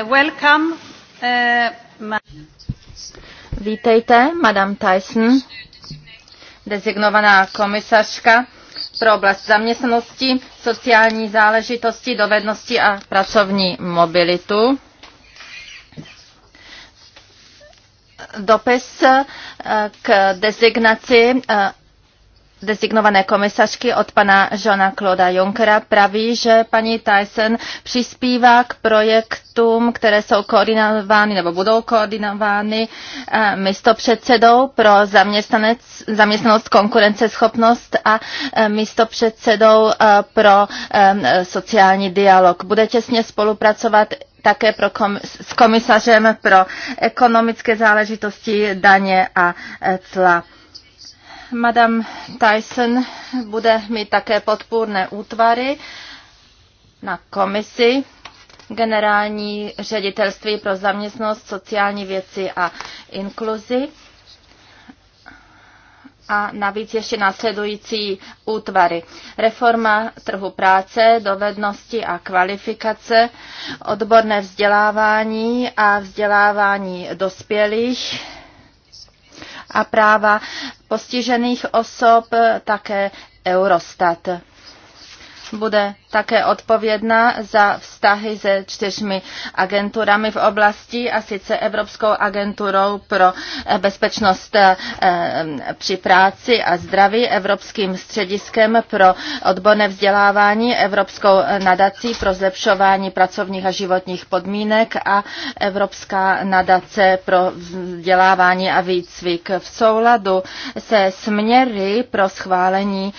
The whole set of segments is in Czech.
Eh, eh, Vítejte, Madame Tyson, designovaná komisařka pro oblast zaměstnanosti, sociální záležitosti, dovednosti a pracovní mobilitu. Dopis eh, k designaci eh, designované komisařky od pana Johna Clauda Junckera praví, že paní Tyson přispívá k projektům, které jsou koordinovány nebo budou koordinovány eh, místo předsedou pro zaměstnanost, konkurenceschopnost a eh, místo předsedou eh, pro sociální dialog. Bude těsně spolupracovat také pro kom- s komisařem pro ekonomické záležitosti, daně a cla. Madame Tyson bude mít také podpůrné útvary na komisi generální ředitelství pro zaměstnost, sociální věci a inkluzi. A navíc ještě následující útvary. Reforma trhu práce, dovednosti a kvalifikace, odborné vzdělávání a vzdělávání dospělých, a práva postižených osob, také Eurostat bude také odpovědná za vztahy se čtyřmi agenturami v oblasti, a sice Evropskou agenturou pro eh, bezpečnost eh, eh, při práci a zdraví, Evropským střediskem pro odborné vzdělávání, Evropskou nadací pro zlepšování pracovních a životních podmínek a Evropská nadace pro vzdělávání a výcvik v souladu se směry pro schválení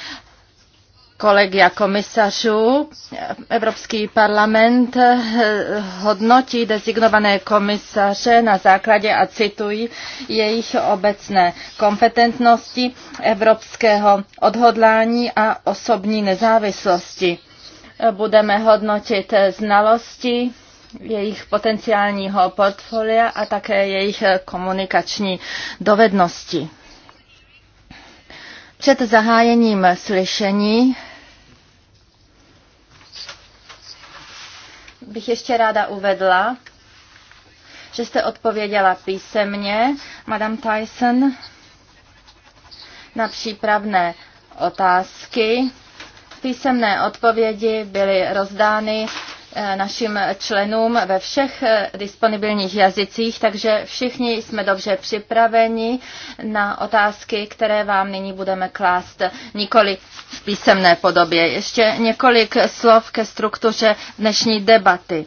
kolegia komisařů. Evropský parlament hodnotí designované komisaře na základě, a citují jejich obecné kompetentnosti, evropského odhodlání a osobní nezávislosti. Budeme hodnotit znalosti, jejich potenciálního portfolia a také jejich komunikační dovednosti. Před zahájením slyšení bych ještě ráda uvedla, že jste odpověděla písemně, Madame Tyson, na přípravné otázky. Písemné odpovědi byly rozdány Eh, našim členům ve všech eh, disponibilních jazycích, takže všichni jsme dobře připraveni na otázky, které vám nyní budeme klást nikoli v písemné podobě. Ještě několik slov ke struktuře dnešní debaty.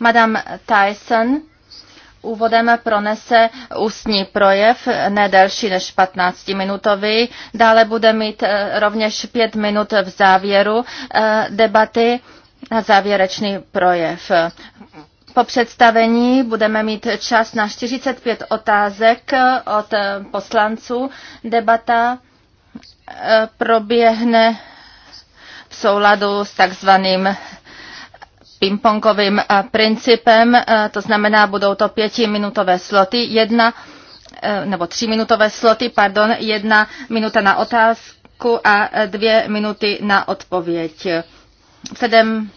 Madame Tyson Úvodem pronese ústní projev, ne delší než 15-minutový. Dále bude mít eh, rovněž 5 minut v závěru eh, debaty na závěrečný projev. Po představení budeme mít čas na 45 otázek eh, od poslanců. Debata proběhne v souladu s takzvaným pingpongovým eh, principem, eh, to znamená, budou to pětiminutové sloty, jedna eh, nebo tříminutové sloty, pardon, jedna minuta na otázku a dvě minuty na odpověď. Vzhledem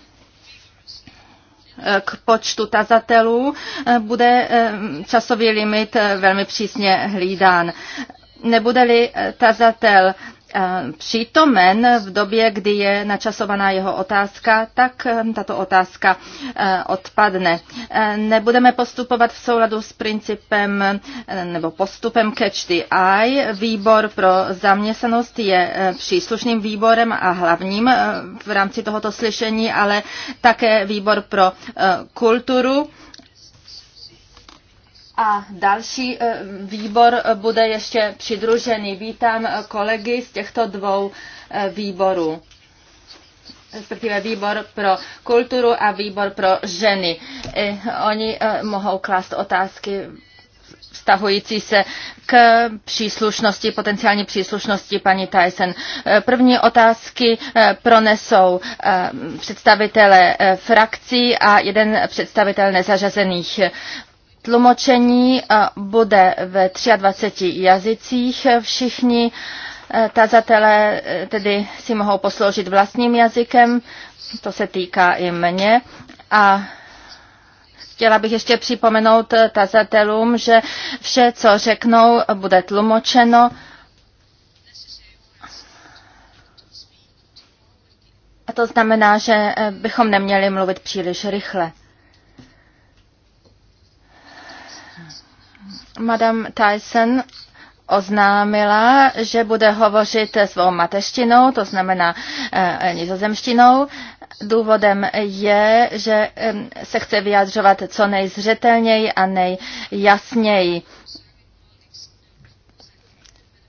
k počtu tazatelů bude časový limit velmi přísně hlídán. Nebude-li tazatel Eh, přítomen v době, kdy je načasovaná jeho otázka, tak eh, tato otázka eh, odpadne. Nebudeme postupovat v souladu s principem nebo postupem catch the eye. Výbor pro zaměstnanost je příslušným výborem a hlavním v rámci tohoto slyšení, ale také výbor pro kulturu a další eh, výbor eh, bude ještě přidružený. Vítám eh, kolegy z těchto dvou výborů respektive výbor pro kulturu a výbor pro ženy. I oni mohou klást otázky vztahující se k příslušnosti, potenciální příslušnosti paní Tyson. První otázky pronesou představitele frakcí a jeden představitel nezařazených. Tlumočení eh, bude ve 23 jazycích. Všichni eh, tazatelé eh, tedy si mohou posloužit vlastním jazykem, to se týká i mě. A Chtěla bych ještě připomenout tazatelům, že vše, co řeknou, bude tlumočeno. A to znamená, že bychom neměli mluvit příliš rychle. Madame Tyson oznámila, že bude hovořit svou mateštinou, to znamená e, nizozemštinou. Důvodem je, že e, se chce vyjadřovat co nejzřetelněji a nejjasněji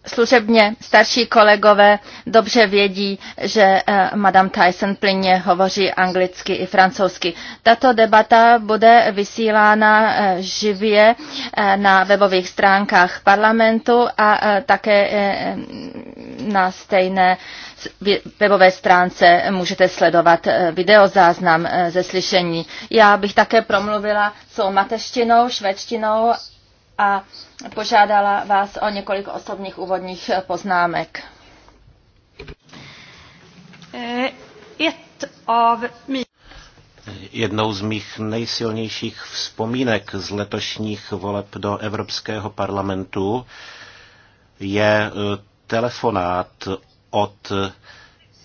služebně starší kolegové dobře vědí, že eh, Madame Tyson plně hovoří anglicky i francouzsky. Tato debata bude vysílána eh, živě eh, na webových stránkách parlamentu a také na stejné webové stránce můžete sledovat videozáznam ze slyšení. Já bych také promluvila s mateštinou, švédštinou a požádala vás o několik osobních úvodních poznámek. Eh, Jednou z mých nejsilnějších vzpomínek z letošních voleb do Evropského parlamentu je eh, telefonát od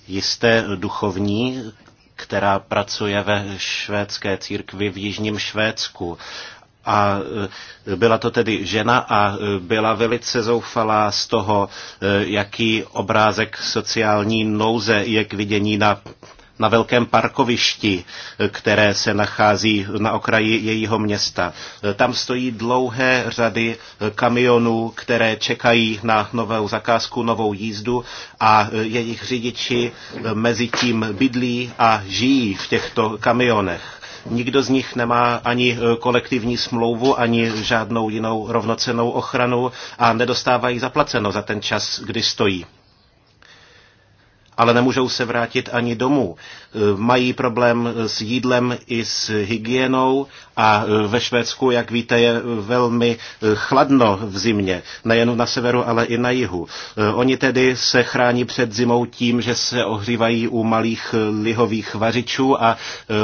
jisté duchovní, která pracuje ve švédské církvi v Jižním Švédsku. A e, byla to tedy žena a e, byla velice zoufalá z toho, e, jaký obrázek sociální nouze je k vidění na na velkém parkovišti, které se nachází na okraji jejího města. Tam stojí dlouhé řady kamionů, které čekají na novou zakázku, novou jízdu a jejich řidiči mezi tím bydlí a žijí v těchto kamionech. Nikdo z nich nemá ani e, kolektivní smlouvu, ani žádnou jinou rovnocenou ochranu a nedostávají zaplaceno za ten čas, kdy stojí ale nemůžou se vrátit ani domů. E, mají problém s jídlem i s hygienou a e, ve Švédsku, jak víte, je velmi e, chladno v zimě, nejen na severu, ale i na jihu. Oni tedy se chrání před zimou tím, že se ohřívají u malých lihových vařičů a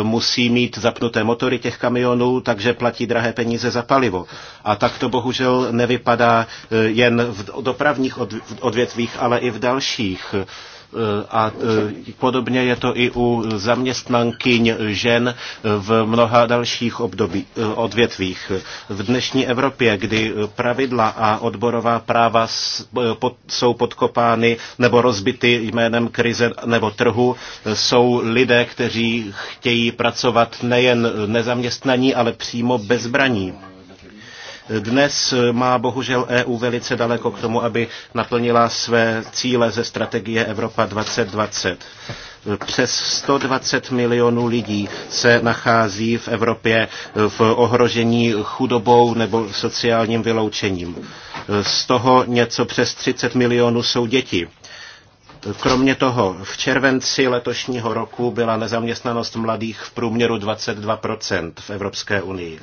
musí mít zapnuté motory těch kamionů, takže platí drahé peníze za palivo. A tak to bohužel nevypadá jen v dopravních odvětvích, ale i v dalších. A e, podobně je to i u zaměstnankyň žen v mnoha dalších období, e, odvětvích. V dnešní Evropě, kdy pravidla a odborová práva e, jsou podkopány nebo rozbity jménem krize nebo trhu, jsou lidé, kteří chtějí pracovat nejen nezaměstnaní, ale přímo bezbraní. Dnes má bohužel EU velice daleko k tomu, aby naplnila své cíle ze strategie Evropa 2020 přes 120 milionů lidí se nachází v Evropě v ohrožení chudobou nebo sociálním vyloučením. Z toho něco přes 30 milionů jsou děti. Kromě toho, v červenci letošního roku byla nezaměstnanost mladých v průměru 22% v Evropské unii.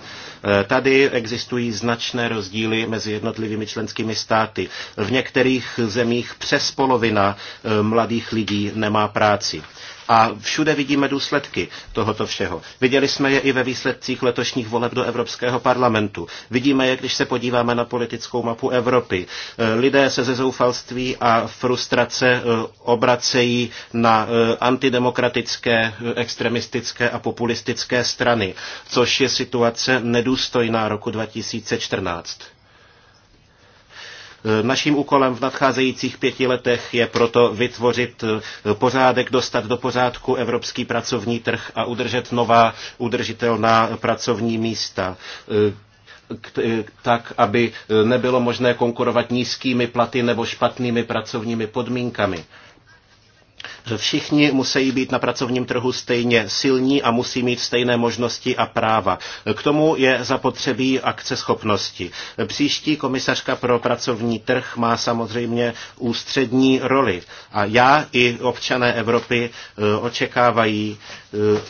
Eh, tady existují značné rozdíly mezi jednotlivými členskými státy. V některých zemích přes polovina eh, mladých lidí nemá práci. A všude vidíme důsledky tohoto všeho. Viděli jsme je i ve výsledcích letošních voleb do Evropského parlamentu. Vidíme je, když se podíváme na politickou mapu Evropy. E, lidé se ze zoufalství a frustrace e, obracejí na e, antidemokratické, extremistické a populistické strany, což je situace nedůstojná roku 2014. Naším úkolem v nadcházejících pěti letech je proto vytvořit eh, pořádek, dostat do pořádku evropský pracovní trh a udržet nová udržitelná pracovní místa eh, eh, tak, aby nebylo možné konkurovat nízkými platy nebo špatnými pracovními podmínkami. Všichni musí být na pracovním trhu stejně silní a musí mít stejné možnosti a práva. K tomu je zapotřebí akceschopnosti. Příští komisařka pro pracovní trh má samozřejmě ústřední roli. A já i občané Evropy eh, očekávají eh,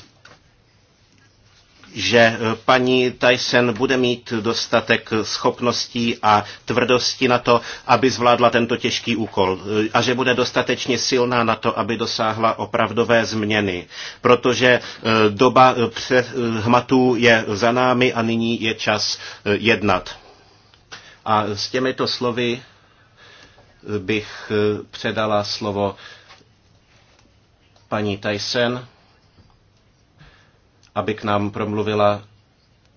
že eh, paní Tyson bude mít dostatek schopností a tvrdosti na to, aby zvládla tento těžký úkol eh, a že bude dostatečně silná na to, aby dosáhla opravdové změny, protože eh, doba hmatů je za námi a nyní je čas jednat. A s těmito slovy bych předala slovo paní Tyson aby k nám promluvila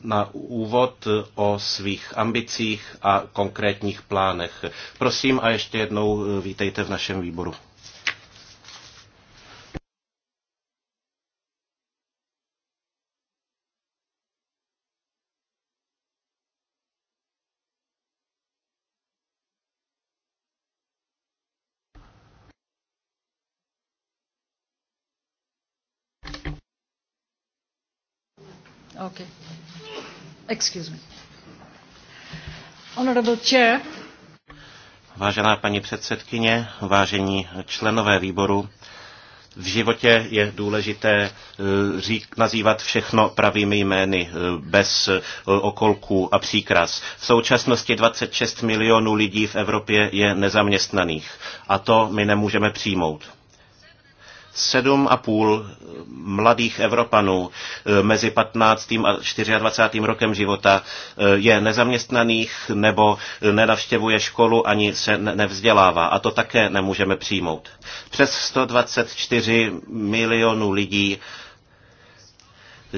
na úvod o svých ambicích a konkrétních plánech. Prosím a ještě jednou eh, vítejte v našem výboru. Excuse me. Honorable Chair. Vážená paní předsedkyně, vážení členové výboru, v životě je důležité eh, řík, nazývat všechno pravými jmény, eh, bez eh, okolků a příkras. V současnosti 26 milionů lidí v Evropě je nezaměstnaných a to my nemůžeme přijmout sedm a půl eh, mladých Evropanů eh, mezi 15. a 24. rokem života eh, je nezaměstnaných nebo nenavštěvuje školu ani se nevzdělává. A to také nemůžeme přijmout. Přes 124 milionů lidí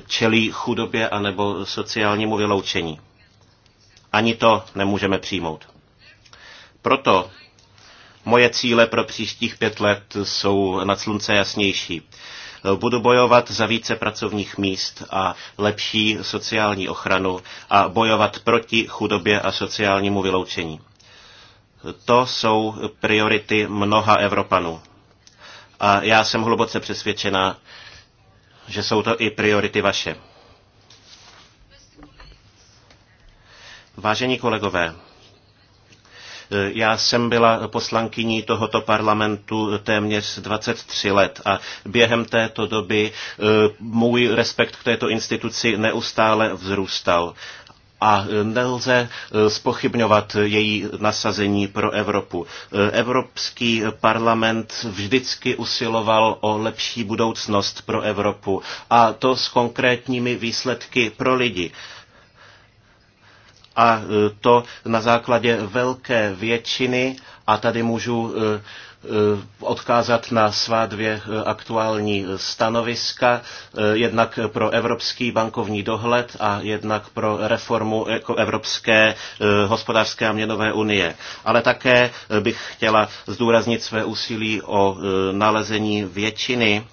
čelí chudobě anebo sociálnímu vyloučení. Ani to nemůžeme přijmout. Proto Moje cíle pro příštích pět let jsou nad slunce jasnější. Budu bojovat za více pracovních míst a lepší sociální ochranu a bojovat proti chudobě a sociálnímu vyloučení. To jsou priority mnoha Evropanů. A já jsem hluboce přesvědčena, že jsou to i priority vaše. Vážení kolegové, já jsem byla poslankyní tohoto parlamentu téměř 23 let a během této doby e, můj respekt k této instituci neustále vzrůstal a nelze e, spochybňovat její nasazení pro Evropu. E, Evropský parlament vždycky usiloval o lepší budoucnost pro Evropu a to s konkrétními výsledky pro lidi a e, to na základě velké většiny a tady můžu e, e, odkázat na svá dvě aktuální stanoviska, jednak pro evropský bankovní dohled a jednak pro reformu jako Evropské hospodářské a měnové unie. Ale také bych chtěla zdůraznit své úsilí o nalezení většiny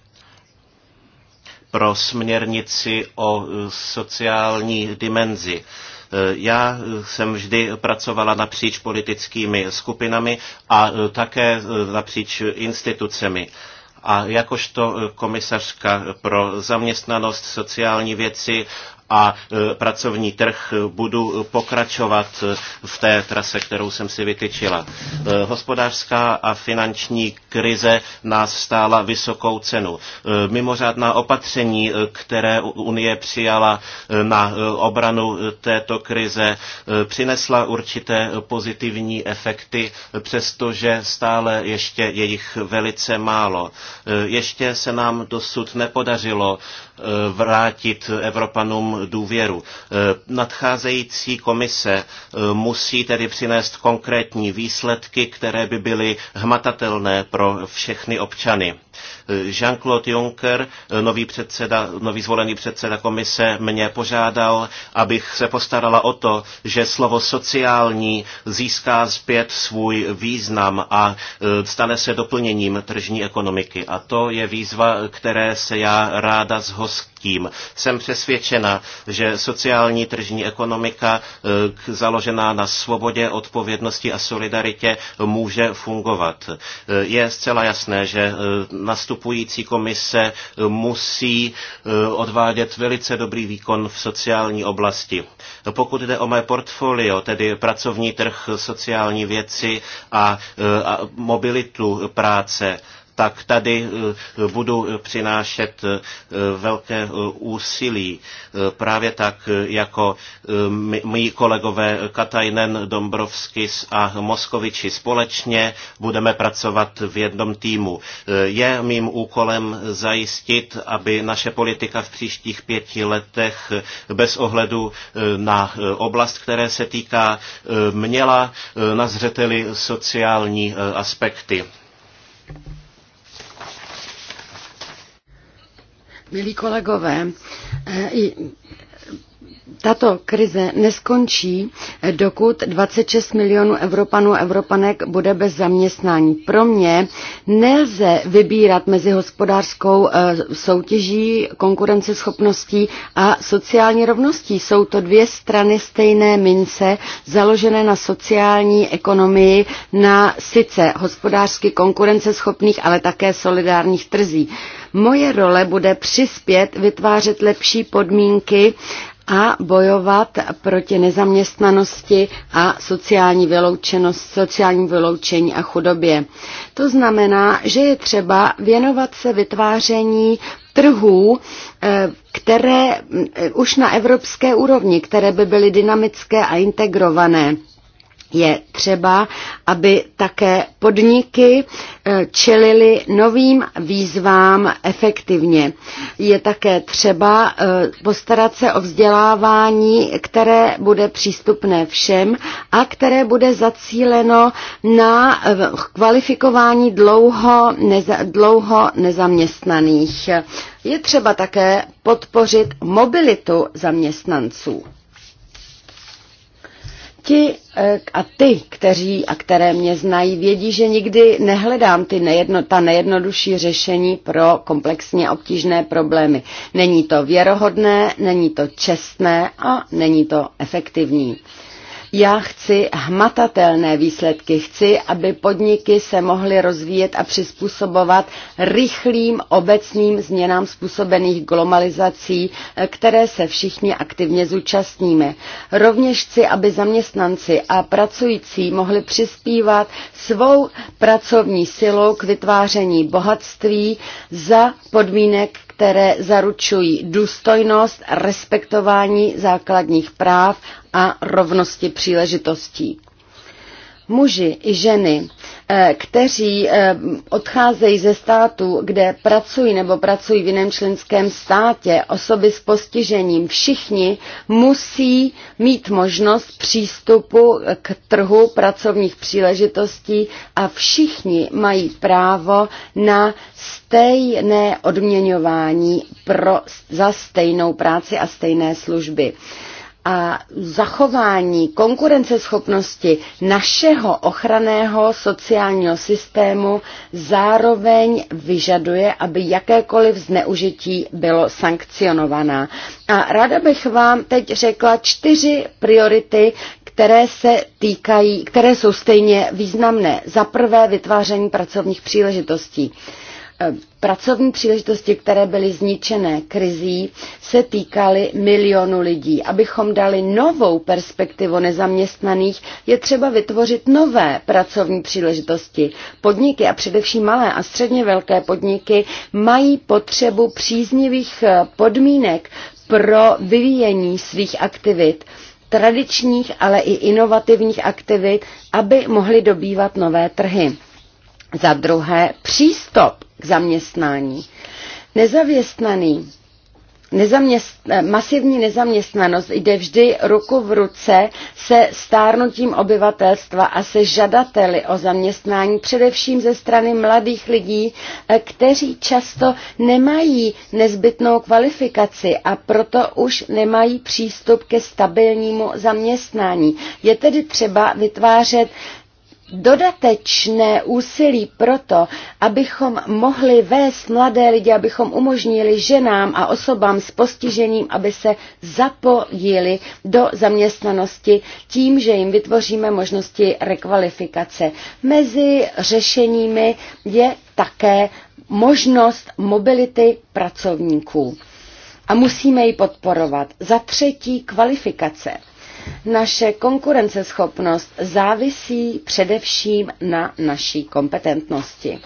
pro směrnici o sociální dimenzi Eh, já eh, jsem vždy pracovala napříč politickými skupinami a eh, také napříč institucemi a jakožto komisařka pro zaměstnanost, sociální věci a e, pracovní trh budu pokračovat v té trase, kterou jsem si vytyčila. E, hospodářská a finanční krize nás stála vysokou cenu. E, mimořádná opatření, které Unie přijala na obranu této krize, přinesla určité pozitivní efekty, přestože stále ještě jejich velice málo. Ještě se nám dosud nepodařilo Eh, vrátit Evropanům důvěru. Eh, nadcházející komise eh, musí tedy přinést konkrétní výsledky, které by byly hmatatelné pro všechny občany. Jean-Claude Juncker, nový, předseda, nový zvolený předseda komise, mě požádal, abych se postarala o to, že slovo sociální získá zpět svůj význam a e, stane se doplněním tržní ekonomiky. A to je výzva, které se já ráda zhostím tím. Jsem přesvědčena, že sociální tržní ekonomika e, založená na svobodě, odpovědnosti a solidaritě může fungovat. E, je zcela jasné, že e, nastupující komise musí odvádět velice dobrý výkon v sociální oblasti. Pokud jde o mé portfolio, tedy pracovní trh, sociální věci a, a mobilitu práce, tak tady eh, budu přinášet eh, velké eh, úsilí. Právě tak jako mý kolegové Katajnen, Dombrovskis a Moskoviči společně budeme pracovat v jednom týmu. Je mým úkolem zajistit, aby naše politika v příštích pěti letech bez ohledu na oblast, které se týká, měla na zřeteli sociální aspekty. Milí kolegové, eh, tato krize neskončí, dokud 26 milionů Evropanů a Evropanek bude bez zaměstnání. Pro mě nelze vybírat mezi hospodářskou eh, soutěží, konkurenceschopností a sociální rovností. Jsou to dvě strany stejné mince, založené na sociální ekonomii, na sice hospodářsky konkurenceschopných, ale také solidárních trzích Moje role bude přispět vytvářet lepší podmínky a bojovat proti nezaměstnanosti a sociální vyloučenost, sociální vyloučení a chudobě. To znamená, že je třeba věnovat se vytváření trhů, eh, které eh, už na evropské úrovni, které by byly dynamické a integrované je třeba, aby také podniky eh, čelili novým výzvám efektivně. Je také třeba eh, postarat se o vzdělávání, které bude přístupné všem a které bude zacíleno na eh, kvalifikování dlouho, neza, dlouho nezaměstnaných. Je třeba také podpořit mobilitu zaměstnanců. Ti eh, a ty, kteří a které mě znají, vědí, že nikdy nehledám ty nejedno, ta nejjednodušší řešení pro komplexně obtížné problémy. Není to věrohodné, není to čestné a není to efektivní. Já chci hmatatelné výsledky. Chci, aby podniky se mohly rozvíjet a přizpůsobovat rychlým obecným změnám způsobených globalizací, které se všichni aktivně zúčastníme. Rovněž chci, aby zaměstnanci a pracující mohli přispívat svou pracovní silou k vytváření bohatství za podmínek, které zaručují důstojnost, respektování základních práv a rovnosti příležitostí muži i ženy, eh, kteří eh, odcházejí ze státu, kde pracují nebo pracují v jiném členském státě, osoby s postižením, všichni musí mít možnost přístupu k trhu pracovních příležitostí a všichni mají právo na stejné odměňování pro, za stejnou práci a stejné služby a zachování konkurenceschopnosti našeho ochranného sociálního systému zároveň vyžaduje, aby jakékoliv zneužití bylo sankcionovaná. A ráda bych vám teď řekla čtyři priority, které se týkají, které jsou stejně významné. Za prvé vytváření pracovních příležitostí pracovní příležitosti, které byly zničené krizí, se týkaly milionu lidí. Abychom dali novou perspektivu nezaměstnaných, je třeba vytvořit nové pracovní příležitosti. Podniky a především malé a středně velké podniky mají potřebu příznivých eh, podmínek pro vyvíjení svých aktivit tradičních, ale i inovativních aktivit, aby mohly dobývat nové trhy. Za druhé, přístup k zaměstnání. Nezaměstnaný Nezaměst, eh, masivní nezaměstnanost jde vždy ruku v ruce se stárnutím obyvatelstva a se žadateli o zaměstnání, především ze strany mladých lidí, eh, kteří často nemají nezbytnou kvalifikaci a proto už nemají přístup ke stabilnímu zaměstnání. Je tedy třeba vytvářet dodatečné úsilí proto, abychom mohli vést mladé lidi, abychom umožnili ženám a osobám s postižením, aby se zapojili do zaměstnanosti tím, že jim vytvoříme možnosti rekvalifikace. Mezi řešeními je také možnost mobility pracovníků. A musíme ji podporovat. Za třetí kvalifikace. Naše konkurenceschopnost závisí především na naší kompetentnosti.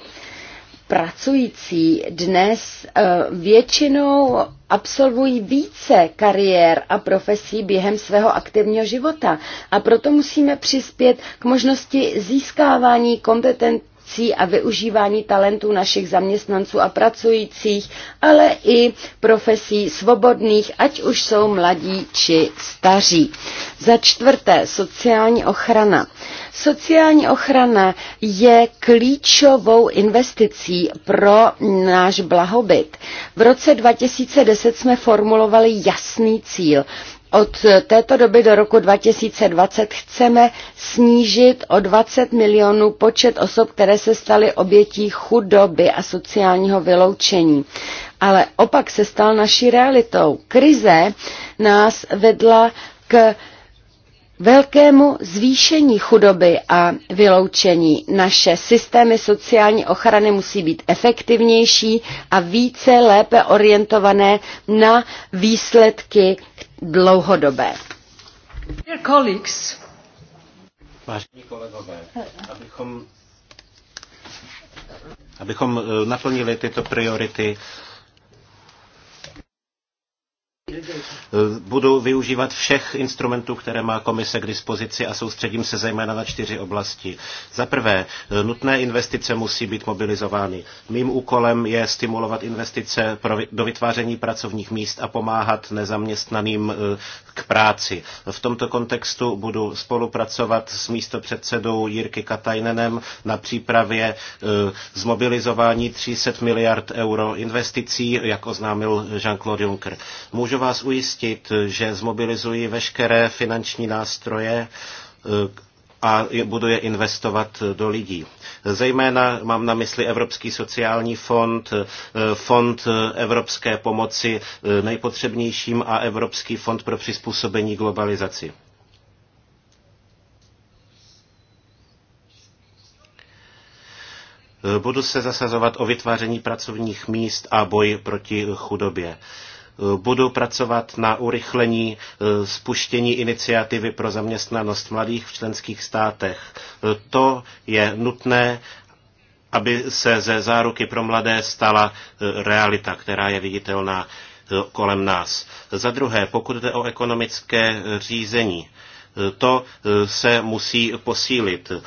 Pracující dnes eh, většinou absolvují více kariér a profesí během svého aktivního života a proto musíme přispět k možnosti získávání kompetent, akcí a využívání talentů našich zaměstnanců a pracujících, ale i profesí svobodných, ať už jsou mladí či staří. Za čtvrté, sociální ochrana. Sociální ochrana je klíčovou investicí pro náš blahobyt. V roce 2010 jsme formulovali jasný cíl od této doby do roku 2020 chceme snížit o 20 milionů počet osob, které se staly obětí chudoby a sociálního vyloučení. Ale opak se stal naší realitou. Krize nás vedla k velkému zvýšení chudoby a vyloučení. Naše systémy sociální ochrany musí být efektivnější a více lépe orientované na výsledky, dlouhodobé. Vážení kolegové, abychom, abychom eh, naplnili tyto priority, Eh, budu využívat všech instrumentů, které má komise k dispozici a soustředím se zejména na čtyři oblasti. Za prvé, eh, nutné investice musí být mobilizovány. Mým úkolem je stimulovat investice pro, do vytváření pracovních míst a pomáhat nezaměstnaným eh, k práci. V tomto kontextu budu spolupracovat s místopředsedou Jirky Katajnenem na přípravě zmobilizování 300 miliard euro investicí, jak oznámil Jean-Claude Juncker. Můžu vás ujistit, že zmobilizuji veškeré finanční nástroje, eh, a budu je investovat eh, do lidí. Zejména mám na mysli Evropský sociální fond, eh, fond evropské pomoci nejpotřebnějším a Evropský fond pro přizpůsobení globalizaci. Budu se zasazovat o vytváření pracovních míst a boj proti chudobě. Eh, budu pracovat na urychlení eh, spuštění iniciativy pro zaměstnanost mladých v členských státech. Eh, to je nutné, aby se ze záruky pro mladé stala realita, která je viditelná kolem nás. Za druhé, pokud jde o ekonomické řízení, to eh, se musí posílit. Eh,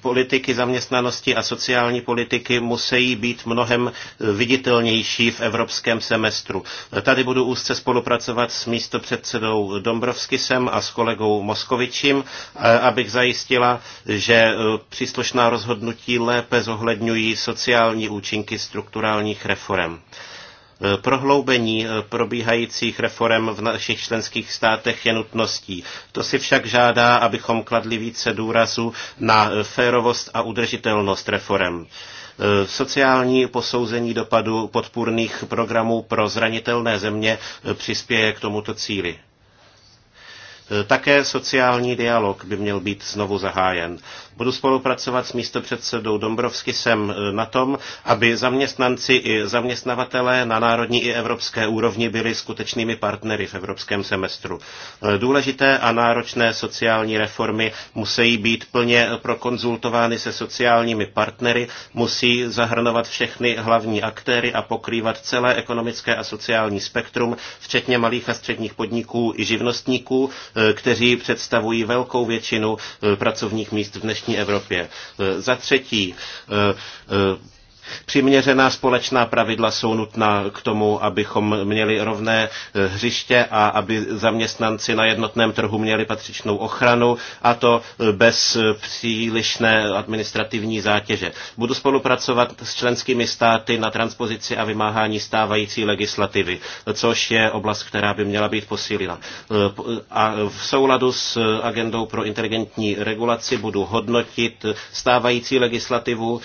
politiky zaměstnanosti a sociální politiky musí být mnohem eh, viditelnější v evropském semestru. Tady budu úzce spolupracovat s místopředsedou Dombrovskisem a s kolegou Moskovičím, abych zajistila, že příslušná rozhodnutí lépe zohledňují sociální účinky strukturálních reform. Eh, prohloubení eh, probíhajících reform v našich členských státech je nutností. To si však žádá, abychom kladli více důrazu na eh, férovost a udržitelnost reform sociální posouzení dopadu podpůrných programů pro zranitelné země přispěje k tomuto cíli. Eh, také sociální dialog by měl být znovu zahájen. Budu spolupracovat s místopředsedou sem eh, na tom, aby zaměstnanci i zaměstnavatelé na národní i evropské úrovni byli skutečnými partnery v evropském semestru. Eh, důležité a náročné sociální reformy musí být plně prokonzultovány se sociálními partnery, musí zahrnovat všechny hlavní aktéry a pokrývat celé ekonomické a sociální spektrum, včetně malých a středních podniků i živnostníků, Eh, kteří představují velkou většinu eh, pracovních míst v dnešní Evropě. Eh, za třetí, Přiměřená společná pravidla jsou nutná k tomu, abychom měli rovné eh, hřiště a aby zaměstnanci na jednotném trhu měli patřičnou ochranu a to eh, bez eh, přílišné administrativní zátěže. Budu spolupracovat s členskými státy na transpozici a vymáhání stávající legislativy, což je oblast, která by měla být posílena. A v souladu s agendou pro inteligentní regulaci budu hodnotit stávající legislativu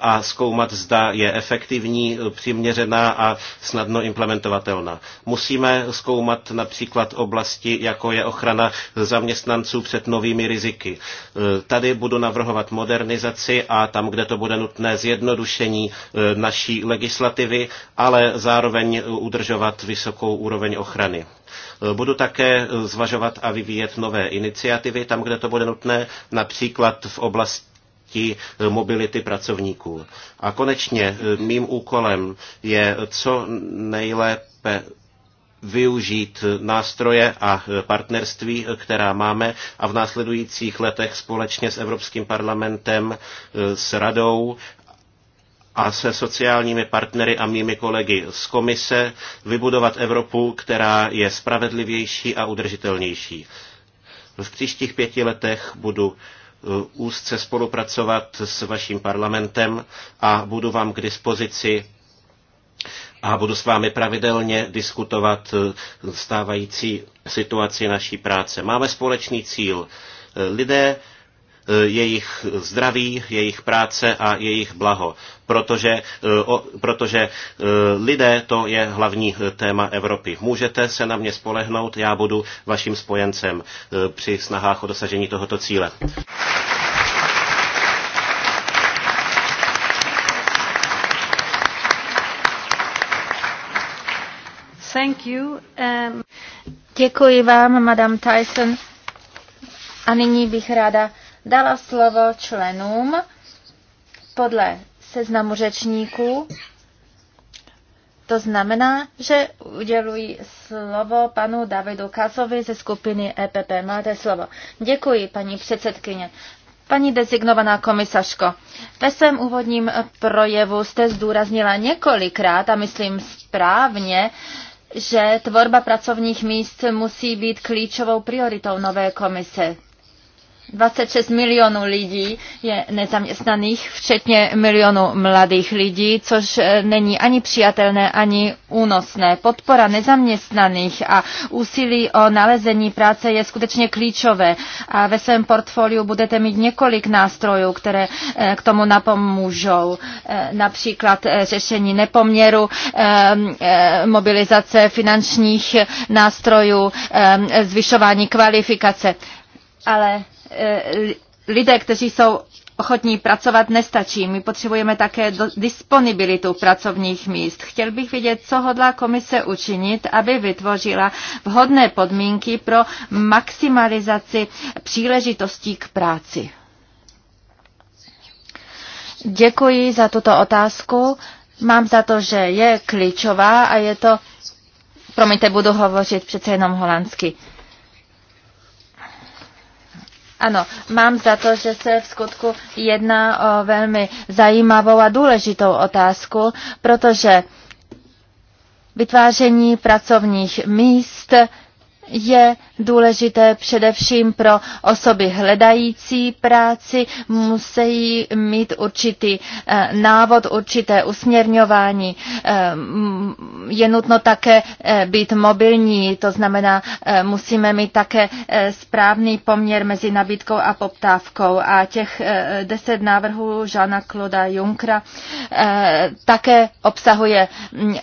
a zkoumat kontrolovat, zda je efektivní, eh, přiměřená a snadno implementovatelná. Musíme zkoumat například oblasti, jako je ochrana zaměstnanců před novými riziky. Eh, tady budu navrhovat modernizaci a tam, kde to bude nutné, zjednodušení eh, naší legislativy, ale zároveň udržovat vysokou úroveň ochrany. Budu také zvažovat a vyvíjet nové iniciativy tam, kde to bude nutné, například v oblasti možností eh, mobility pracovníků. A konečně eh, mým úkolem je co nejlépe využít eh, nástroje a partnerství, která máme a v následujících letech společně s Evropským parlamentem, s radou a se sociálními partnery a mými kolegy z komise vybudovat Evropu, která je spravedlivější a udržitelnější. V příštích pěti letech budu Eh, úzce spolupracovat s vaším parlamentem a budu vám k dispozici a budu s vámi pravidelně diskutovat eh, stávající situaci naší práce. Máme společný cíl. Eh, lidé Eh, jejich zdraví, jejich práce a jejich blaho. Protože, eh, protože eh, lidé to je hlavní téma Evropy. Můžete se na mě spolehnout, já budu vaším spojencem při snahách o dosažení tohoto cíle. Thank you. Um... Děkuji vám, Madame Tyson. A nyní bych ráda dala slovo členům podle seznamu řečníků. To znamená, že uděluji slovo panu Davidu Kasovi ze skupiny EPP. Máte slovo. Děkuji, paní předsedkyně. Paní designovaná komisařko, ve svém úvodním projevu jste zdůraznila několikrát, a myslím správně, že tvorba pracovních míst musí být klíčovou prioritou nové komise. 26 milionů lidí je nezaměstnaných, včetně milionu mladých lidí, což eh, není ani přijatelné, ani únosné. Podpora nezaměstnaných a úsilí o nalezení práce je skutečně klíčové a ve svém portfoliu budete mít několik nástrojů, které eh, k tomu napomůžou. Eh, například řešení nepoměru, ehm, mobilizace finančních nástrojů, ehm, zvyšování kvalifikace. Ale Eh, lidé, kteří jsou ochotní pracovat, nestačí. My potřebujeme také disponibilitu pracovních míst. Chtěl bych vědět, co hodlá komise učinit, aby vytvořila vhodné podmínky pro maximalizaci příležitostí k práci. Děkuji za tuto otázku. Mám za to, že je klíčová a je to, promiňte, budu hovořit přece jenom holandsky. Uh, ano, mám za to, že se v skutku jedná o velmi zajímavou a důležitou otázku, protože vytváření pracovních míst je důležité především pro osoby hledající práci, musí mít určitý eh, návod, určité usměrňování. Eh, je nutno také eh, být mobilní, to znamená, musíme mít také správný poměr mezi nabídkou a poptávkou. A těch deset návrhů Žana Kloda Junkra také obsahuje mm,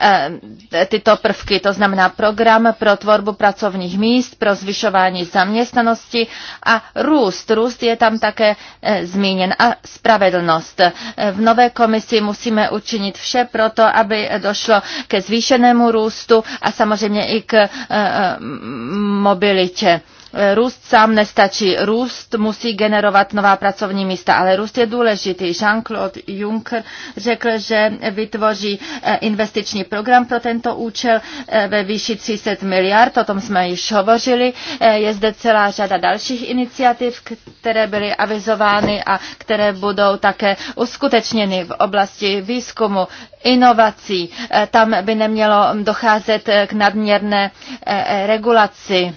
tyto prvky, to znamená program pro tvorbu pracovních pracovních míst, pro zvyšování zaměstnanosti a růst. Růst je tam také eh, zmíněn a spravedlnost. Eh, v nové komisi musíme učinit vše proto, aby došlo ke zvýšenému růstu a samozřejmě i k eh, mobilitě. Eh, růst sám nestačí. Růst musí generovat nová pracovní místa, ale růst je důležitý. Jean-Claude Juncker řekl, že vytvoří eh, investiční program pro tento účel eh, ve výši 300 miliard, o tom jsme již hovořili. Je zde celá řada dalších iniciativ, které byly avizovány a které budou také uskutečněny v oblasti výzkumu, inovací. Tam by nemělo docházet k nadměrné regulaci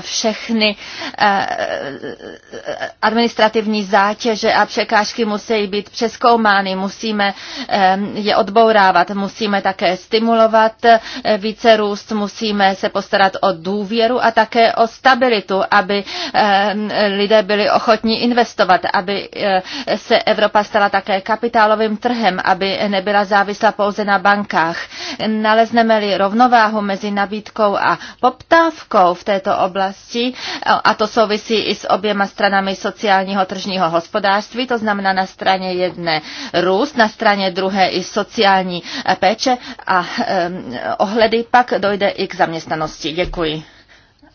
všechny eh, eh, administrativní zátěže a překážky musí být přeskoumány, musíme eh, je odbourávat, musíme také stimulovat více růst, musíme se postarat o důvěru a také o stabilitu, aby lidé byli ochotní investovat, aby se Evropa stala také kapitálovým trhem, aby nebyla závislá pouze na bankách. Nalezneme-li rovnováhu mezi nabídkou a poptávkou v této oblasti, oblasti a to souvisí i s oběma stranami sociálního tržního hospodářství, to znamená na straně jedné růst, na straně druhé i sociální e, péče a ohledy pak dojde i k zaměstnanosti. Děkuji.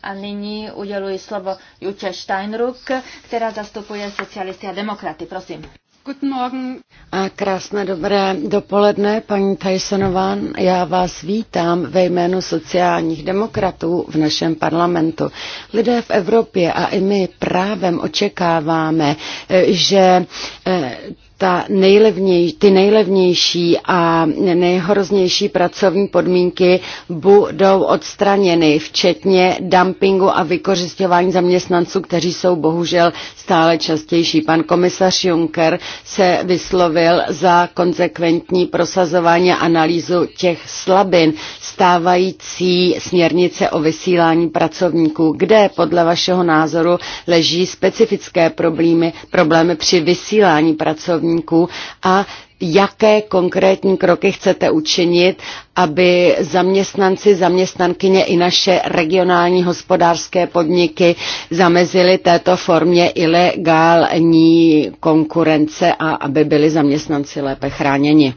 A nyní uděluji slovo Juče Steinruck, která zastupuje socialisty a demokraty. Prosím. Guten Morgen. A krásné dobré dopoledne, paní Tysonová. Já vás vítám ve jménu sociálních demokratů v našem parlamentu. Lidé v Evropě a i my právem očekáváme, eh, že eh, ta nejlevněj, ty nejlevnější a nejhroznější pracovní podmínky budou odstraněny, včetně dumpingu a vykořišťování zaměstnanců, kteří jsou bohužel stále častější. Pan komisař Juncker se vyslovil za konsekventní prosazování a analýzu těch slabin stávající směrnice o vysílání pracovníků, kde podle vašeho názoru leží specifické problémy, problémy při vysílání pracovníků podniků a jaké konkrétní kroky chcete učinit, aby zaměstnanci, zaměstnankyně i naše regionální hospodářské podniky zamezili této formě ilegální konkurence a aby byli zaměstnanci lépe chráněni.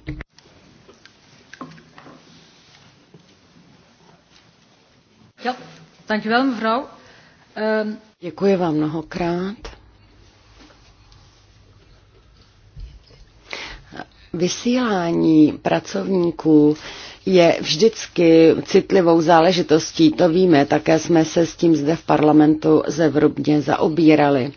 Ehm, Děkuji vám mnohokrát. vysílání pracovníků je vždycky citlivou záležitostí, to víme, také jsme se s tím zde v parlamentu zevrubně zaobírali.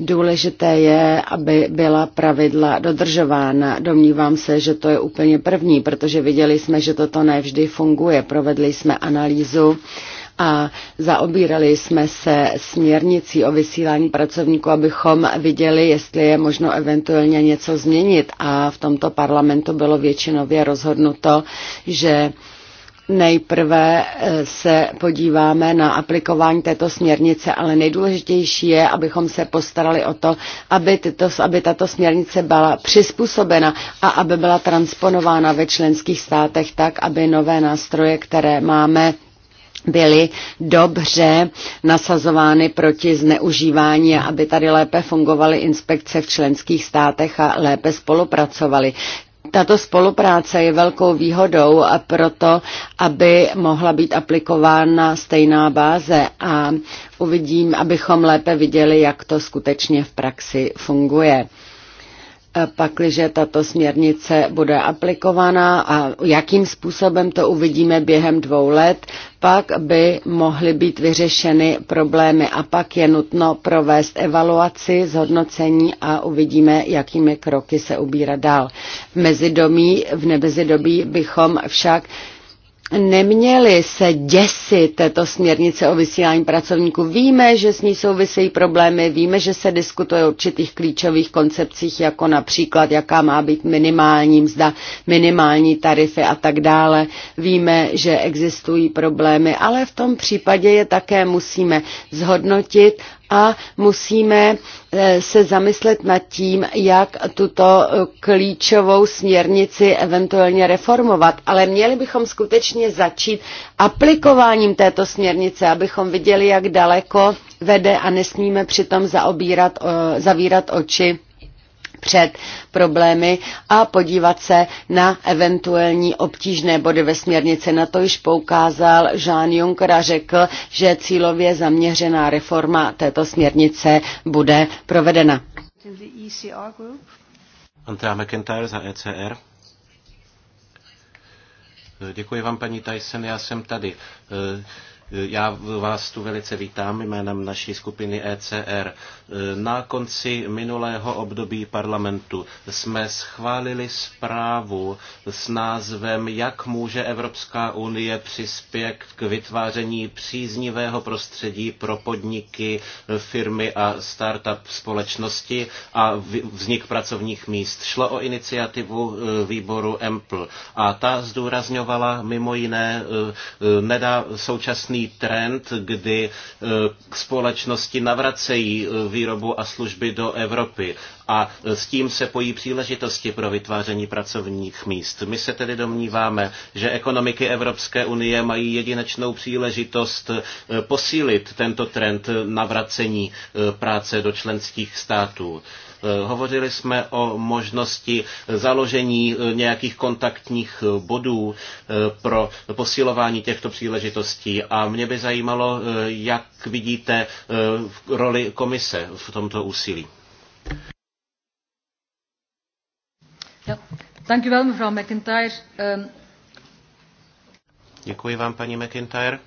Důležité je, aby byla pravidla dodržována. Domnívám se, že to je úplně první, protože viděli jsme, že toto nevždy funguje. Provedli jsme analýzu a zaobírali jsme se směrnicí o vysílání pracovníků, abychom viděli, jestli je možno eventuálně něco změnit. A v tomto parlamentu bylo většinově rozhodnuto, že Nejprve eh, se podíváme na aplikování této směrnice, ale nejdůležitější je, abychom se postarali o to, aby, tyto, aby tato směrnice byla přizpůsobena a aby byla transponována ve členských státech tak, aby nové nástroje, které máme, byly dobře nasazovány proti zneužívání, aby tady lépe fungovaly inspekce v členských státech a lépe spolupracovaly. Tato spolupráce je velkou výhodou a proto, aby mohla být aplikována stejná báze a uvidím, abychom lépe viděli, jak to skutečně v praxi funguje pakliže tato směrnice bude aplikovaná a jakým způsobem to uvidíme během dvou let, pak by mohly být vyřešeny problémy a pak je nutno provést evaluaci, zhodnocení a uvidíme, jakými kroky se ubírat dál. V mezidobí, v nebezidobí bychom však neměli se děsit této směrnice o vysílání pracovníků. Víme, že s ní souvisejí problémy, víme, že se diskutuje o určitých klíčových koncepcích, jako například, jaká má být minimální mzda, minimální tarify a tak dále. Víme, že existují problémy, ale v tom případě je také musíme zhodnotit a musíme e, se zamyslet nad tím, jak tuto e, klíčovou směrnici eventuálně reformovat. Ale měli bychom skutečně začít aplikováním této směrnice, abychom viděli, jak daleko vede a nesmíme přitom zaobírat, e, zavírat oči před problémy a podívat se na eventuální obtížné body ve směrnici. Na to již poukázal Jean Juncker a řekl, že cílově zaměřená reforma této směrnice bude provedena. Andrea McIntyre za ECR. Děkuji vám, paní Tyson, já jsem tady. Já vás tu velice vítám jménem naší skupiny ECR. Na konci minulého období parlamentu jsme schválili zprávu s názvem Jak může Evropská unie přispět k vytváření příznivého prostředí pro podniky, firmy a startup společnosti a vznik pracovních míst. Šlo o iniciativu e, výboru EMPL a ta zdůrazňovala mimo jiné e, e, nedá současný současný trend, kdy eh, společnosti navracejí eh, výrobu a služby do Evropy a eh, s tím se pojí příležitosti pro vytváření pracovních míst. My se tedy domníváme, že ekonomiky Evropské unie mají jedinečnou příležitost posílit tento trend navracení práce do členských států. Eh, hovořili jsme o možnosti založení eh, nějakých kontaktních eh, bodů pro posilování těchto příležitostí a mě by zajímalo, jak vidíte roli komise v tomto úsilí. McIntyre. Ehm, Děkuji vám, paní McIntyre.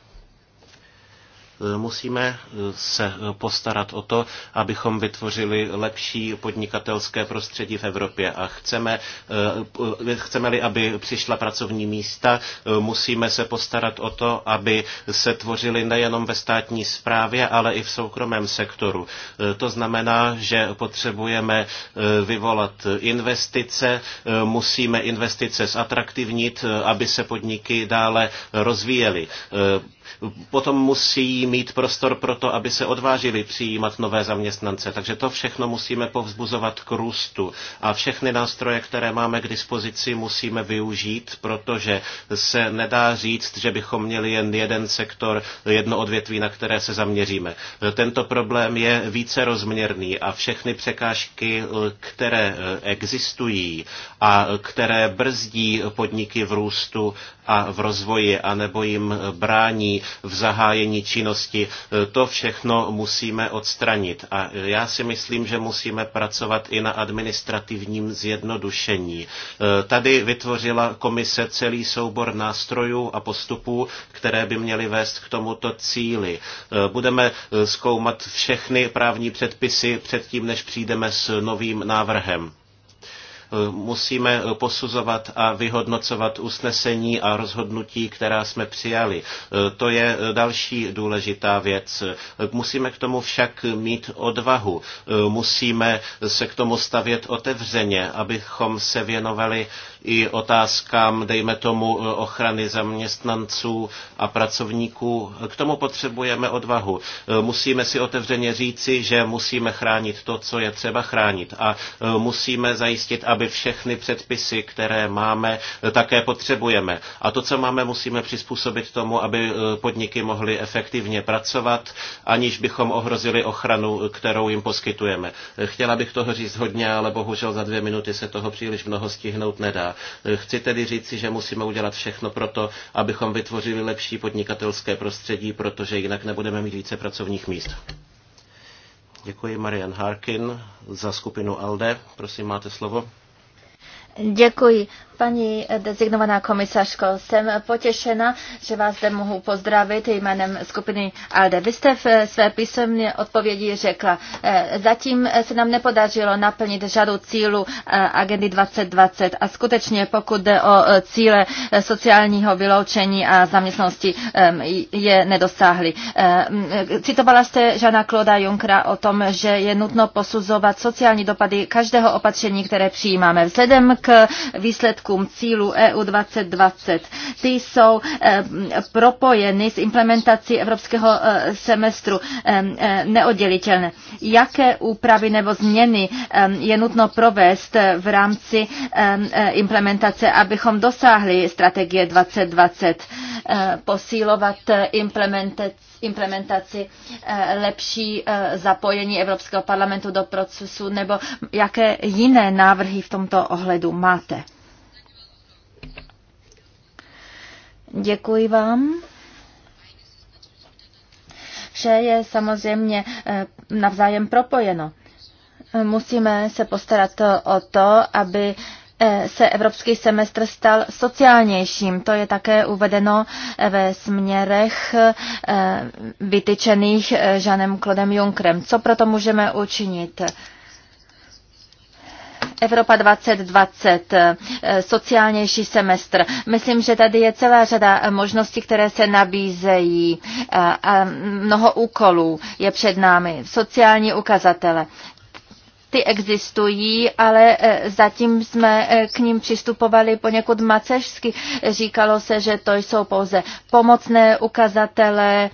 Musíme eh, se eh, postarat o to, abychom vytvořili lepší podnikatelské prostředí v Evropě a chceme, eh, chceme-li, aby přišla pracovní místa, musíme se postarat o to, aby se tvořily nejenom ve státní správě, ale i v soukromém sektoru. To znamená, že potřebujeme vyvolat investice, musíme investice zatraktivnit, aby se podniky dále rozvíjely potom musí mít prostor pro to, aby se odvážili přijímat nové zaměstnance. Takže to všechno musíme povzbuzovat k růstu. A všechny nástroje, které máme k dispozici, musíme využít, protože se nedá říct, že bychom měli jen jeden sektor, jedno odvětví, na které se zaměříme. Tento problém je více rozměrný a všechny překážky, které existují a které brzdí podniky v růstu, a v rozvoji, anebo jim brání v zahájení činnosti. To všechno musíme odstranit. A já si myslím, že musíme pracovat i na administrativním zjednodušení. Tady vytvořila komise celý soubor nástrojů a postupů, které by měly vést k tomuto cíli. Budeme zkoumat všechny právní předpisy předtím, než přijdeme s novým návrhem musíme posuzovat a vyhodnocovat usnesení a rozhodnutí, která jsme přijali. To je další důležitá věc. Musíme k tomu však mít odvahu. Musíme se k tomu stavět otevřeně, abychom se věnovali i otázkám, dejme tomu, ochrany zaměstnanců a pracovníků. K tomu potřebujeme odvahu. Musíme si otevřeně říci, že musíme chránit to, co je třeba chránit a musíme zajistit, aby aby všechny předpisy, které máme, také potřebujeme. A to, co máme, musíme přizpůsobit tomu, aby e, podniky mohly efektivně pracovat, aniž bychom ohrozili ochranu, kterou jim poskytujeme. E, chtěla bych toho říct hodně, ale bohužel za dvě minuty se toho příliš mnoho stihnout nedá. E, chci tedy říci, že musíme udělat všechno pro to, abychom vytvořili lepší podnikatelské prostředí, protože jinak nebudeme mít více pracovních míst. Děkuji Marian Harkin za skupinu ALDE. Prosím, máte slovo. Děkuji. Paní designovaná komisařko, jsem potěšena, že vás zde mohu pozdravit jménem skupiny ALDE. Vy jste v své písemné odpovědi řekla, eh, zatím se nám nepodařilo naplnit žádnou cílu eh, agendy 2020 a skutečně pokud jde o eh, cíle sociálního vyloučení a zaměstnosti je nedosáhly. Mm, citovala jste Žana Kloda Junkra o tom, že je nutno posuzovat sociální dopady každého opatření, které přijímáme. Vzhledem k výsledku výzkum cílů EU 2020. Ty jsou eh, propojeny s implementací evropského eh, semestru eh, neoddělitelné. Jaké úpravy nebo změny je nutno provést v rámci implementace, abychom dosáhli strategie 2020, posílovat implementaci implementaci lepší zapojení Evropského parlamentu do procesu, nebo jaké jiné návrhy v tomto ohledu máte? Děkuji vám. Vše je samozřejmě eh, navzájem propojeno. Musíme se postarat o to, aby eh, se evropský semestr stal sociálnějším. To je také uvedeno eh, ve směrech vytyčených Žanem Klodem Junkrem. Co proto můžeme učinit? Evropa 2020, eh, sociálnější semestr. Myslím, že tady je celá řada možností, které se nabízejí eh, a mnoho úkolů je před námi. Sociální ukazatele ty existují, ale eh, zatím jsme k ním přistupovali poněkud macežsky. Říkalo se, že to jsou pouze pomocné ukazatele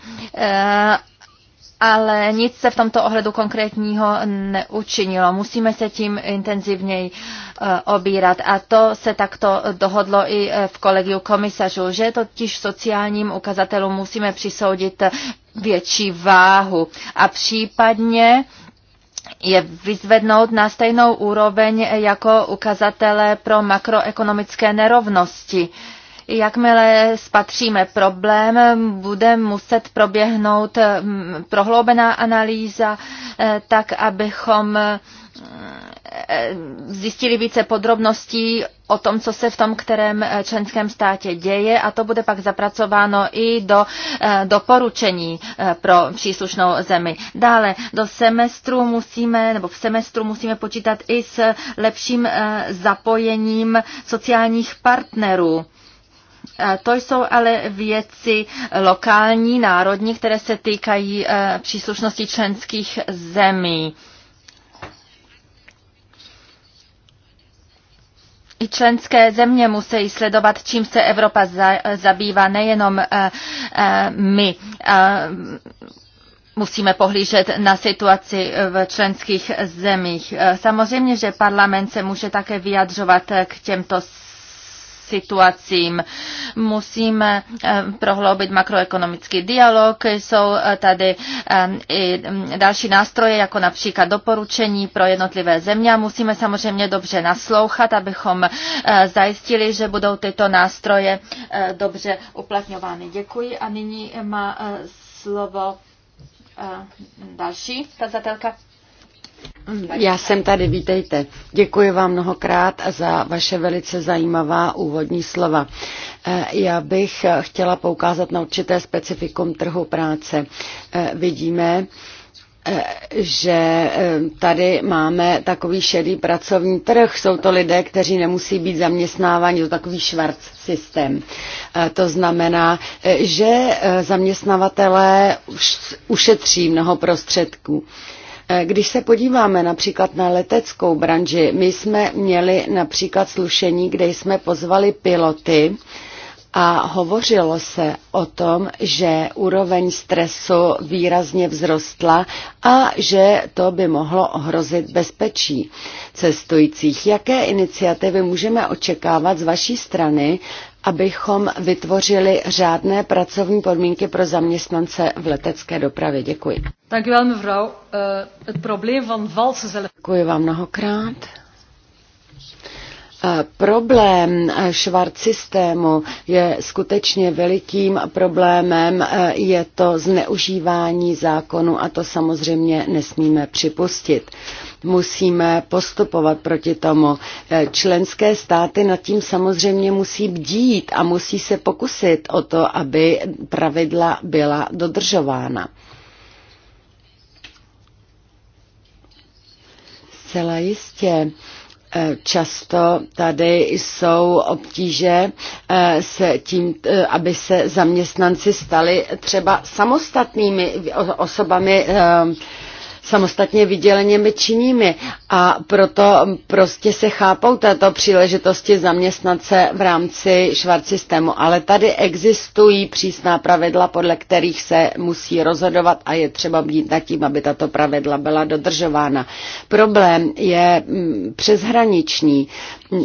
ale nic se v tomto ohledu konkrétního neučinilo. Musíme se tím intenzivněji eh, obírat a to se takto dohodlo i eh, v kolegiu komisařů, že totiž sociálním ukazatelům musíme přisoudit eh, větší váhu a případně je vyzvednout na stejnou úroveň jako ukazatele pro makroekonomické nerovnosti. Uh, Jakmile spatříme problém, bude muset proběhnout mm, prohloubená analýza, eh, tak abychom eh, zjistili více podrobností o tom, co se v tom kterém eh, členském státě děje a to bude pak zapracováno i do doporučení pro příslušnou zemi. Dále do semestru musíme, nebo v semestru musíme počítat i s lepším zapojením sociálních partnerů Eh, to jsou ale věci lokální, národní, které se týkají eh, příslušnosti členských zemí. I členské země musí sledovat, čím se Evropa za, zabývá, nejenom uh, uh, my. Uh, musíme pohlížet na situaci v členských zemích. Samozřejmě, že parlament se může také vyjadřovat k těmto situacím. Musíme eh, prohloubit makroekonomický dialog. Jsou eh, tady eh, i mm, další nástroje, jako například doporučení pro jednotlivé země. musíme samozřejmě dobře naslouchat, abychom zajistili, že budou tyto nástroje dobře uplatňovány. Děkuji a nyní má slovo další tazatelka. Já jsem tady, vítejte. Děkuji vám mnohokrát za vaše velice zajímavá úvodní slova. Eh, já bych chtěla poukázat na určité specifikum trhu práce. Eh, vidíme, eh, že tady máme takový šedý pracovní trh. Jsou to lidé, kteří nemusí být zaměstnáváni, to takový švarc systém. To znamená, že zaměstnavatelé ušetří mnoho prostředků Eh, když se podíváme například na leteckou branži, my jsme měli například slušení, kde jsme pozvali piloty, a hovořilo se o tom, že úroveň stresu výrazně vzrostla a že to by mohlo ohrozit bezpečí cestujících. Jaké iniciativy můžeme očekávat z vaší strany, abychom vytvořili řádné pracovní podmínky pro zaměstnance v letecké dopravě. Děkuji. Eh, Děkuji vám mnohokrát. Problém eh, švart systému je skutečně velikým problémem, eh, je to zneužívání zákonu a to samozřejmě nesmíme připustit. Musíme postupovat proti tomu. Eh, členské státy nad tím samozřejmě musí bdít a musí se pokusit o to, aby pravidla byla dodržována. Zcela jistě Eh, často tady jsou obtíže eh, se tím, eh, aby se zaměstnanci stali třeba samostatnými osobami samostatně vyděleněmi činnými a proto prostě se chápou této příležitosti zaměstnat se v rámci švart systému. Ale tady existují přísná pravidla, podle kterých se musí rozhodovat a je třeba být nad tím, aby tato pravidla byla dodržována. Problém je mm, přeshraniční,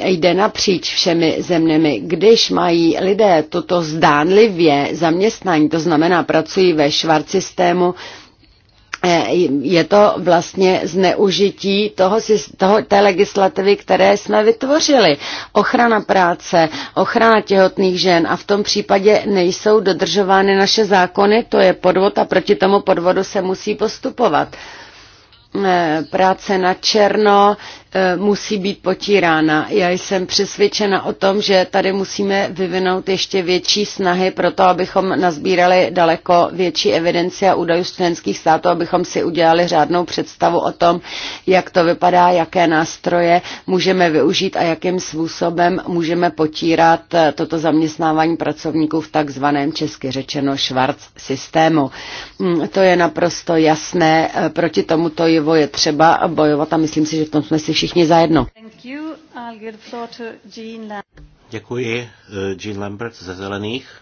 jde napříč všemi zeměmi. Když mají lidé toto zdánlivě zaměstnání, to znamená pracují ve švart systému, Eh, je to vlastně zneužití toho, toho, té legislativy, které jsme vytvořili. Ochrana práce, ochrana těhotných žen a v tom případě nejsou dodržovány naše zákony, to je podvod a proti tomu podvodu se musí postupovat eh, práce na černo E, musí být potírána. Já jsem přesvědčena o tom, že tady musíme vyvinout ještě větší snahy pro to, abychom nazbírali daleko větší evidenci a údajů z členských států, abychom si udělali řádnou představu o tom, jak to vypadá, jaké nástroje můžeme využít a jakým způsobem můžeme potírat e, toto zaměstnávání pracovníků v takzvaném česky řečeno švarc systému. Hm, to je naprosto jasné, e, proti tomuto jevo je třeba bojovat a myslím si, že v tom jsme si všichni zajedno. Děkuji, eh, Jean Lambert ze Zelených.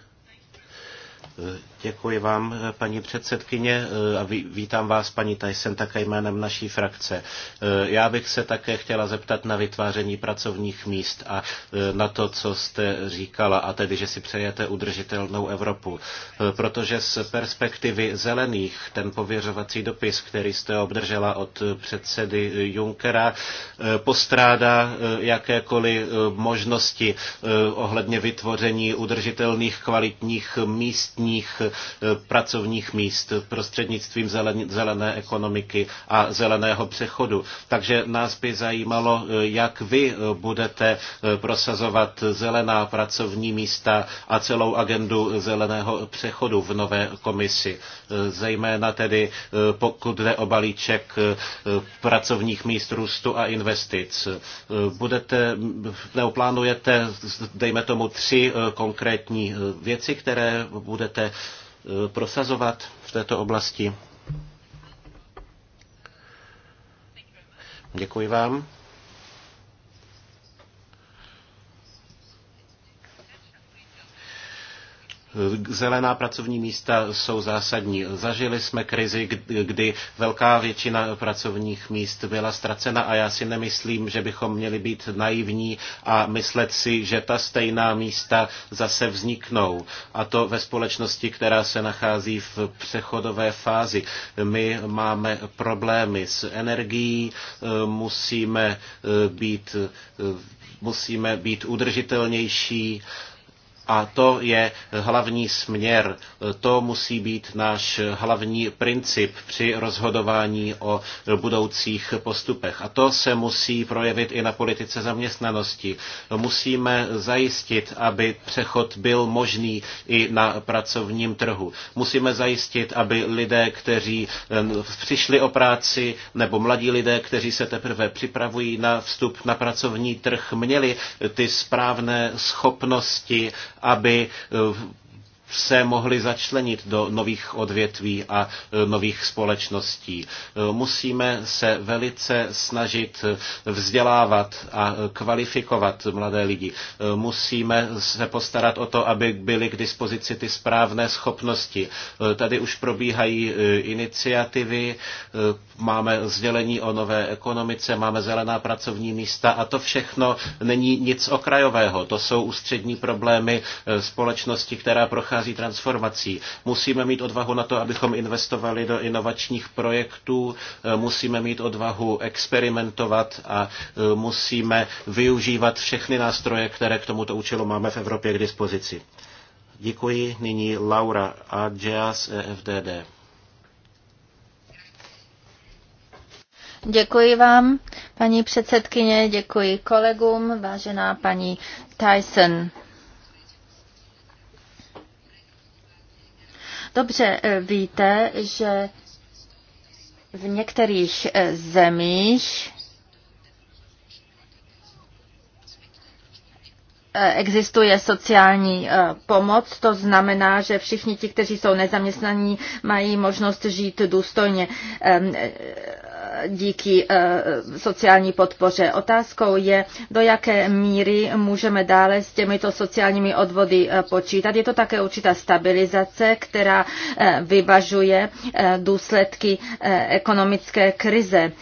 Eh, Děkuji vám, paní předsedkyně, a vítám vás, paní Tyson, také jménem naší frakce. Já bych se také chtěla zeptat na vytváření pracovních míst a e, na to, co jste říkala, a tedy, že si přejete udržitelnou Evropu. E, protože z perspektivy zelených ten pověřovací dopis, který jste obdržela od předsedy Junckera, e, postrádá jakékoliv možnosti ohledně vytvoření udržitelných kvalitních místních Eh, pracovních míst prostřednictvím zelené ekonomiky a zeleného přechodu. Takže nás by zajímalo, eh, jak vy eh, budete prosazovat zelená pracovní místa a celou agendu zeleného přechodu v nové komisi. Zejména tedy pokud jde o balíček pracovních míst růstu a investic. Budete, neoplánujete, dejme tomu, tři konkrétní věci, které budete Eh, prosazovat v této oblasti? Děkuji vám. Eh, zelená pracovní místa jsou zásadní. Zažili jsme krizi, kdy velká většina pracovních míst byla ztracena a já si nemyslím, že bychom měli být naivní a myslet si, že ta stejná místa zase vzniknou. A to ve společnosti, která se nachází v přechodové fázi. My máme problémy s energií, eh, musíme eh, být musíme být udržitelnější, a to je hlavní směr. To musí být náš hlavní princip při rozhodování o budoucích postupech. A to se musí projevit i na politice zaměstnanosti. Musíme zajistit, aby přechod byl možný i na pracovním trhu. Musíme zajistit, aby lidé, kteří přišli o práci, nebo mladí lidé, kteří se teprve připravují na vstup na pracovní trh, měli ty správné schopnosti, aby eh, se mohli začlenit do nových odvětví a e, nových společností. E, musíme se velice snažit vzdělávat a kvalifikovat mladé lidi. E, musíme se postarat o to, aby byly k dispozici ty správné schopnosti. Tady už probíhají iniciativy, máme sdělení o nové ekonomice, máme zelená pracovní místa a to všechno není nic okrajového. To jsou ústřední problémy společnosti, která prochází prochází transformací. Musíme mít odvahu na to, abychom investovali do inovačních projektů, eh, musíme mít odvahu experimentovat a eh, musíme využívat všechny nástroje, které k tomuto účelu máme v Evropě k dispozici. Děkuji. Nyní Laura Adžia z EFDD. Děkuji vám, paní předsedkyně, děkuji kolegům, vážená paní Tyson. Dobře eh, víte, že v některých eh, zemích eh, existuje sociální pomoc, to znamená, že všichni ti, kteří jsou nezaměstnaní, mají možnost žít důstojně díky eh, sociální podpoře. Otázkou je, do jaké míry můžeme dále s těmito sociálními odvody eh, počítat. Je to také určitá stabilizace, která eh, vyvažuje důsledky ekonomické krize.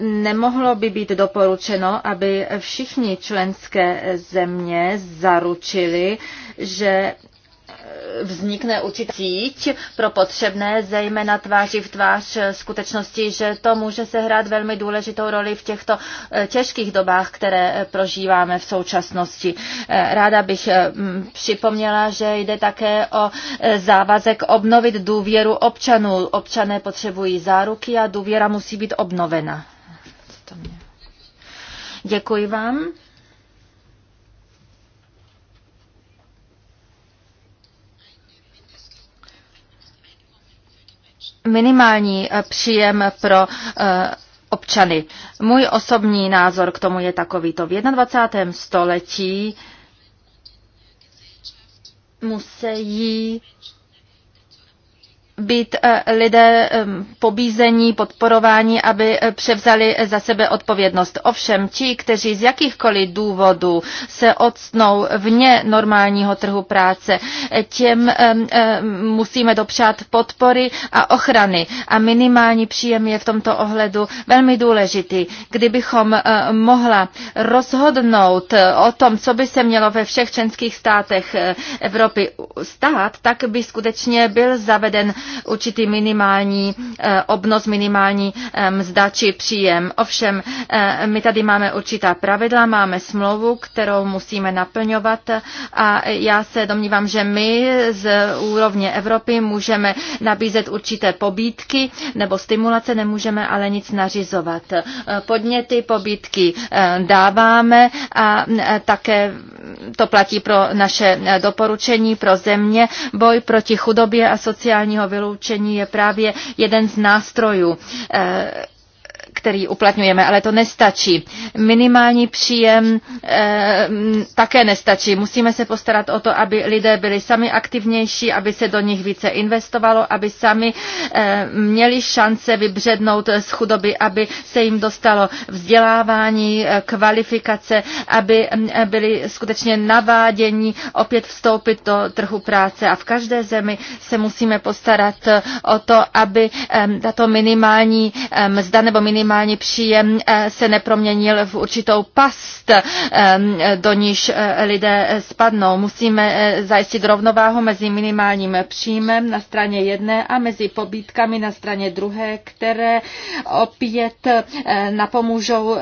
Nemohlo by být doporučeno, aby všichni členské země zaručili, že vznikne určitá síť pro potřebné, zejména tváří v tvář skutečnosti, že to může se hrát velmi důležitou roli v těchto eh, těžkých dobách, které eh, prožíváme v současnosti. Eh, ráda bych připomněla, že jde také o závazek obnovit důvěru občanů. Občané potřebují záruky a důvěra musí být obnovena. Děkuji vám. minimální eh, příjem pro eh, občany. Můj osobní názor k tomu je takovýto. V 21. století musí být eh, lidé ehm, pobízení, podporování, aby eh, převzali za sebe odpovědnost. Ovšem, ti, kteří z jakýchkoliv důvodů se odstnou vně normálního trhu práce, těm ehm, ehm, musíme dopřát podpory a ochrany. A minimální příjem je v tomto ohledu velmi důležitý. Kdybychom eh, mohla rozhodnout o tom, co by se mělo ve všech členských státech Evropy stát, tak by skutečně byl zaveden určitý minimální eh, obnos, minimální eh, mzda či příjem. Ovšem, eh, my tady máme určitá pravidla, máme smlouvu, kterou musíme naplňovat a já se domnívám, že my z úrovně Evropy můžeme nabízet určité pobídky nebo stimulace, nemůžeme ale nic nařizovat. Podněty, pobídky dáváme a také to platí pro naše doporučení pro země, boj proti chudobě a sociálního vyloučení vyloučení je právě jeden z nástrojů eh, který uplatňujeme, ale to nestačí. Minimální příjem e, také nestačí. Musíme se postarat o to, aby lidé byli sami aktivnější, aby se do nich více investovalo, aby sami e, měli šance vybřednout z chudoby, aby se jim dostalo vzdělávání, eh, kvalifikace, aby byli skutečně naváděni opět vstoupit do trhu práce. A v každé zemi se musíme postarat o to, aby tato minimální mzda nebo minimální minimální příjem eh, se neproměnil v určitou past, eh, do níž eh, lidé spadnou. Musíme zajistit rovnováhu mezi minimálním příjmem na straně jedné a mezi pobítkami na straně druhé, které opět napomůžou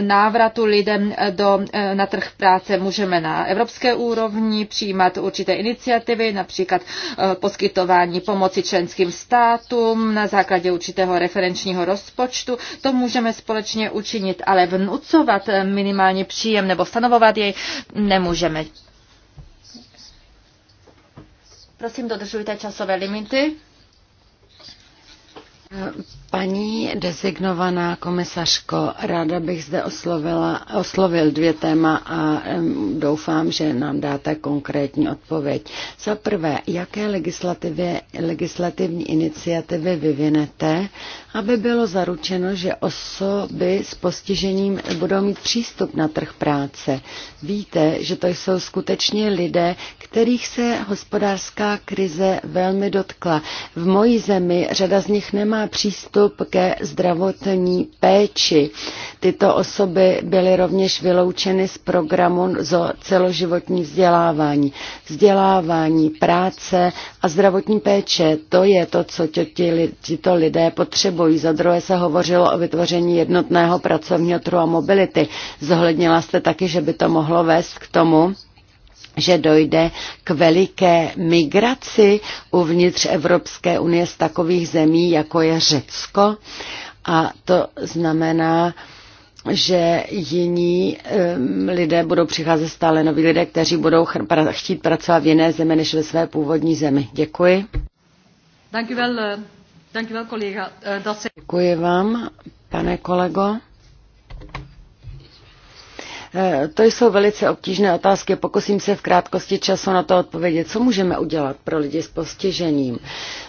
návratu lidem do, na trh práce. Můžeme na evropské úrovni přijímat určité iniciativy, například poskytování pomoci členským státům na základě určitého referenčního rozpočtu rozpočtu, to můžeme společně učinit, ale vnucovat minimálně příjem nebo stanovovat jej nemůžeme. Prosím, dodržujte časové limity. Paní designovaná komisařko, ráda bych zde oslovila, oslovil dvě téma a doufám, že nám dáte konkrétní odpověď. Za prvé, jaké legislativní iniciativy vyvinete aby bylo zaručeno, že osoby s postižením budou mít přístup na trh práce. Víte, že to jsou skutečně lidé, kterých se hospodářská krize velmi dotkla. V mojí zemi řada z nich nemá přístup ke zdravotní péči. Tyto osoby byly rovněž vyloučeny z programu zo celoživotní vzdělávání. Vzdělávání, práce a zdravotní péče, to je to, co tito lidé potřebují rozvoj, Za druhé se hovořilo o vytvoření jednotného pracovního trhu a mobility. Zohlednila jste taky, že by to mohlo vést k tomu, že dojde k veliké migraci uvnitř Evropské unie z takových zemí, jako je Řecko. A to znamená, že jiní lidé budou přicházet stále noví lidé, kteří budou chtít pracovat v jiné zemi než ve své původní zemi. Děkuji. Dank Eh, Děkuji vám, pane kolego. Eh, to jsou velice obtížné otázky. Pokusím se v krátkosti času na to odpovědět. Co můžeme udělat pro lidi s postižením?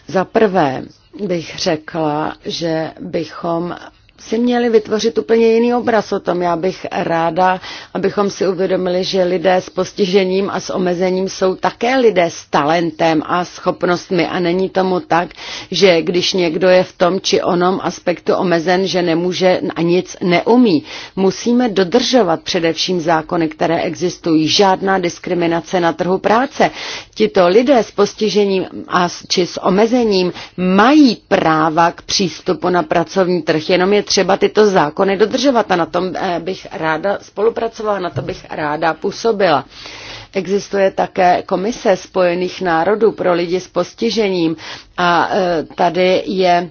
Za prvé bych řekla, že bychom si měli vytvořit úplně jiný obraz o tom. Já bych ráda, abychom si uvědomili, že lidé s postižením a s omezením jsou také lidé s talentem a schopnostmi a není tomu tak, že když někdo je v tom či onom aspektu omezen, že nemůže a nic neumí. Musíme dodržovat především zákony, které existují. Žádná diskriminace na trhu práce. Tito lidé s postižením a či s omezením mají práva k přístupu na pracovní trh, jenom je třeba tyto zákony dodržovat a na tom eh, bych ráda spolupracovala, na to bych ráda působila. Existuje také komise Spojených národů pro lidi s postižením a eh, tady je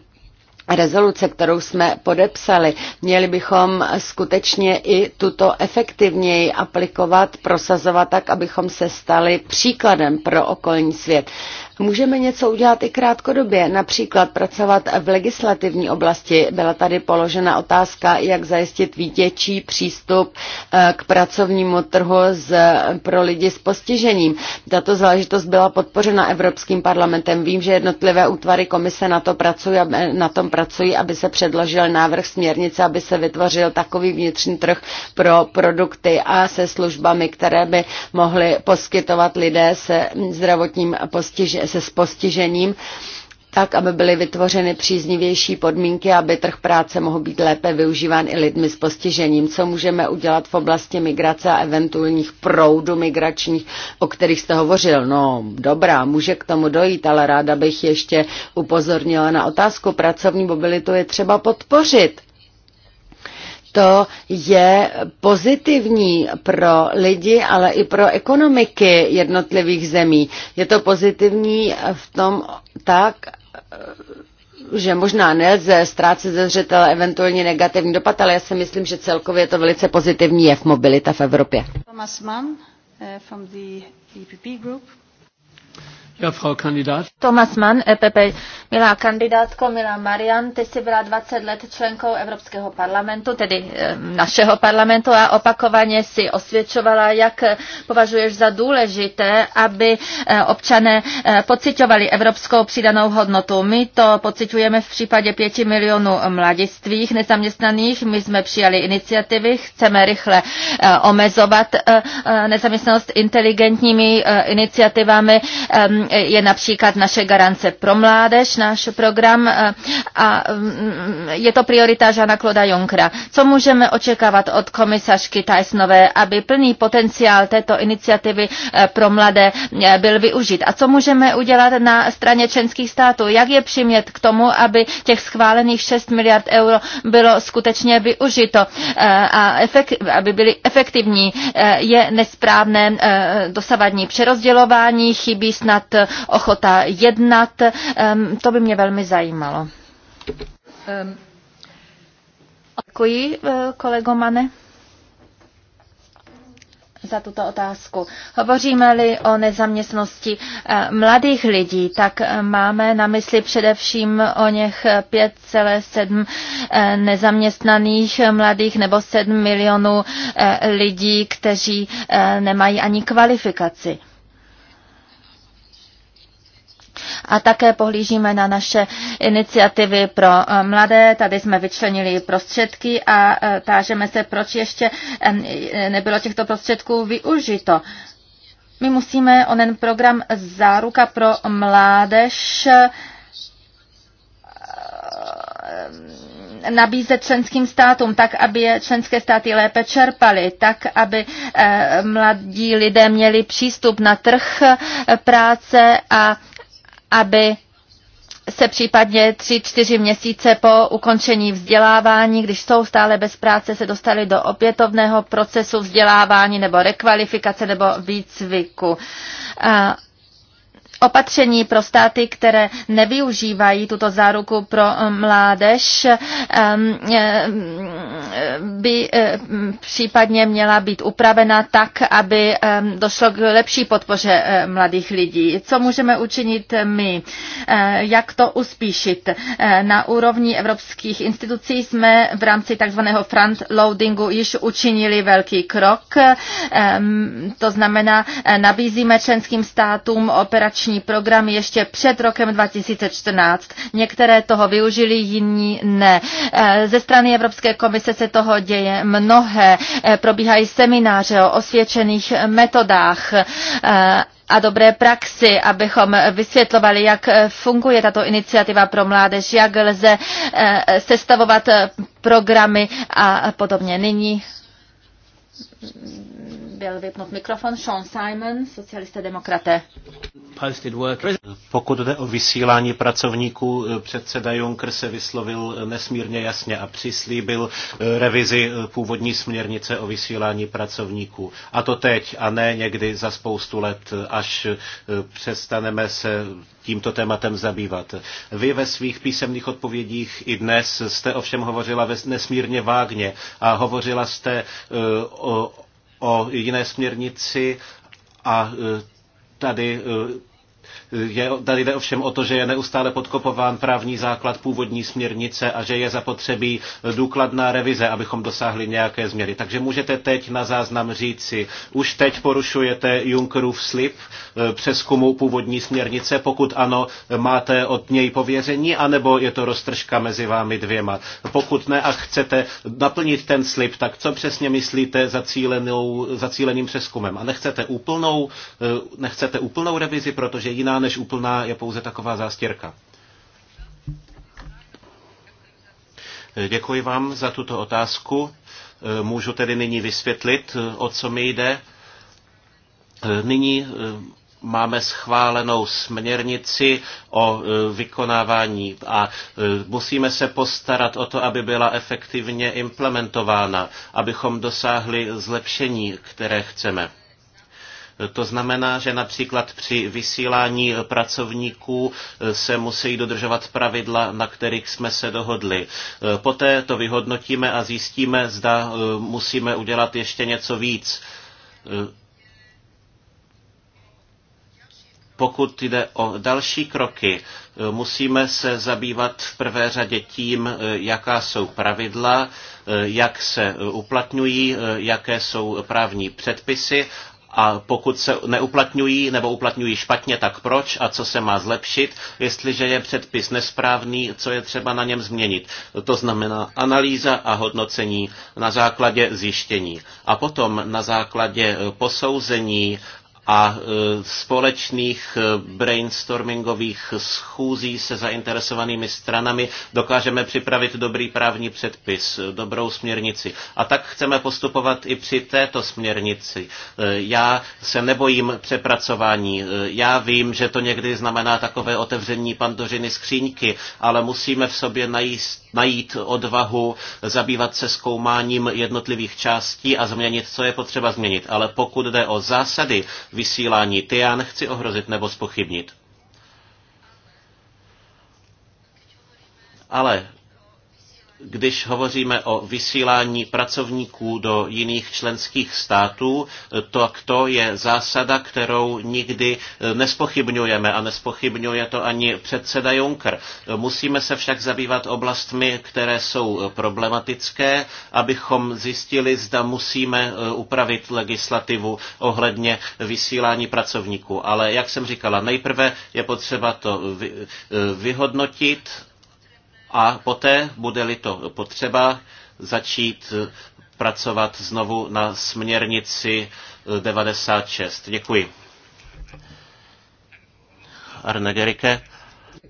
rezoluce, kterou jsme podepsali. Měli bychom skutečně i tuto efektivněji aplikovat, prosazovat tak, abychom se stali příkladem pro okolní svět. Můžeme něco udělat i krátkodobě, například pracovat v legislativní oblasti. Byla tady položena otázka, jak zajistit výtěčí přístup eh, k pracovnímu trhu z, pro lidi s postižením. Tato záležitost byla podpořena Evropským parlamentem. Vím, že jednotlivé útvary komise na, to pracují, na tom pracují, aby se předložil návrh směrnice, aby se vytvořil takový vnitřní trh pro produkty a se službami, které by mohly poskytovat lidé se zdravotním postižením se s postižením, tak, aby byly vytvořeny příznivější podmínky, aby trh práce mohl být lépe využíván i lidmi s postižením. Co můžeme udělat v oblasti migrace a eventuálních proudů migračních, o kterých jste hovořil? No, dobrá, může k tomu dojít, ale ráda bych ještě upozornila na otázku. Pracovní mobilitu je třeba podpořit to je pozitivní pro lidi, ale i pro ekonomiky jednotlivých zemí. Je to pozitivní v tom tak, že možná nelze ztrácet ze zřetele eventuálně negativní dopad, ale já si myslím, že celkově je to velice pozitivní je v mobilita v Evropě. Thomas Mann, eh, from the EPP group. Ja, Frau Kandidat. Thomas Mann, EPP. Milá kandidátko, milá Marian, ty jsi byla 20 let členkou Evropského parlamentu, tedy eh, našeho parlamentu a opakovaně si osvědčovala, jak eh, považuješ za důležité, aby eh, občané pocitovali evropskou přidanou hodnotu. My to pocitujeme v případě 5 milionů mladistvých nezaměstnaných. My jsme přijali iniciativy, chceme rychle omezovat nezaměstnanost inteligentními iniciativami je například naše garance pro mládež, náš program eh, a mm, je to priorita Žana Kloda Junkra. Co můžeme očekávat od komisařky Tysonové, aby plný potenciál této iniciativy eh, pro mladé eh, byl využit? A co můžeme udělat na straně členských států? Jak je přimět k tomu, aby těch schválených 6 miliard euro bylo skutečně využito a aby byly efektivní? Je nesprávné dosavadní přerozdělování, chybí snad ochota jednat. To by mě velmi zajímalo. Děkuji, eh, kolego Mane za tuto otázku. Hovoříme-li o nezaměstnosti eh, mladých lidí, tak eh, máme na mysli především o něch 5,7 nezaměstnaných mladých nebo 7 milionů lidí, kteří nemají ani kvalifikaci a také pohlížíme na naše iniciativy pro eh, mladé. Tady jsme vyčlenili prostředky a eh, tážeme se, proč ještě eh, nebylo těchto prostředků využito. My musíme onen program Záruka pro mládež nabízet členským státům, tak aby je členské státy lépe čerpaly, tak aby mladí lidé měli přístup na trh práce a aby se případně tři čtyři měsíce po ukončení vzdělávání, když jsou stále bez práce, se dostali do opětovného procesu vzdělávání nebo rekvalifikace nebo výcviku. Opatření pro státy, které nevyužívají tuto záruku pro eh, mládež, ehm, eh, by eh, případně měla být upravena tak, aby ehm, došlo k lepší podpoře mladých lidí. Co můžeme učinit my? Jak to uspíšit? Na úrovni evropských institucí jsme v rámci tzv. front-loadingu již učinili velký krok. Ehm, to znamená, nabízíme členským státům operační operační programy ještě před rokem 2014. Některé toho využili, jiní ne. Eh, ze strany Evropské komise se toho děje mnohé. Eh, probíhají semináře o osvědčených metodách eh, a dobré praxi, abychom vysvětlovali, jak funguje tato iniciativa pro mládež, jak lze sestavovat programy a podobně. Nyní byl vypnut mikrofon. Sean Simon, socialista demokraté. Pokud jde o vysílání pracovníků, eh, předseda Juncker se vyslovil eh, nesmírně jasně a přislíbil eh, revizi původní směrnice o vysílání pracovníků. A to teď a ne někdy za spoustu let, až přestaneme se tímto tématem zabývat. Vy ve svých písemných odpovědích i dnes jste ovšem hovořila nesmírně vágně a hovořila jste o o jiné směrnici a e, tady e, je, tady jde ovšem o to, že je neustále podkopován právní základ původní směrnice a že je zapotřebí důkladná revize, abychom dosáhli nějaké změny. Takže můžete teď na záznam říci, už teď porušujete Junckerův slib e, přeskumu původní směrnice, pokud ano, máte od něj pověření, anebo je to roztržka mezi vámi dvěma. Pokud ne a chcete naplnit ten slib, tak co přesně myslíte za cíleným přeskumem? A nechcete úplnou, e, nechcete úplnou revizi, protože jinak jiná než úplná je pouze taková zástěrka. Děkuji vám za tuto otázku. Můžu tedy nyní vysvětlit, o co mi jde. Nyní eh, máme schválenou směrnici o eh, vykonávání a eh, musíme se postarat o to, aby byla efektivně implementována, abychom dosáhli zlepšení, které chceme. To znamená, že například při vysílání pracovníků eh, se musí dodržovat pravidla, na kterých jsme se dohodli. Eh, poté to vyhodnotíme a zjistíme, zda eh, musíme udělat ještě něco víc. Pokud jde o další kroky, musíme se zabývat v prvé řadě tím, jaká jsou pravidla, jak se uplatňují, jaké jsou právní předpisy a pokud se neuplatňují nebo uplatňují špatně, tak proč a co se má zlepšit, jestliže je předpis nesprávný, co je třeba na něm změnit. To znamená analýza a hodnocení na základě zjištění. A potom na základě posouzení a e, společných e, brainstormingových schůzí se zainteresovanými stranami dokážeme připravit dobrý právní předpis, e, dobrou směrnici. A tak chceme postupovat i při této směrnici. Já se nebojím přepracování. Já vím, že to někdy znamená takové otevření pandořiny skříňky, ale musíme v sobě najít najít odvahu zabývat se zkoumáním jednotlivých částí a změnit, co je potřeba změnit. Ale pokud jde o zásady vysílání, ty já nechci ohrozit nebo spochybnit. Ale když hovoříme o vysílání pracovníků do jiných členských států, to, to je zásada, kterou nikdy eh, nespochybňujeme a nespochybňuje to ani předseda Juncker. Musíme se však zabývat oblastmi, které jsou eh, problematické, abychom zjistili, zda musíme eh, upravit legislativu ohledně vysílání pracovníků. Ale jak jsem říkala, nejprve je potřeba to vyhodnotit a poté, bude-li to potřeba, začít pracovat znovu na směrnici 96. Děkuji. Arne Gericke.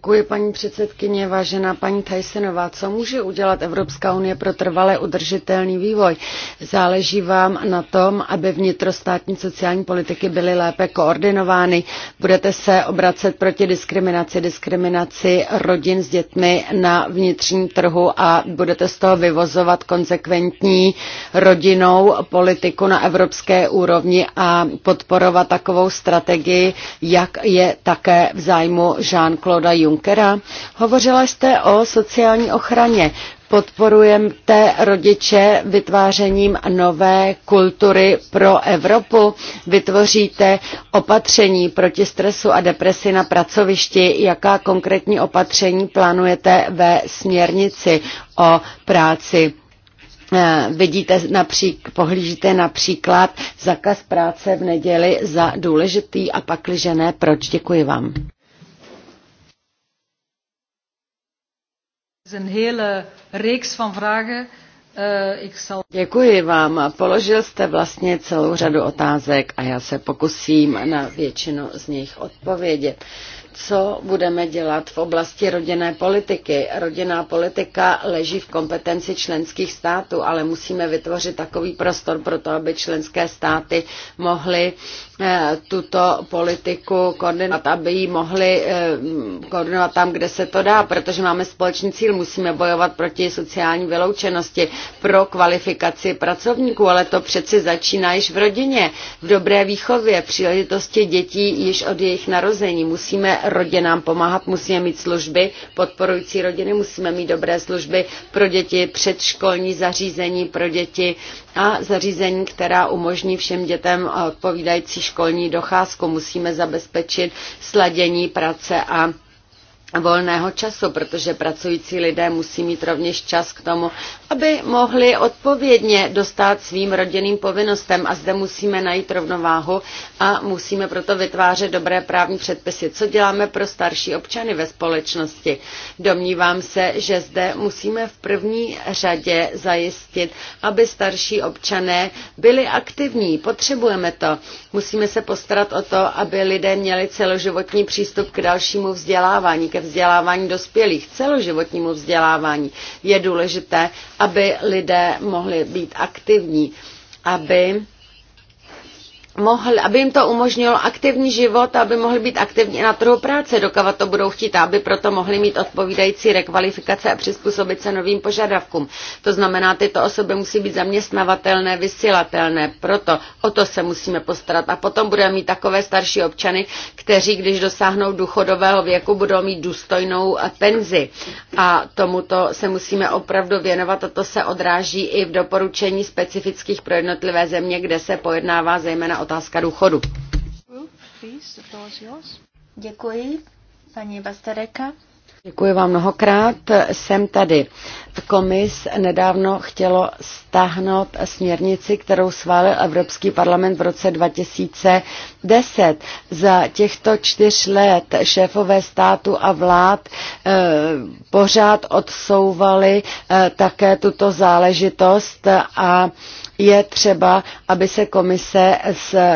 Děkuji, paní předsedkyně. Vážená paní Tysonová, co může udělat Evropská unie pro trvale udržitelný vývoj? Záleží vám na tom, aby vnitrostátní sociální politiky byly lépe koordinovány. Budete se obracet proti diskriminaci, diskriminaci rodin s dětmi na vnitřním trhu a budete z toho vyvozovat konsekventní rodinnou politiku na evropské úrovni a podporovat takovou strategii, jak je také v zájmu Jean-Claude Juncker. Junckera. Hovořila jste o sociální ochraně. Podporujete rodiče vytvářením nové kultury pro Evropu? Vytvoříte opatření proti stresu a depresi na pracovišti? Jaká konkrétní opatření plánujete ve směrnici o práci? Eh, vidíte napřík, pohlížíte například zakaz práce v neděli za důležitý a pakliže ne, proč? Děkuji vám. Eh, Děkuji vám. Položil jste vlastně celou řadu otázek a já se pokusím na většinu z nich odpovědět. Co budeme dělat v oblasti rodinné politiky? Rodinná politika leží v kompetenci členských států, ale musíme vytvořit takový prostor pro to, aby členské státy mohly Eh, tuto politiku koordinovat, aby ji mohli eh, koordinovat tam, kde se to dá, protože máme společný cíl, musíme bojovat proti sociální vyloučenosti pro kvalifikaci pracovníků, ale to přeci začíná již v rodině, v dobré výchově, příležitosti dětí již od jejich narození. Musíme rodinám pomáhat, musíme mít služby podporující rodiny, musíme mít dobré služby pro děti, předškolní zařízení pro děti, a zařízení, která umožní všem dětem odpovídající školní docházku. Musíme zabezpečit sladění práce a volného času, protože pracující lidé musí mít rovněž čas k tomu, aby mohli odpovědně dostat svým rodinným povinnostem a zde musíme najít rovnováhu a musíme proto vytvářet dobré právní předpisy. Co děláme pro starší občany ve společnosti? Domnívám se, že zde musíme v první řadě zajistit, aby starší občané byli aktivní. Potřebujeme to. Musíme se postarat o to, aby lidé měli celoživotní přístup k dalšímu vzdělávání, ke vzdělávání dospělých, celoživotnímu vzdělávání. Je důležité, aby lidé mohli být aktivní, aby mohli, aby jim to umožnilo aktivní život, aby mohli být aktivní na trhu práce, dokávat to budou chtít, aby proto mohli mít odpovídající rekvalifikace a přizpůsobit se novým požadavkům. To znamená, tyto osoby musí být zaměstnavatelné, vysílatelné, proto o to se musíme postarat. A potom budeme mít takové starší občany, kteří, když dosáhnou důchodového věku, budou mít důstojnou eh, penzi. A tomuto se musíme opravdu věnovat a to se odráží i v doporučení specifických pro jednotlivé země, kde se pojednává zejména o otázka důchodu. Děkuji, paní Bastereka. Děkuji vám mnohokrát. Jsem tady. Komis nedávno chtělo stáhnout směrnici, kterou schválil Evropský parlament v roce 2010. Za těchto čtyř let šéfové státu a vlád eh, pořád odsouvali eh, také tuto záležitost a je třeba, aby se komise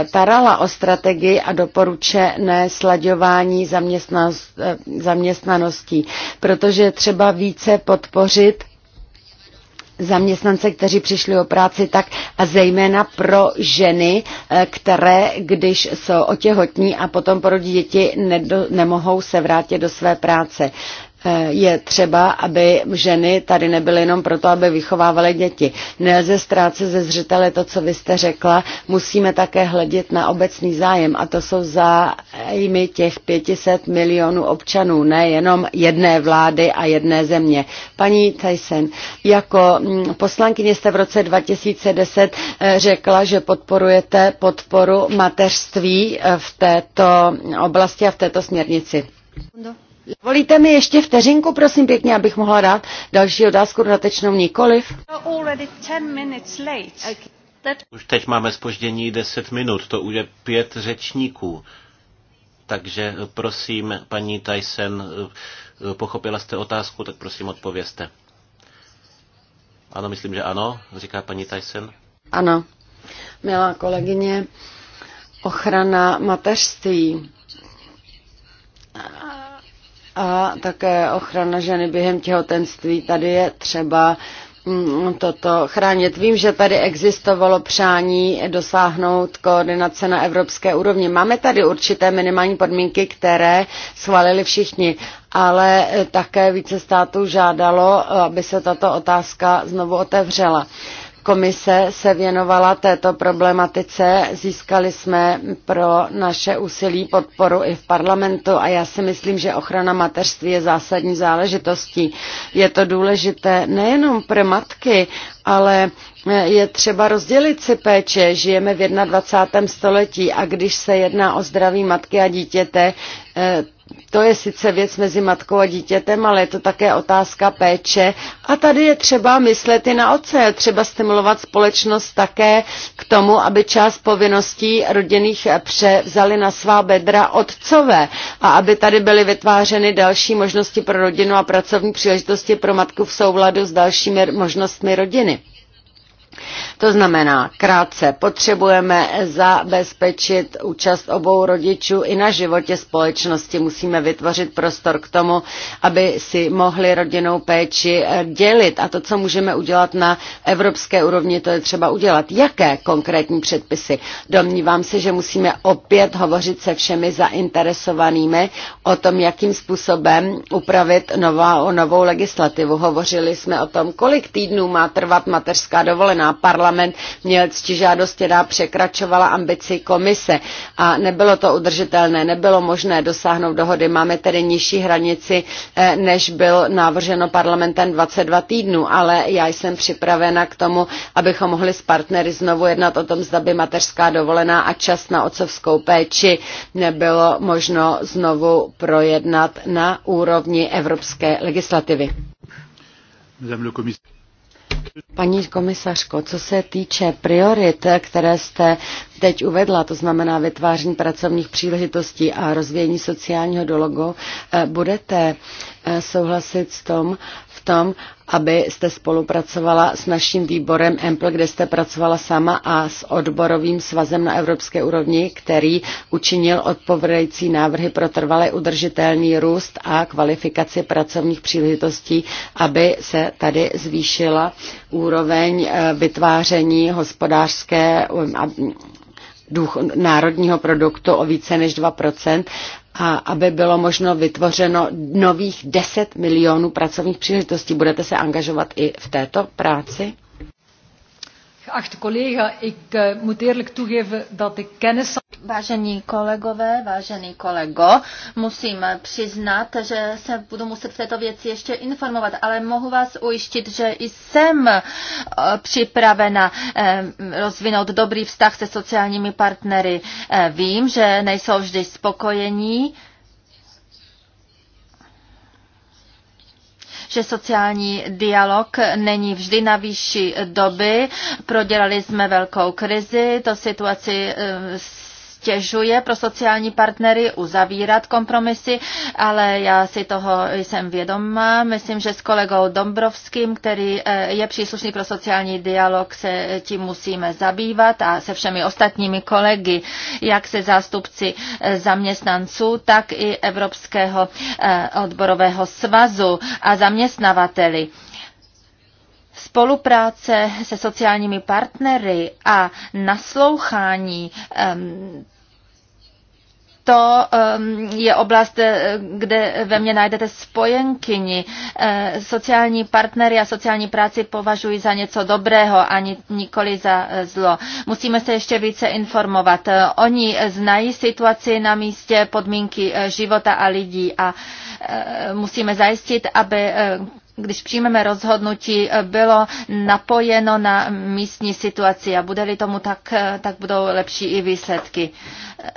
starala o strategii a doporučené slaďování eh, zaměstnaností, protože je třeba více podpořit zaměstnance, kteří přišli o práci tak a zejména pro ženy, eh, které, když jsou otěhotní a potom porodí děti, nedo, nemohou se vrátit do své práce. Eh, je třeba, aby ženy tady nebyly jenom proto, aby vychovávaly děti. Nelze ztrácet ze zřetele to, co vy jste řekla. Musíme také hledět na obecný zájem a to jsou zájmy těch 500 milionů občanů, nejenom jedné vlády a jedné země. Paní Tyson, jako mm, poslankyně jste v roce 2010 eh, řekla, že podporujete podporu mateřství eh, v této oblasti a v této směrnici. No. Volíte mi ještě vteřinku, prosím pěkně, abych mohla dát další otázku dodatečnou nikoliv. Už teď máme spoždění 10 minut, to už je pět řečníků. Takže eh, prosím, paní Tyson, eh, eh, pochopila jste otázku, tak prosím odpovězte. Ano, myslím, že ano, říká paní Tyson. Ano, milá kolegyně, ochrana mateřství a také ochrana ženy během těhotenství. Tady je třeba mm, toto chránit. Vím, že tady existovalo přání dosáhnout koordinace na evropské úrovni. Máme tady určité minimální podmínky, které schválili všichni, ale eh, také více států žádalo, eh, aby se tato otázka znovu otevřela komise se věnovala této problematice. Získali jsme pro naše úsilí podporu i v parlamentu a já si myslím, že ochrana mateřství je zásadní záležitostí. Je to důležité nejenom pro matky, ale eh, je třeba rozdělit si péče. Žijeme v 21. století a když se jedná o zdraví matky a dítěte, eh, to je sice věc mezi matkou a dítětem, ale je to také otázka péče. A tady je třeba myslet i na otce, třeba stimulovat společnost také k tomu, aby část povinností rodinných eh, převzali na svá bedra otcové a aby tady byly vytvářeny další možnosti pro rodinu a pracovní příležitosti pro matku v souladu s dalšími možnostmi rodiny. To znamená, krátce potřebujeme zabezpečit účast obou rodičů i na životě společnosti. Musíme vytvořit prostor k tomu, aby si mohli rodinnou péči eh, dělit. A to, co můžeme udělat na evropské úrovni, to je třeba udělat. Jaké konkrétní předpisy? Domnívám se, že musíme opět hovořit se všemi zainteresovanými o tom, jakým způsobem upravit nová, novou legislativu. Hovořili jsme o tom, kolik týdnů má trvat mateřská dovolená. Parla parlament měl ctižádost, která překračovala ambici komise a nebylo to udržitelné, nebylo možné dosáhnout dohody. Máme tedy nižší hranici, eh, než byl navrženo parlamentem 22 týdnů, ale já jsem připravena k tomu, abychom mohli s partnery znovu jednat o tom, zda by mateřská dovolená a čas na otcovskou péči nebylo možno znovu projednat na úrovni evropské legislativy. Paní komisařko, co se týče priorit, které jste teď uvedla, to znamená vytváření pracovních příležitostí a rozvíjení sociálního dialogu, eh, budete eh, souhlasit s tom, tom, abyste spolupracovala s naším výborem EMPL, kde jste pracovala sama a s odborovým svazem na evropské úrovni, který učinil odpovědající návrhy pro trvalé udržitelný růst a kvalifikaci pracovních příležitostí, aby se tady zvýšila úroveň eh, vytváření hospodářské eh, duch národního produktu o více než 2% a aby bylo možno vytvořeno nových 10 milionů pracovních příležitostí. Budete se angažovat i v této práci? Geachte collega, ik uh, moet eerlijk toegeven dat ik kennis... Vážení kolegové, vážený kolego, musím přiznat, že se budu muset v této věci ještě informovat, ale mohu vás ujistit, že jsem eh, připravena eh, rozvinout dobrý vztah se sociálními partnery. Vím, že nejsou vždy spokojení, že sociální dialog není vždy na výši doby. Prodělali jsme velkou krizi, to situaci eh, stěžuje pro sociální partnery uzavírat kompromisy, ale já si toho jsem vědomá. Myslím, že s kolegou Dombrovským, který eh, je příslušný pro sociální dialog, se tím musíme zabývat a se všemi ostatními kolegy, jak se zástupci eh, zaměstnanců, tak i Evropského eh, odborového svazu a zaměstnavateli spolupráce se sociálními partnery a naslouchání to je oblast, eh, kde ve mně najdete spojenkyni. Eh, sociální partnery a sociální práci považuji za něco dobrého ani nikoli za eh, zlo. Musíme se ještě více informovat. Oni znají situaci na místě, podmínky života a lidí a musíme zajistit, aby když přijmeme rozhodnutí, eh, bylo napojeno na místní situaci a bude-li tomu tak, eh, tak budou lepší i výsledky. Eh,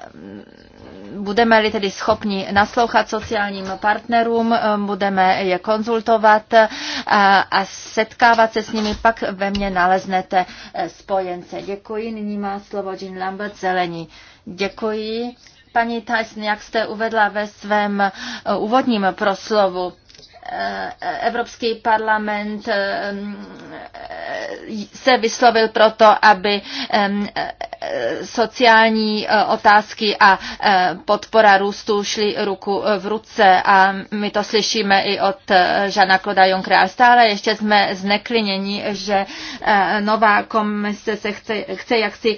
budeme-li tedy schopni naslouchat sociálním partnerům, budeme je konzultovat a setkávat se s nimi, pak ve mně naleznete spojence. Děkuji. Nyní má slovo Jean Lambert Zelení. Děkuji. Paní Tyson, jak jste uvedla ve svém úvodním proslovu, Evropský parlament ehm, e, se vyslovil proto, aby ehm, e, sociální e, otázky a podpora růstu šly ruku v ruce a my to slyšíme i od Žana Kloda Junkra. A stále ještě jsme zneklinění, že nová komise se chce, chce jaksi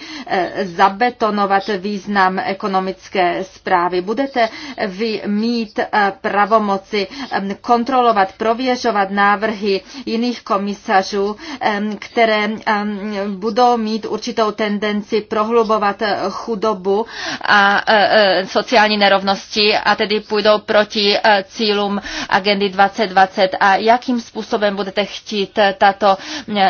zabetonovat význam ekonomické zprávy. Budete vy mít pravomoci kontrolovat kontrolovat, prověřovat návrhy jiných komisařů, které budou mít určitou tendenci prohlubovat eh, chudobu a eh, eh, sociální nerovnosti a tedy půjdou proti cílům agendy 2020 a jakým způsobem budete chtít tato,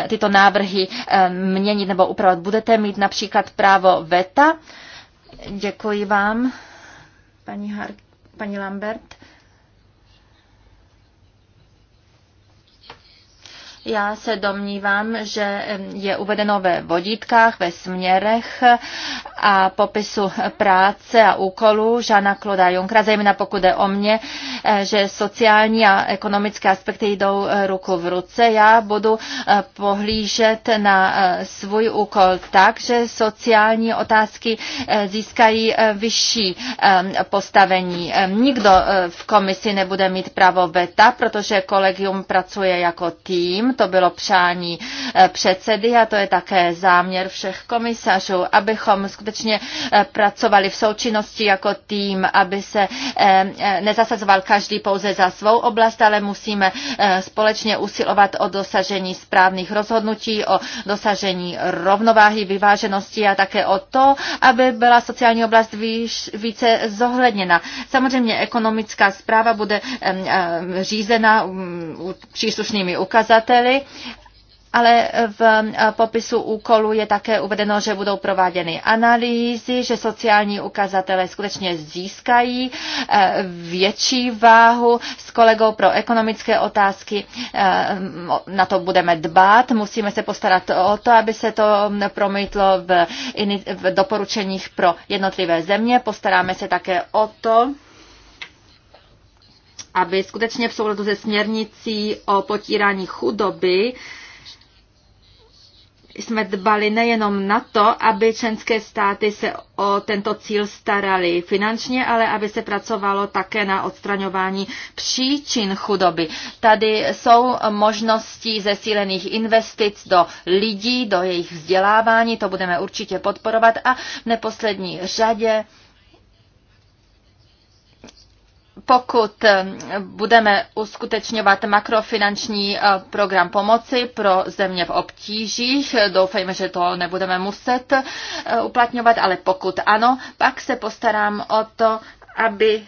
tyto návrhy měnit nebo upravovat. Budete mít například právo VETA. Děkuji vám, paní, Har- paní Lambert. Já se domnívám, že je uvedeno ve vodítkách, ve směrech a popisu práce a úkolů Žana Kloda Junkra, zejména pokud jde o mě, eh, že sociální a ekonomické aspekty jdou eh, ruku v ruce. Já budu eh, pohlížet na svůj úkol tak, že sociální otázky získají vyšší postavení. Nikdo v komisi nebude mít právo veta, protože kolegium pracuje jako tým, to bylo přání eh, předsedy a to je také záměr všech komisařů, abychom skutečně eh, pracovali v součinnosti jako tým, aby se eh, nezasazoval každý pouze za svou oblast, ale musíme společně usilovat o dosažení správných rozhodnutí, o dosažení rovnováhy, vyváženosti a také o to, aby byla sociální oblast výš, více zohledněna. Samozřejmě ekonomická zpráva bude řízena příslušnými ukazateli, úkoly ale v eh, popisu úkolu je také uvedeno, že budou prováděny analýzy, že sociální ukazatele skutečně získají eh, větší váhu. S kolegou pro ekonomické otázky eh, na to budeme dbát. Musíme se postarat o to, aby se to hm, promítlo v doporučeních pro jednotlivé země. Postaráme se také o to, aby skutečně v souladu se směrnicí o potírání chudoby jsme dbali nejenom na to, aby členské státy se o tento cíl starali finančně, ale aby se pracovalo také na odstraňování příčin chudoby. Tady jsou možnosti zesílených investic do lidí, do jejich vzdělávání, to budeme určitě podporovat a v neposlední řadě pokud eh, budeme uskutečňovat makrofinanční eh, program pomoci pro země v obtížích, doufejme, že to nebudeme muset eh, uplatňovat, ale pokud ano, pak se postarám o to, aby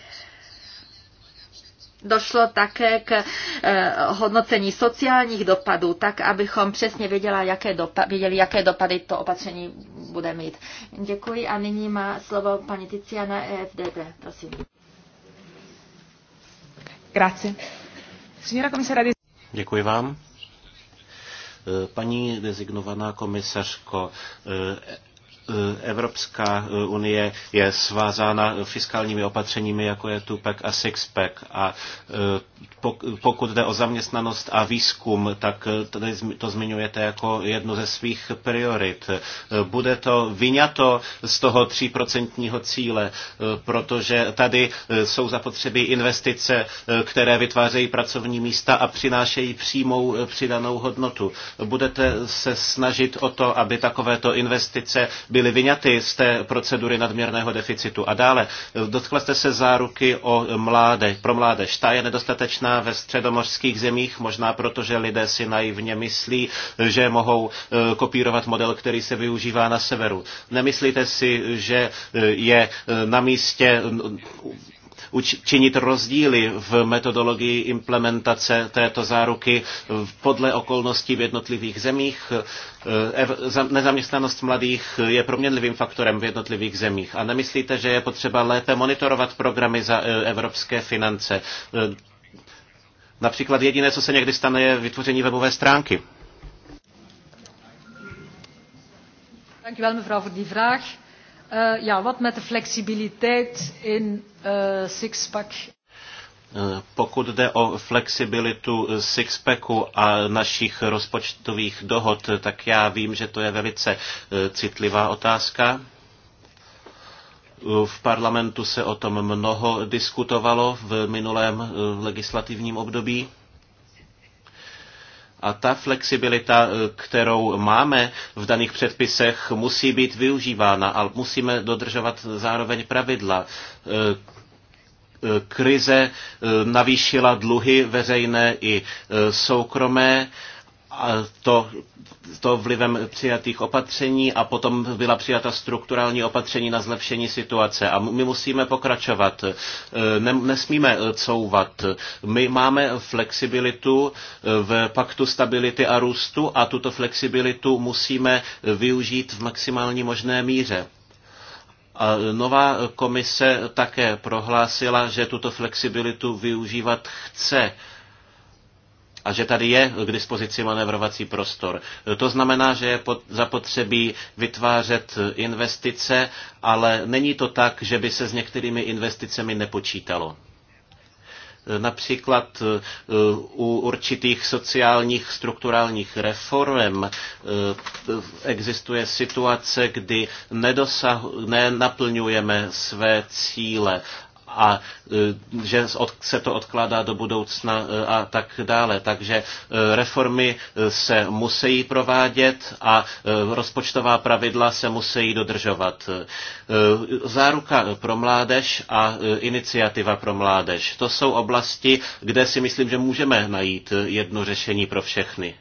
došlo také k hodnocení sociálních dopadů, tak abychom přesně věděla, jaké dopa- věděli, jaké dopady to opatření bude mít. Děkuji a nyní má slovo paní Tiziana EFDD. Prosím. Grazie. Signora Děkuji vám. E, paní dezignovaná komisařko, e, Eh, Evropská eh, unie je svázána fiskálními opatřeními, jako je Tupac a Sixpack. A eh, pokud jde o zaměstnanost a výzkum, tak to zmiňujete jako jednu ze svých priorit. Bude to vyňato z toho 3% cíle, protože tady jsou zapotřebí investice, které vytvářejí pracovní místa a přinášejí přímou přidanou hodnotu. Budete se snažit o to, aby takovéto investice by byly vyňaty z té procedury nadměrného deficitu. A dále, dotkla jste se záruky o mláde, pro mládež. Ta je nedostatečná ve středomořských zemích, možná proto, že lidé si naivně myslí, že mohou e, kopírovat model, který se využívá na severu. Nemyslíte si, že e, je e, na místě činit rozdíly v metodologii implementace této záruky podle okolností v jednotlivých zemích. Eh, nezaměstnanost mladých je proměnlivým faktorem v jednotlivých zemích. A nemyslíte, že je potřeba lépe monitorovat programy za eh, evropské finance? Eh, například jediné, co se někdy stane, je vytvoření webové stránky. Dank u wel mevrouw voor die vraag. Eh, wat met de flexibiliteit in eh, sixpack? Eh, pokud jde o flexibilitu sixpacku a našich rozpočtových dohod, tak já vím, že to je velice citlivá otázka. V parlamentu se o tom mnoho diskutovalo v minulém legislativním období. A ta flexibilita, eh, kterou máme v daných předpisech, musí být využívána, ale musíme dodržovat zároveň pravidla. Eh, eh, krize navýšila dluhy veřejné i soukromé to, to vlivem přijatých opatření a potom byla přijata strukturální opatření na zlepšení situace. A my musíme pokračovat. E, ne, nesmíme couvat. My máme flexibilitu v paktu stability a růstu a tuto flexibilitu musíme využít v maximální možné míře. A nová komise také prohlásila, že tuto flexibilitu využívat chce a že tady je k dispozici manevrovací prostor. To znamená, že je zapotřebí vytvářet investice, ale není to tak, že by se s některými investicemi nepočítalo například e, u určitých sociálních strukturálních reform e, existuje situace, kdy nedosah, nenaplňujeme své cíle a e, že se to odkládá do budoucna e, a tak dále. Takže e, reformy se musí provádět a rozpočtová pravidla se musí dodržovat. Záruka pro mládež a iniciativa pro mládež. To jsou oblasti, kde si myslím, že můžeme najít jedno řešení pro všechny.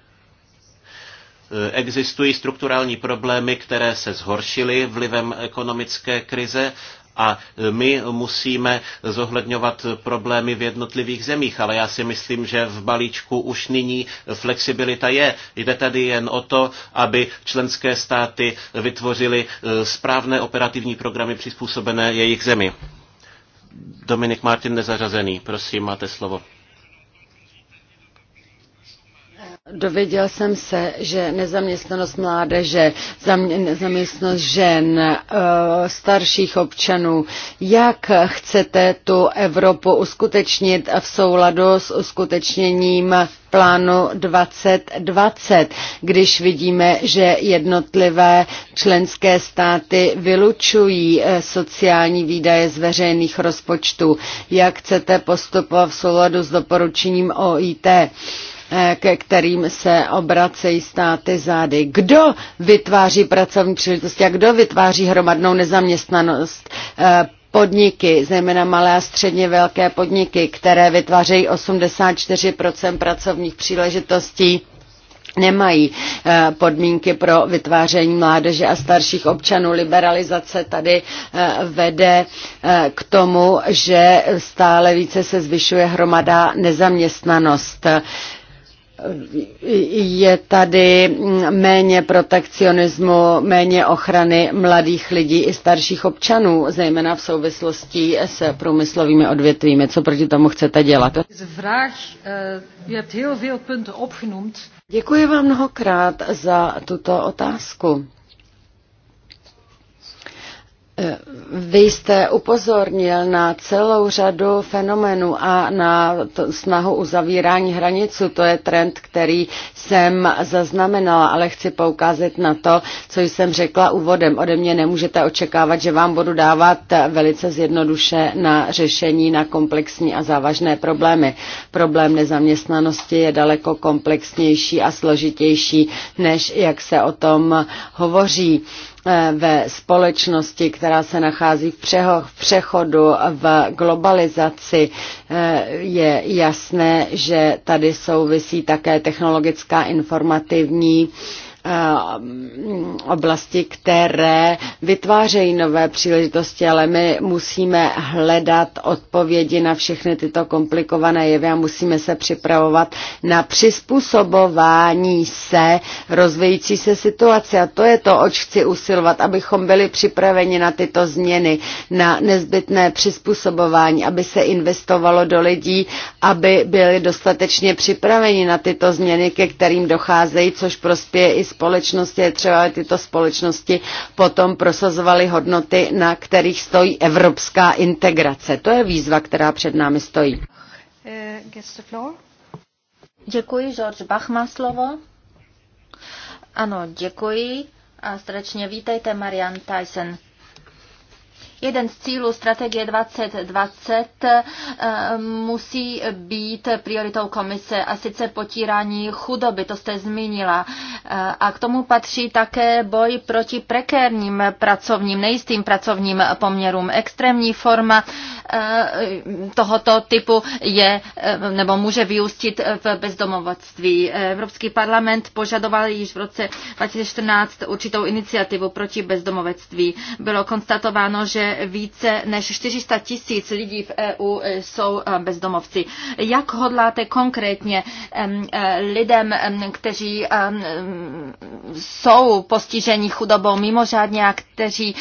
Existují strukturální problémy, které se zhoršily vlivem ekonomické krize a my musíme zohledňovat problémy v jednotlivých zemích, ale já si myslím, že v balíčku už nyní flexibilita je. Jde tady jen o to, aby členské státy vytvořily eh, správné operativní programy přizpůsobené jejich zemi. Dominik Martin nezařazený, prosím, máte slovo. Dověděl jsem se, že nezaměstnanost mládeže, nezaměstnanost žen, eh, starších občanů, jak chcete tu Evropu uskutečnit v souladu s uskutečněním plánu 2020, když vidíme, že jednotlivé členské státy vylučují eh, sociální výdaje z veřejných rozpočtů. Jak chcete postupovat v souladu s doporučením OIT? Eh, ke kterým se obracejí státy zády. Kdo vytváří pracovní příležitosti a kdo vytváří hromadnou nezaměstnanost? Eh, podniky, zejména malé a středně velké podniky, které vytvářejí 84 pracovních příležitostí, nemají eh, podmínky pro vytváření mládeže a starších občanů. Liberalizace tady vede k tomu, že stále více se zvyšuje hromada nezaměstnanost je tady méně protekcionismu, méně ochrany mladých lidí i starších občanů, zejména v souvislosti s průmyslovými odvětvími. Co proti tomu chcete dělat? Eh, Děkuji vám mnohokrát za tuto otázku. Vy jste upozornil na celou řadu fenomenů a na snahu uzavírání hranicu. To je trend, který jsem zaznamenala, ale chci poukázat na to, co jsem řekla úvodem. Ode mě nemůžete očekávat, že vám budu dávat velice zjednoduše na řešení na komplexní a závažné problémy. Problém nezaměstnanosti je daleko komplexnější a složitější, než jak se o tom hovoří Eh, ve společnosti, která se nachází v, přechodu v globalizaci, eh, je jasné, že tady souvisí také technologická informativní Eh, oblasti, které vytvářejí nové příležitosti, ale my musíme hledat odpovědi na všechny tyto komplikované jevy a musíme se připravovat na přizpůsobování se rozvějící se situace. A to je to, oč chci usilovat, abychom byli připraveni na tyto změny, na nezbytné přizpůsobování, aby se investovalo do lidí, aby byli dostatečně připraveni na tyto změny, ke kterým docházejí, což prospěje i společnosti je třeba, tyto společnosti potom prosazovaly hodnoty, na kterých stojí evropská integrace. To je výzva, která před námi stojí. Děkuji, George Bach má slovo. Ano, děkuji a srdečně vítejte, Marian Tyson. Jeden z cílů strategie 2020 eh, musí být prioritou komise a sice potírání chudoby, to jste zmínila. Eh, a k tomu patří také boj proti prekérním pracovním, nejistým pracovním poměrům. Extrémní forma Eh, tohoto typu je eh, nebo může vyústit v bezdomovectví. Evropský parlament požadoval již v roce 2014 určitou iniciativu proti bezdomovectví. Bylo konstatováno, že více než 400 tisíc lidí v EU eh, jsou bezdomovci. Jak hodláte konkrétně lidem, kteří jsou postiženi chudobou mimořádně a kteří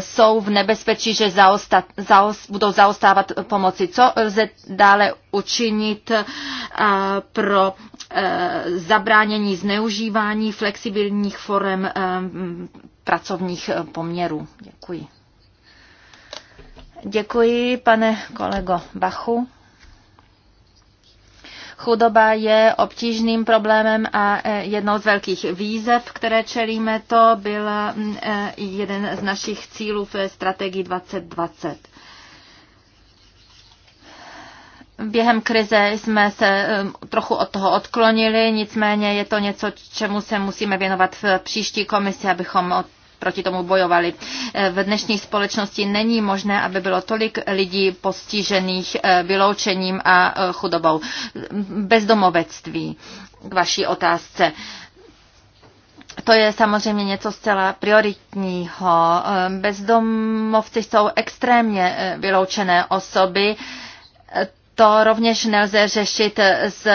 jsou v nebezpečí, že zaostat, zaost, budou zaostat zaostávat pomoci. Co lze dále učinit eh, pro eh, zabránění zneužívání flexibilních forem eh, pracovních poměrů? Děkuji. Děkuji, pane kolego Bachu. Chudoba je obtížným problémem a jednou z velkých výzev, které čelíme, to byl mm, jeden z našich cílů v strategii 2020. Během krize jsme se um, trochu od toho odklonili, nicméně je to něco, čemu se musíme věnovat v příští komisi, abychom od proti tomu bojovali. Eh, v dnešní společnosti není možné, aby bylo tolik lidí postižených eh, vyloučením a eh, chudobou. Bezdomovectví k vaší otázce. To je samozřejmě něco zcela prioritního. Bezdomovci jsou extrémně vyloučené osoby to rovněž nelze řešit z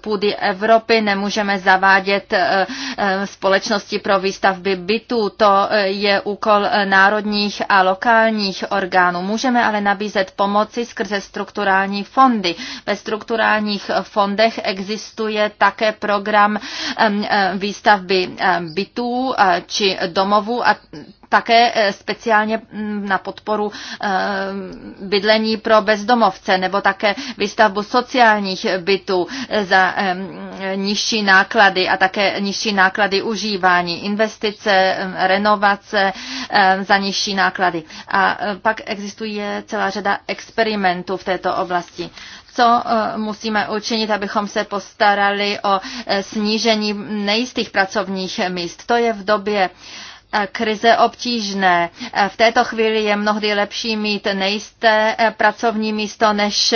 půdy Evropy, nemůžeme zavádět eh, eh, společnosti pro výstavby bytů, to je úkol národních a lokálních orgánů. Můžeme ale nabízet pomoci skrze strukturální fondy. Ve strukturálních fondech existuje také program výstavby bytů eh, či domovů a také eh, speciálně mm, na podporu eh, bydlení pro bezdomovce nebo také výstavbu sociálních bytů eh, za nižší náklady a také nižší náklady užívání, investice, renovace za nižší náklady. A pak existuje celá řada experimentů v této oblasti co musíme učinit, abychom se postarali o snížení nejistých pracovních míst. To je v době Eh, krize obtížné. Eh, v této chvíli je mnohdy lepší mít nejisté eh, pracovní místo než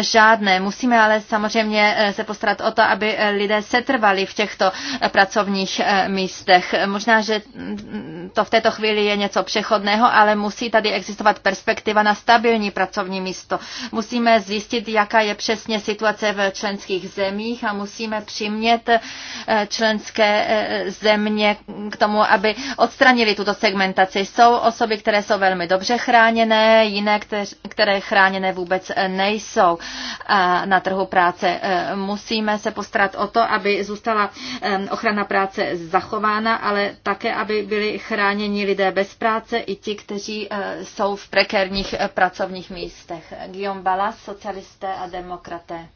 žádné. Musíme ale samozřejmě se postarat o to, aby lidé setrvali v těchto pracovních místech. Možná, že mm, to v této chvíli je něco přechodného, ale musí tady existovat perspektiva na stabilní pracovní místo. Musíme zjistit, jaká je přesně situace v členských zemích a musíme přimět členské země k tomu, aby odstavili odstranili tuto segmentaci. Jsou osoby, které jsou velmi dobře chráněné, jiné, které chráněné vůbec eh, nejsou eh, na trhu práce. Eh, musíme se postarat o to, aby zůstala ochrana práce zachována, ale také, aby byli chráněni lidé bez práce i ti, kteří jsou v prekérních pracovních místech. Guillaume Balas, socialisté a demokraté.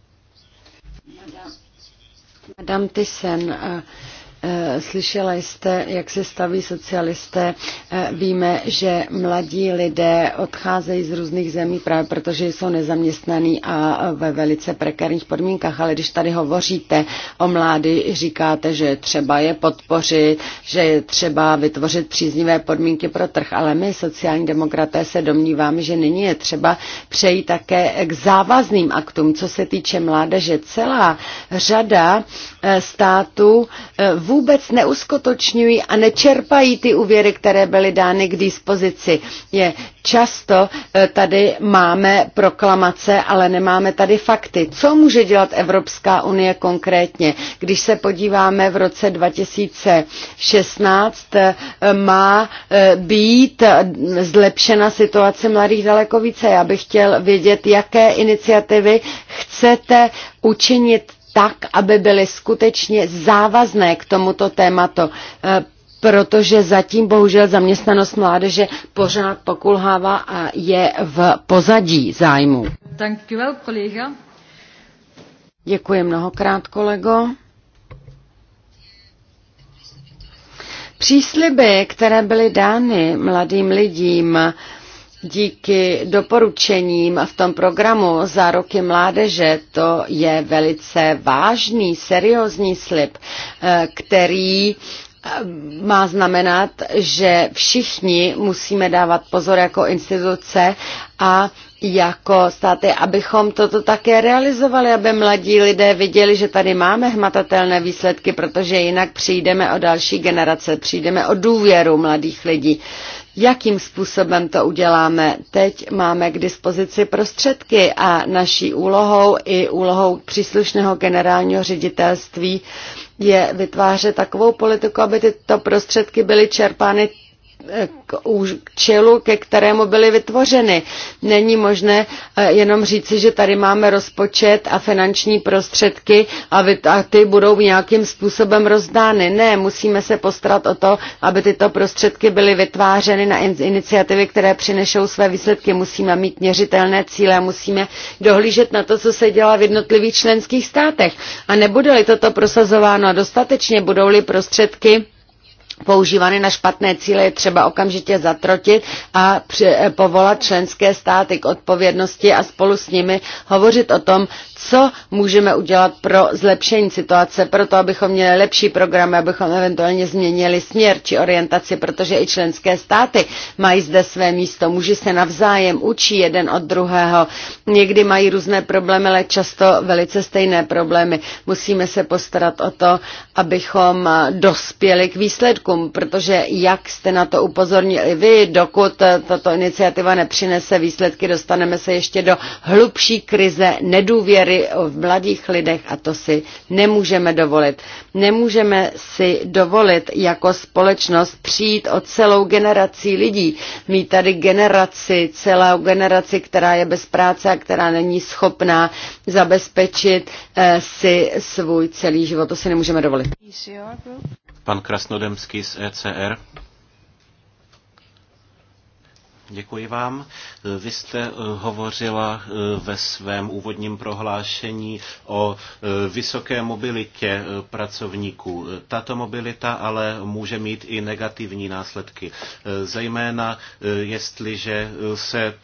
Madame Tysen, uh... Eh, slyšela jste, jak se staví socialisté. Eh, víme, že mladí lidé odcházejí z různých zemí právě protože jsou nezaměstnaní a ve velice prekárních podmínkách. Ale když tady hovoříte o mlády, říkáte, že třeba je podpořit, že je třeba vytvořit příznivé podmínky pro trh. Ale my, sociální demokraté, se domníváme, že nyní je třeba přejít také k závazným aktům, co se týče mládeže. Celá řada eh, států vůbec neuskutočňují a nečerpají ty úvěry, které byly dány k dispozici. Je často eh, tady máme proklamace, ale nemáme tady fakty. Co může dělat Evropská unie konkrétně? Když se podíváme v roce 2016, eh, má eh, být zlepšena situace mladých daleko více. Já bych chtěl vědět, jaké iniciativy chcete učinit tak, aby byly skutečně závazné k tomuto tématu, eh, protože zatím bohužel zaměstnanost mládeže pořád pokulhává a je v pozadí zájmu. Děkuji mnohokrát, kolego. Přísliby, které byly dány mladým lidím, díky doporučením v tom programu za roky mládeže, to je velice vážný, seriózní slib, eh, který eh, má znamenat, že všichni musíme dávat pozor jako instituce a jako státy, abychom toto také realizovali, aby mladí lidé viděli, že tady máme hmatatelné výsledky, protože jinak přijdeme o další generace, přijdeme o důvěru mladých lidí. Jakým způsobem to uděláme? Teď máme k dispozici prostředky a naší úlohou i úlohou příslušného generálního ředitelství je vytvářet takovou politiku, aby tyto prostředky byly čerpány k účelu, ke kterému byly vytvořeny. Není možné eh, jenom říci, že tady máme rozpočet a finanční prostředky a, ty budou nějakým způsobem rozdány. Ne, musíme se postarat o to, aby tyto prostředky byly vytvářeny na iniciativy, které přinešou své výsledky. Musíme mít měřitelné cíle, musíme dohlížet na to, co se dělá v jednotlivých členských státech. A nebude-li toto prosazováno dostatečně, budou-li prostředky používány na špatné cíle, je třeba okamžitě zatrotit a při, eh, povolat členské státy k odpovědnosti a spolu s nimi hovořit o tom, co můžeme udělat pro zlepšení situace, pro to, abychom měli lepší programy, abychom eventuálně změnili směr či orientaci, protože i členské státy mají zde své místo, muži se navzájem učí jeden od druhého, někdy mají různé problémy, ale často velice stejné problémy. Musíme se postarat o to, abychom dospěli k výsledkům, protože jak jste na to upozornili vy, dokud tato iniciativa nepřinese výsledky, dostaneme se ještě do hlubší krize nedůvěry v mladých lidech a to si nemůžeme dovolit. Nemůžeme si dovolit jako společnost přijít o celou generací lidí, mít tady generaci, celou generaci, která je bez práce a která není schopná zabezpečit eh, si svůj celý život. To si nemůžeme dovolit. Pan Krasnodemský z ECR. Děkuji vám. Vy jste eh, hovořila eh, ve svém úvodním prohlášení o eh, vysoké mobilitě pracovníků. Tato mobilita ale může mít i negativní následky. Zejména jestliže, se,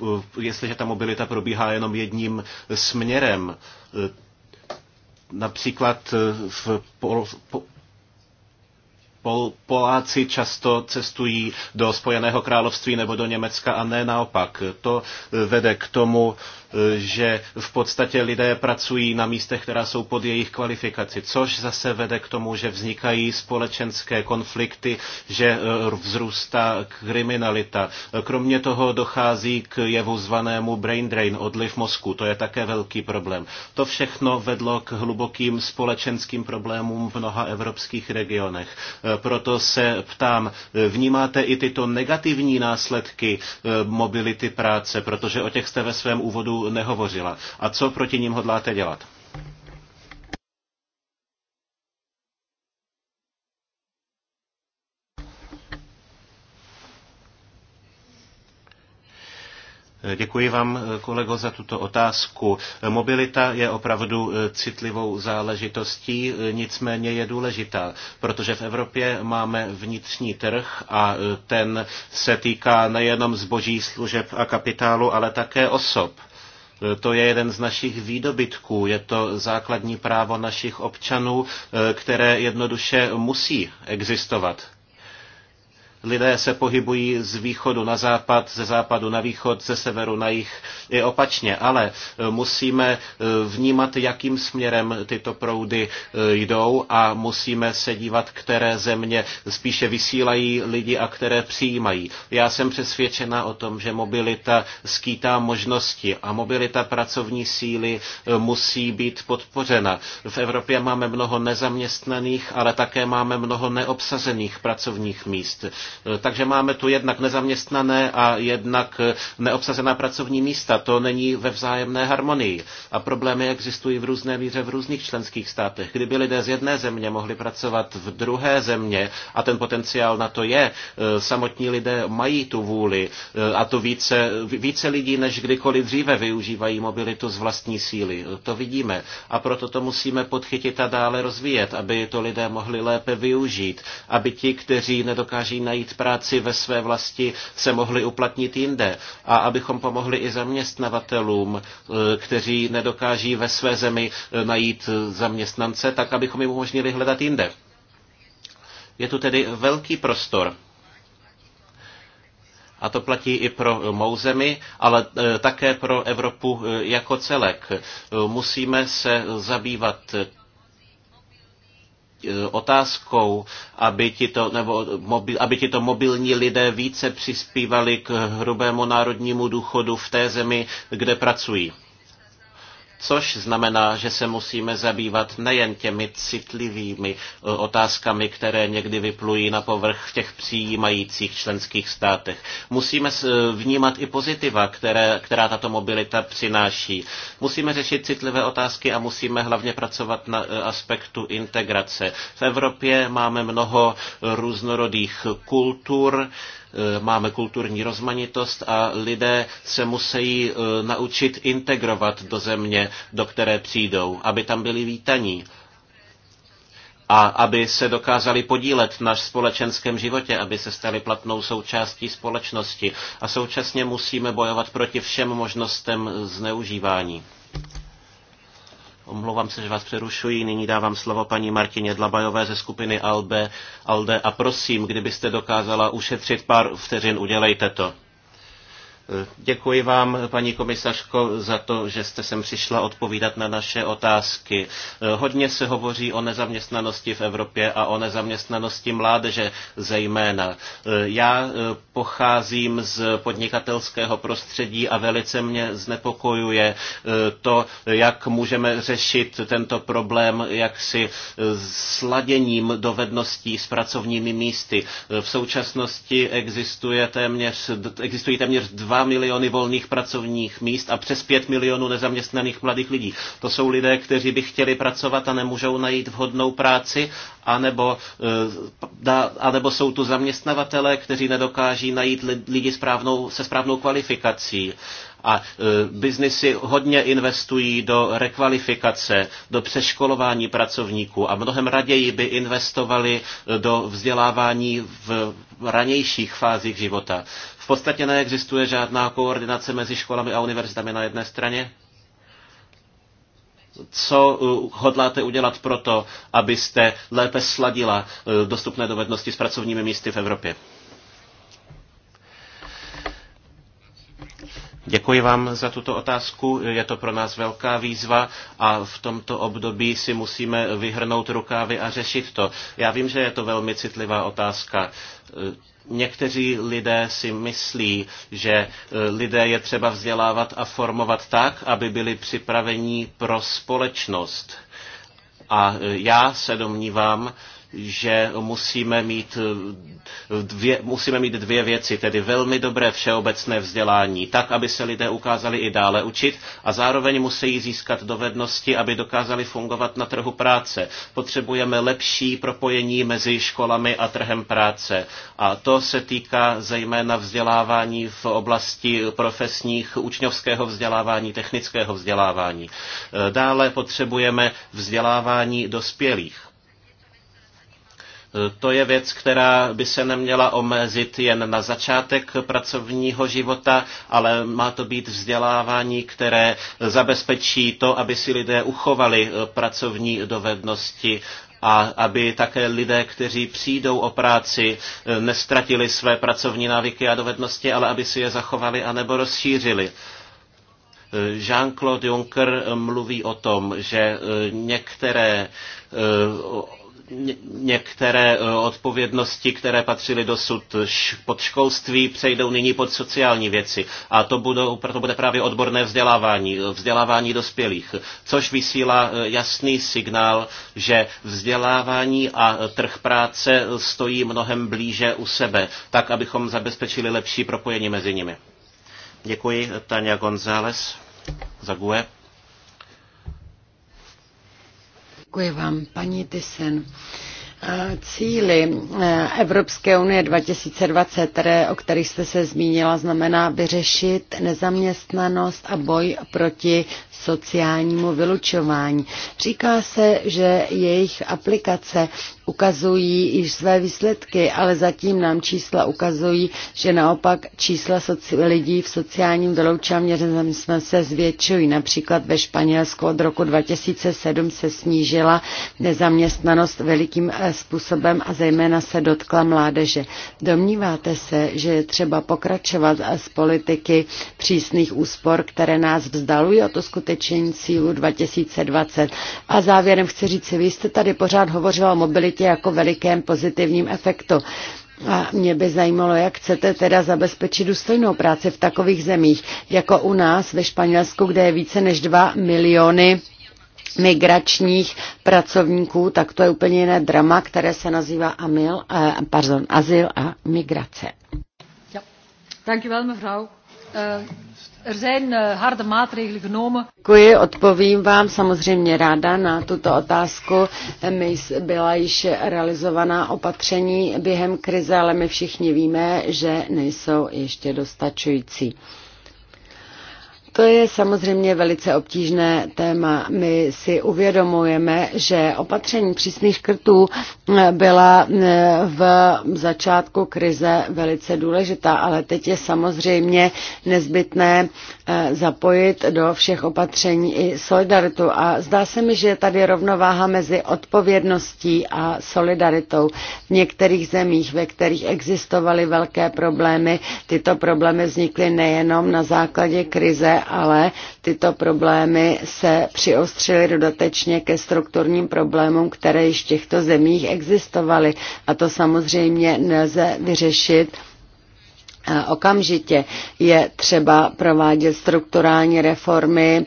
jestliže ta mobilita probíhá jenom jedním směrem, například v, po, po, Pol- Poláci často cestují do Spojeného království nebo do Německa a ne naopak. To vede k tomu, že v podstatě lidé pracují na místech, která jsou pod jejich kvalifikaci, což zase vede k tomu, že vznikají společenské konflikty, že e, vzrůstá kriminalita. Kromě toho dochází k jevu zvanému brain drain, odliv mozku. To je také velký problém. To všechno vedlo k hlubokým společenským problémům v mnoha evropských regionech. E, proto se ptám, vnímáte i tyto negativní následky e, mobility práce, protože o těch jste ve svém úvodu nehovořila. A co proti ním hodláte dělat? Děkuji vám, kolego, za tuto otázku. Mobilita je opravdu citlivou záležitostí, nicméně je důležitá, protože v Evropě máme vnitřní trh a ten se týká nejenom zboží, služeb a kapitálu, ale také osob. To je jeden z našich výdobytků, je to základní právo našich občanů, eh, které jednoduše musí existovat. Lidé se pohybují z východu na západ, ze západu na východ, ze severu na jih i opačně, ale e, musíme e, vnímat, jakým směrem tyto proudy e, jdou a musíme se dívat, které země spíše vysílají lidi a které přijímají. Já jsem přesvědčena o tom, že mobilita skýtá možnosti a mobilita pracovní síly musí být podpořena. V Evropě máme mnoho nezaměstnaných, ale také máme mnoho neobsazených pracovních míst. Eh, takže máme tu jednak nezaměstnané a jednak eh, neobsazená pracovní místa. To není ve vzájemné harmonii. A problémy existují v různé míře v různých členských státech. Kdyby lidé z jedné země mohli pracovat v druhé země, a ten potenciál na to je, eh, samotní lidé mají tu vůli a to více, více lidí než kdykoliv dříve využívají mobilitu z vlastní síly. To vidíme. A proto to musíme podchytit a dále rozvíjet, aby to lidé mohli lépe využít, aby ti, kteří nedokáží najít najít práci ve své vlasti, se mohli uplatnit jinde. A abychom pomohli i zaměstnavatelům, e, kteří nedokáží ve své zemi e, najít zaměstnance, tak abychom jim umožnili hledat jinde. Je tu tedy velký prostor. A to platí i pro mou zemi, ale e, také pro Evropu jako celek. Musíme se zabývat E, otázkou, aby to, nebo, mobi, aby to mobilní lidé více přispívali k hrubému národnímu důchodu v té zemi, kde pracují což znamená, že se musíme zabývat nejen těmi citlivými eh, otázkami, které někdy vyplují na povrch v těch přijímajících členských státech. Musíme eh, vnímat i pozitiva, které, která tato mobilita přináší. Musíme řešit citlivé otázky a musíme hlavně pracovat na eh, aspektu integrace. V Evropě máme mnoho různorodých kultur, Eh, máme kulturní rozmanitost a lidé se musí eh, naučit integrovat do země, do které přijdou, aby tam byli vítaní a aby se dokázali podílet na společenském životě, aby se stali platnou součástí společnosti. A současně musíme bojovat proti všem možnostem zneužívání. Omlouvám se, že vás přerušuji. Nyní dávám slovo paní Martině Dlabajové ze skupiny Albe, Alde a prosím, kdybyste dokázala ušetřit pár vteřin, udělejte to. Děkuji vám, paní komisařko, za to, že jste sem přišla odpovídat na naše otázky. Hodně se hovoří o nezaměstnanosti v Evropě a o nezaměstnanosti mládeže zejména. Já eh, pocházím z podnikatelského prostředí a velice mě znepokojuje eh, to, jak můžeme řešit tento problém jaksi eh, sladěním dovedností s pracovními místy. V současnosti existuje téměř, existují téměř dva miliony volných pracovních míst a přes 5 milionů nezaměstnaných mladých lidí. To jsou lidé, kteří by chtěli pracovat a nemůžou najít vhodnou práci, anebo, eh, anebo jsou tu zaměstnavatele, kteří nedokáží najít lidi správnou, se správnou kvalifikací. A eh, biznesy hodně investují do rekvalifikace, do přeškolování pracovníků a mnohem raději by investovali eh, do vzdělávání v ranějších fázích života. V podstatě neexistuje žádná koordinace mezi školami a univerzitami na jedné straně. Co uh, hodláte udělat proto, abyste lépe sladila uh, dostupné dovednosti s pracovními místy v Evropě? Děkuji vám za tuto otázku. Je to pro nás velká výzva a v tomto období si musíme vyhrnout rukávy a řešit to. Já vím, že je to velmi citlivá otázka. Někteří lidé si myslí, že e, lidé je třeba vzdělávat a formovat tak, aby byli připraveni pro společnost. A e, já se domnívám, že musíme mít eh, dvě, musíme mít dvě věci, tedy velmi dobré všeobecné vzdělání, tak, aby se lidé ukázali i dále učit a zároveň musí získat dovednosti, aby dokázali fungovat na trhu práce. Potřebujeme lepší propojení mezi školami a trhem práce. A to se týká zejména vzdělávání v oblasti profesních, učňovského vzdělávání, technického vzdělávání. Eh, dále potřebujeme vzdělávání dospělých. To je věc, která by se neměla omezit jen na začátek pracovního života, ale má to být vzdělávání, které zabezpečí to, aby si lidé uchovali pracovní dovednosti a aby také lidé, kteří přijdou o práci, nestratili své pracovní návyky a dovednosti, ale aby si je zachovali a nebo rozšířili. Jean-Claude Juncker mluví o tom, že některé některé eh, odpovědnosti, které patřily dosud pod školství, přejdou nyní pod sociální věci. A to, budou, to bude právě odborné vzdělávání, vzdělávání dospělých, což vysílá eh, jasný signál, že vzdělávání a trh práce stojí mnohem blíže u sebe, tak abychom zabezpečili lepší propojení mezi nimi. Děkuji, Tania González za GUE. Děkuji vám, paní Tysen. Eh, cíly eh, Evropské unie 2020, které, o kterých jste se zmínila, znamená vyřešit nezaměstnanost a boj proti sociálnímu vylučování. Říká se, že jejich aplikace ukazují již své výsledky, ale zatím nám čísla ukazují, že naopak čísla soci- lidí v sociálním vyloučení měření jsme se zvětšují. Například ve Španělsku od roku 2007 se snížila nezaměstnanost velikým eh, způsobem a zejména se dotkla mládeže. Domníváte se, že je třeba pokračovat eh, z politiky přísných úspor, které nás vzdalují od skutečení cílu 2020? A závěrem chci říct, vy jste tady pořád hovořila o mobilitě světě jako velikém pozitivním efektu. A mě by zajímalo, jak chcete teda zabezpečit důstojnou práci v takových zemích, jako u nás ve Španělsku, kde je více než 2 miliony migračních pracovníků, tak to je úplně jiné drama, které se nazývá Amil, eh, pardon, azyl a migrace. Ja. Thank you, well, Er eh, Děkuji, odpovím vám samozřejmě ráda na tuto otázku. My byla již realizovaná opatření během krize, ale my všichni víme, že nejsou ještě dostačující. To je samozřejmě velice obtížné téma. My si uvědomujeme, že opatření přísných škrtů eh, byla eh, v začátku krize velice důležitá, ale teď je samozřejmě nezbytné eh, zapojit do všech opatření i solidaritu. A zdá se mi, že je tady rovnováha mezi odpovědností a solidaritou. V některých zemích, ve kterých existovaly velké problémy, tyto problémy vznikly nejenom na základě krize, ale tyto problémy se přiostřily dodatečně ke strukturním problémům, které již v těchto zemích existovaly. A to samozřejmě nelze vyřešit eh, okamžitě. Je třeba provádět strukturální reformy,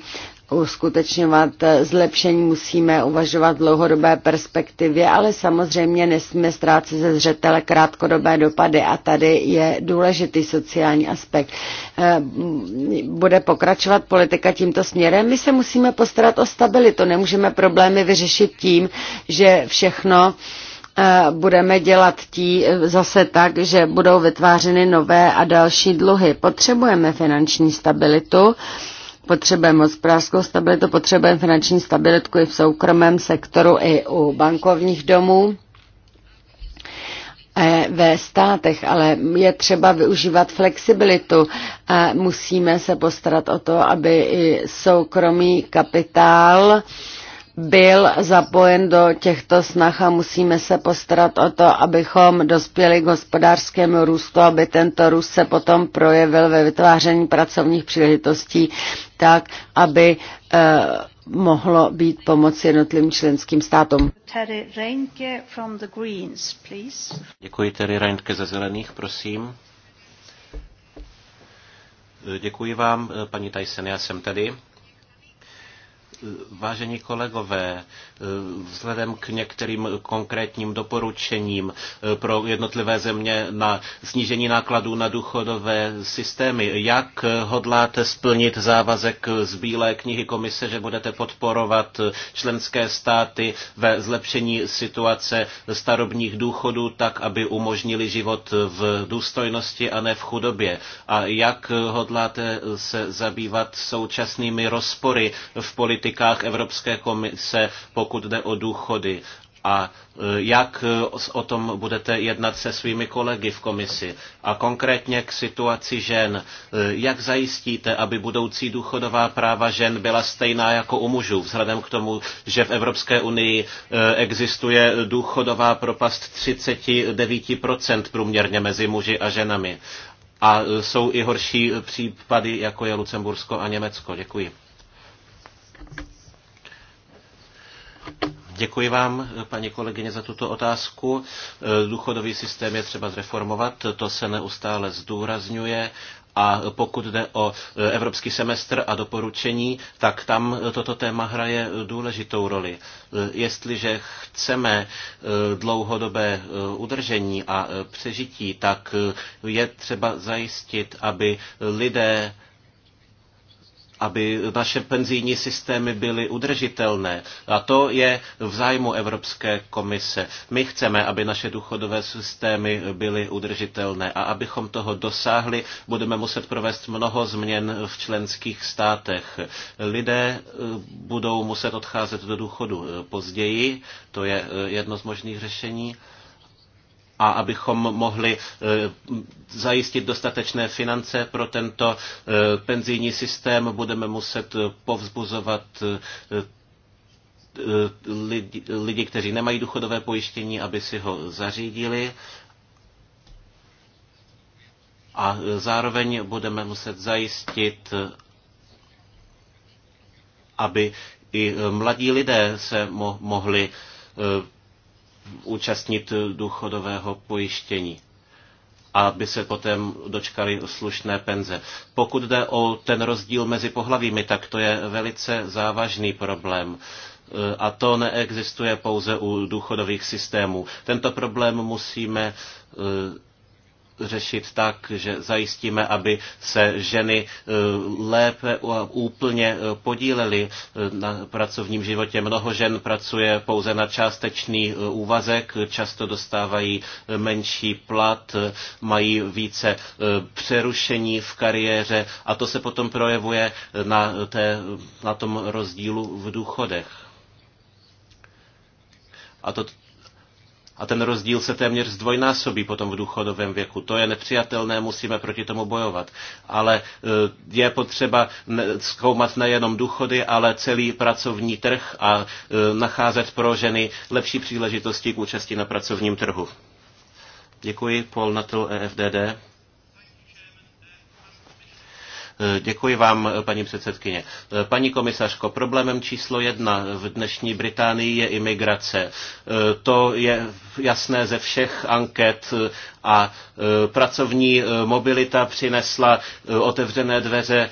uskutečňovat eh, zlepšení, musíme uvažovat v dlouhodobé perspektivě, ale samozřejmě nesmíme ztrácet ze zřetele krátkodobé dopady a tady je důležitý sociální aspekt. Eh, bude pokračovat politika tímto směrem? My se musíme postarat o stabilitu, nemůžeme problémy vyřešit tím, že všechno eh, budeme dělat tí zase tak, že budou vytvářeny nové a další dluhy. Potřebujeme finanční stabilitu, Potřebujeme hospodářskou stabilitu, potřebujeme finanční stabilitu i v soukromém sektoru, i u bankovních domů e, ve státech, ale je třeba využívat flexibilitu a musíme se postarat o to, aby i soukromý kapitál byl zapojen do těchto snah a musíme se postarat o to, abychom dospěli k hospodářskému růstu, aby tento růst se potom projevil ve vytváření pracovních příležitostí tak, aby e, mohlo být pomoc jednotlivým členským státům. Terry Reinke from the Greens, please. Děkuji Terry Reinke ze Zelených, prosím. Eh, děkuji vám, eh, paní Tyson, já jsem tady. Vážení kolegové, Eh, vzhledem k některým konkrétním doporučením eh, pro jednotlivé země na snížení nákladů na důchodové systémy. Jak eh, hodláte splnit závazek z Bílé knihy komise, že budete podporovat členské státy ve zlepšení situace starobních důchodů tak, aby umožnili život v důstojnosti a ne v chudobě? A jak hodláte se zabývat současnými rozpory v politikách Evropské komise, pokud pokud jde o důchody a e, jak e, o tom budete jednat se svými kolegy v komisi a konkrétně k situaci žen. E, jak zajistíte, aby budoucí důchodová práva žen byla stejná jako u mužů, vzhledem k tomu, že v Evropské unii existuje důchodová propast 39% průměrně mezi muži a ženami. A jsou i horší případy, jako je Lucembursko a Německo. Děkuji. Děkuji vám, paní kolegyně, za tuto otázku. Důchodový systém je třeba zreformovat, to se neustále zdůrazňuje a pokud jde o evropský semestr a doporučení, tak tam toto téma hraje důležitou roli. Jestliže chceme dlouhodobé udržení a přežití, tak je třeba zajistit, aby lidé aby naše penzijní systémy byly udržitelné. A to je v zájmu Evropské komise. My chceme, aby naše důchodové systémy byly udržitelné a abychom toho dosáhli, budeme muset provést mnoho změn v členských státech. Lidé eh, budou muset odcházet do důchodu eh, později, to je eh, jedno z možných řešení a abychom mohli eh, zajistit dostatečné finance pro tento eh, penzijní systém, budeme muset eh, povzbuzovat lidi, lidi kteří nemají důchodové pojištění, aby si ho zařídili. A zároveň budeme muset zajistit, aby i mladí lidé se mo- mohli účastnit důchodového pojištění a aby se potom dočkali slušné penze. Pokud jde o ten rozdíl mezi pohlavími, tak to je velice závažný problém. A to neexistuje pouze u důchodových systémů. Tento problém musíme eh, řešit tak, že zajistíme, aby se ženy eh, lépe a úplně eh, podílely eh, na pracovním životě. Mnoho žen pracuje pouze na částečný úvazek, často dostávají menší plat, mají více přerušení v kariéře a to se potom projevuje na, té, na tom rozdílu v důchodech. A to a ten rozdíl se téměř zdvojnásobí potom v důchodovém věku. To je nepřijatelné, musíme proti tomu bojovat. Ale e, je potřeba zkoumat nejenom důchody, ale celý pracovní trh a e, nacházet pro ženy lepší příležitosti k účasti na pracovním trhu. Děkuji, Paul Natl, EFDD. Eh, děkuji vám, eh, paní předsedkyně. Eh, paní komisařko, problémem číslo jedna v dnešní Británii je imigrace. To je jasné ze všech anket a e, pracovní e, mobilita přinesla e, otevřené dveře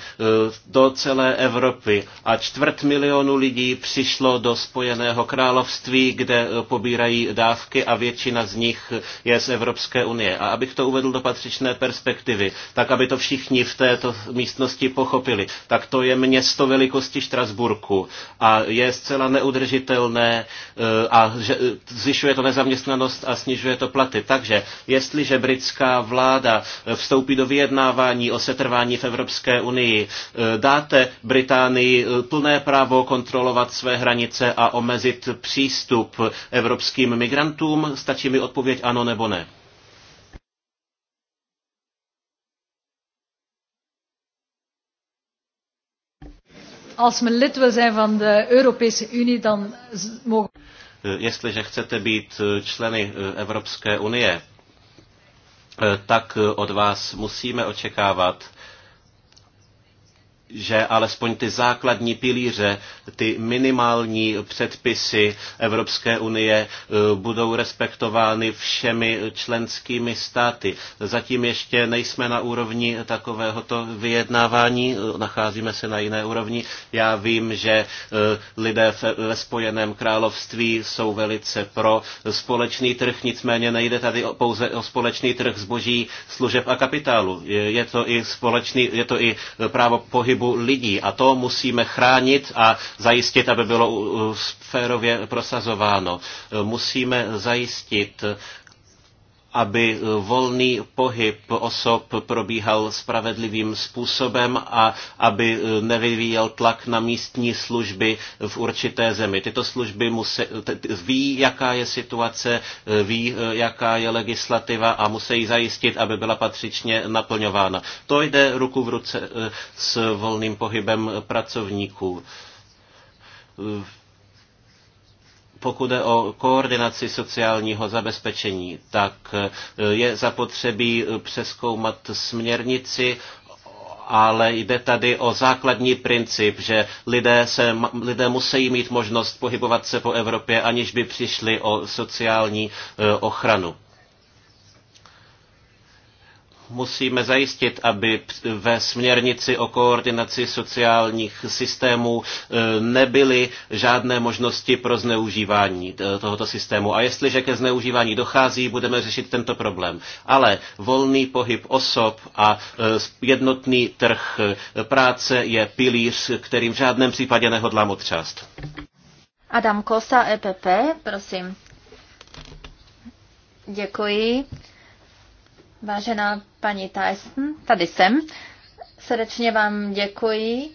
do celé Evropy a čtvrt milionu lidí přišlo do Spojeného království, kde pobírají dávky a většina z nich je z Evropské unie. A abych to uvedl do patřičné perspektivy, tak aby to všichni v této místnosti pochopili, tak to je město velikosti Štrasburku a je zcela neudržitelné a zvyšuje to nezaměstnanost a snižuje to platy. Takže jestli jestliže britská vláda vstoupí do vyjednávání o setrvání v Evropské unii, dáte Británii plné právo kontrolovat své hranice a omezit přístup evropským migrantům? Stačí mi odpověď ano nebo ne? Als men lid wil zijn van de Europese Unie, dan mogen jestliže chcete být členy Evropské unie, Eh, tak eh, od vás musíme očekávat, že alespoň ty základní pilíře, ty minimální předpisy Evropské unie eh, budou respektovány všemi členskými státy. Zatím ještě nejsme na úrovni takovéhoto vyjednávání, eh, nacházíme se na jiné úrovni. Já vím, že eh, lidé ve Spojeném království jsou velice pro společný trh, nicméně nejde tady pouze o společný trh zboží, služeb a kapitálu. Je to i, společný, je to i právo pohybu pohybu lidí a to musíme chránit a zajistit, aby bylo sférově uh, uh, prosazováno. Musíme zajistit, aby eh, volný pohyb osob probíhal spravedlivým způsobem a aby eh, nevyvíjel tlak na místní služby v určité zemi. Tyto služby musí, ví, jaká je situace, eh, ví, jaká je legislativa a musí zajistit, aby byla patřičně naplňována. To jde ruku v ruce s volným pohybem pracovníků pokud je o koordinaci sociálního zabezpečení, tak e, je zapotřebí e, přeskoumat směrnici ale jde tady o základní princip, že lidé, se, lidé musí mít možnost pohybovat se po Evropě, aniž by přišli o sociální e, ochranu musíme zajistit, aby ve směrnici o koordinaci sociálních systémů e, nebyly žádné možnosti pro zneužívání e, tohoto systému. A jestliže ke zneužívání dochází, budeme řešit tento problém. Ale volný pohyb osob a e, jednotný trh práce je pilíř, kterým v žádném případě nehodlám otřást. Adam Kosa, EPP, prosím. Děkuji. Vážená paní Tyson, tady jsem. Srdečně vám děkuji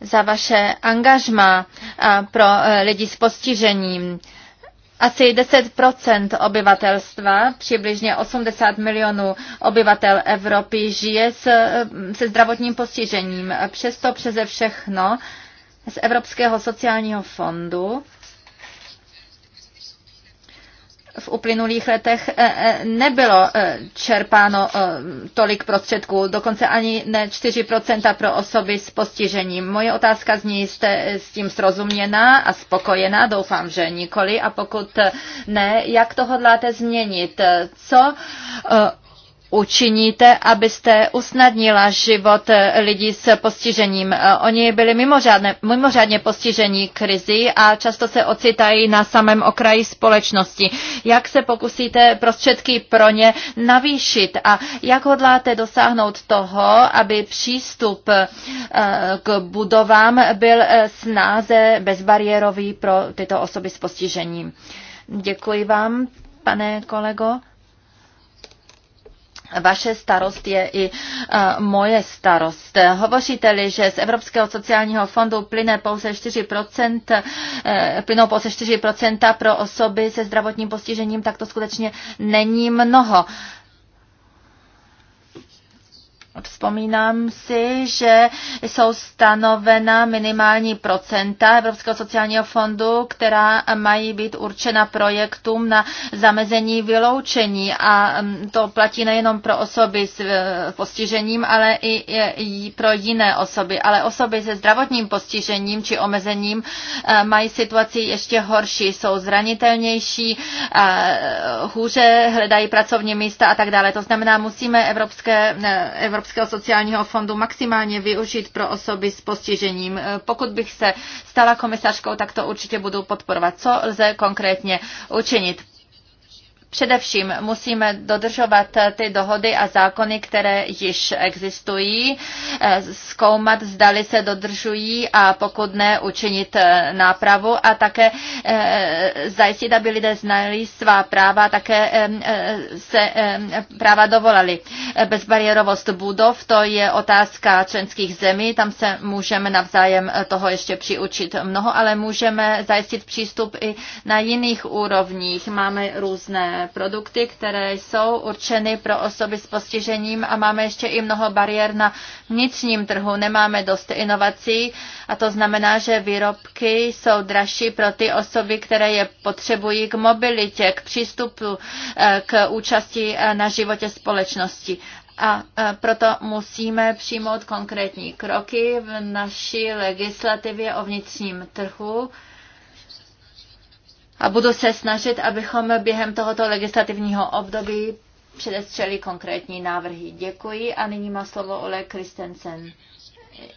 za vaše angažma pro e, lidi s postižením. Asi 10 obyvatelstva, přibližně 80 milionů obyvatel Evropy, žije s, e, se zdravotním postižením. Přesto přeze všechno z Evropského sociálního fondu v uplynulých letech eh, eh, nebylo eh, čerpáno tolik prostředků, dokonce ani ne 4% pro osoby s postižením. Moje otázka zní, jste s tím srozuměná a spokojená, doufám, že nikoli. A pokud ne, jak to hodláte změnit? Co učiníte, abyste usnadnila život eh, lidí s postižením. Eh, oni byli mimořádně, mimořádně postižení krizi a často se ocitají na samém okraji společnosti. Jak se pokusíte prostředky pro ně navýšit a jak hodláte dosáhnout toho, aby přístup eh, k budovám byl snáze bezbariérový pro tyto osoby s postižením? Děkuji vám, pane kolego. Vaše starost je i eh, moje starost. Hovoříte-li, že z Evropského sociálního fondu plyne pouze 4%, uh, eh, pouze 4% pro osoby se zdravotním postižením, tak to skutečně není mnoho. Vzpomínám si, že jsou stanovena minimální procenta Evropského sociálního fondu, která mají být určena projektům na zamezení vyloučení. A mm, to platí nejenom pro osoby s e, postižením, ale e, i, pro jiné osoby. Ale osoby se zdravotním postižením či omezením e, mají situaci ještě horší, jsou zranitelnější, hůře hledají pracovní místa a tak dále. To znamená, musíme evropské, evropské Evropského sociálního fondu maximálně využít pro osoby s postižením. Eh, Pokud bych se stala komisařkou, tak to určitě budu podporovat. Co lze konkrétně učinit? Především musíme dodržovat ty dohody a zákony, které již existují, eh, zkoumat, zdali se dodržují a pokud ne, učinit eh, nápravu a také eh, zajistit, aby lidé znali svá práva a také se práva dovolali. Bezbariérovost budov, to je otázka členských zemí, tam se můžeme navzájem toho ještě přiučit mnoho, ale můžeme zajistit přístup i na jiných úrovních. Máme různé produkty, které jsou určeny pro osoby s postižením a máme ještě i mnoho bariér na vnitřním trhu. Nemáme dost inovací a to znamená, že výrobky jsou dražší pro ty osoby, které je potřebují k mobilitě, k přístupu, eh, k účasti eh, na životě společnosti. A eh, proto musíme přijmout konkrétní kroky v naší legislativě o vnitřním trhu, a budu se snažit, abychom během tohoto legislativního období předestřeli konkrétní návrhy. Děkuji a nyní má slovo Ole Kristensen.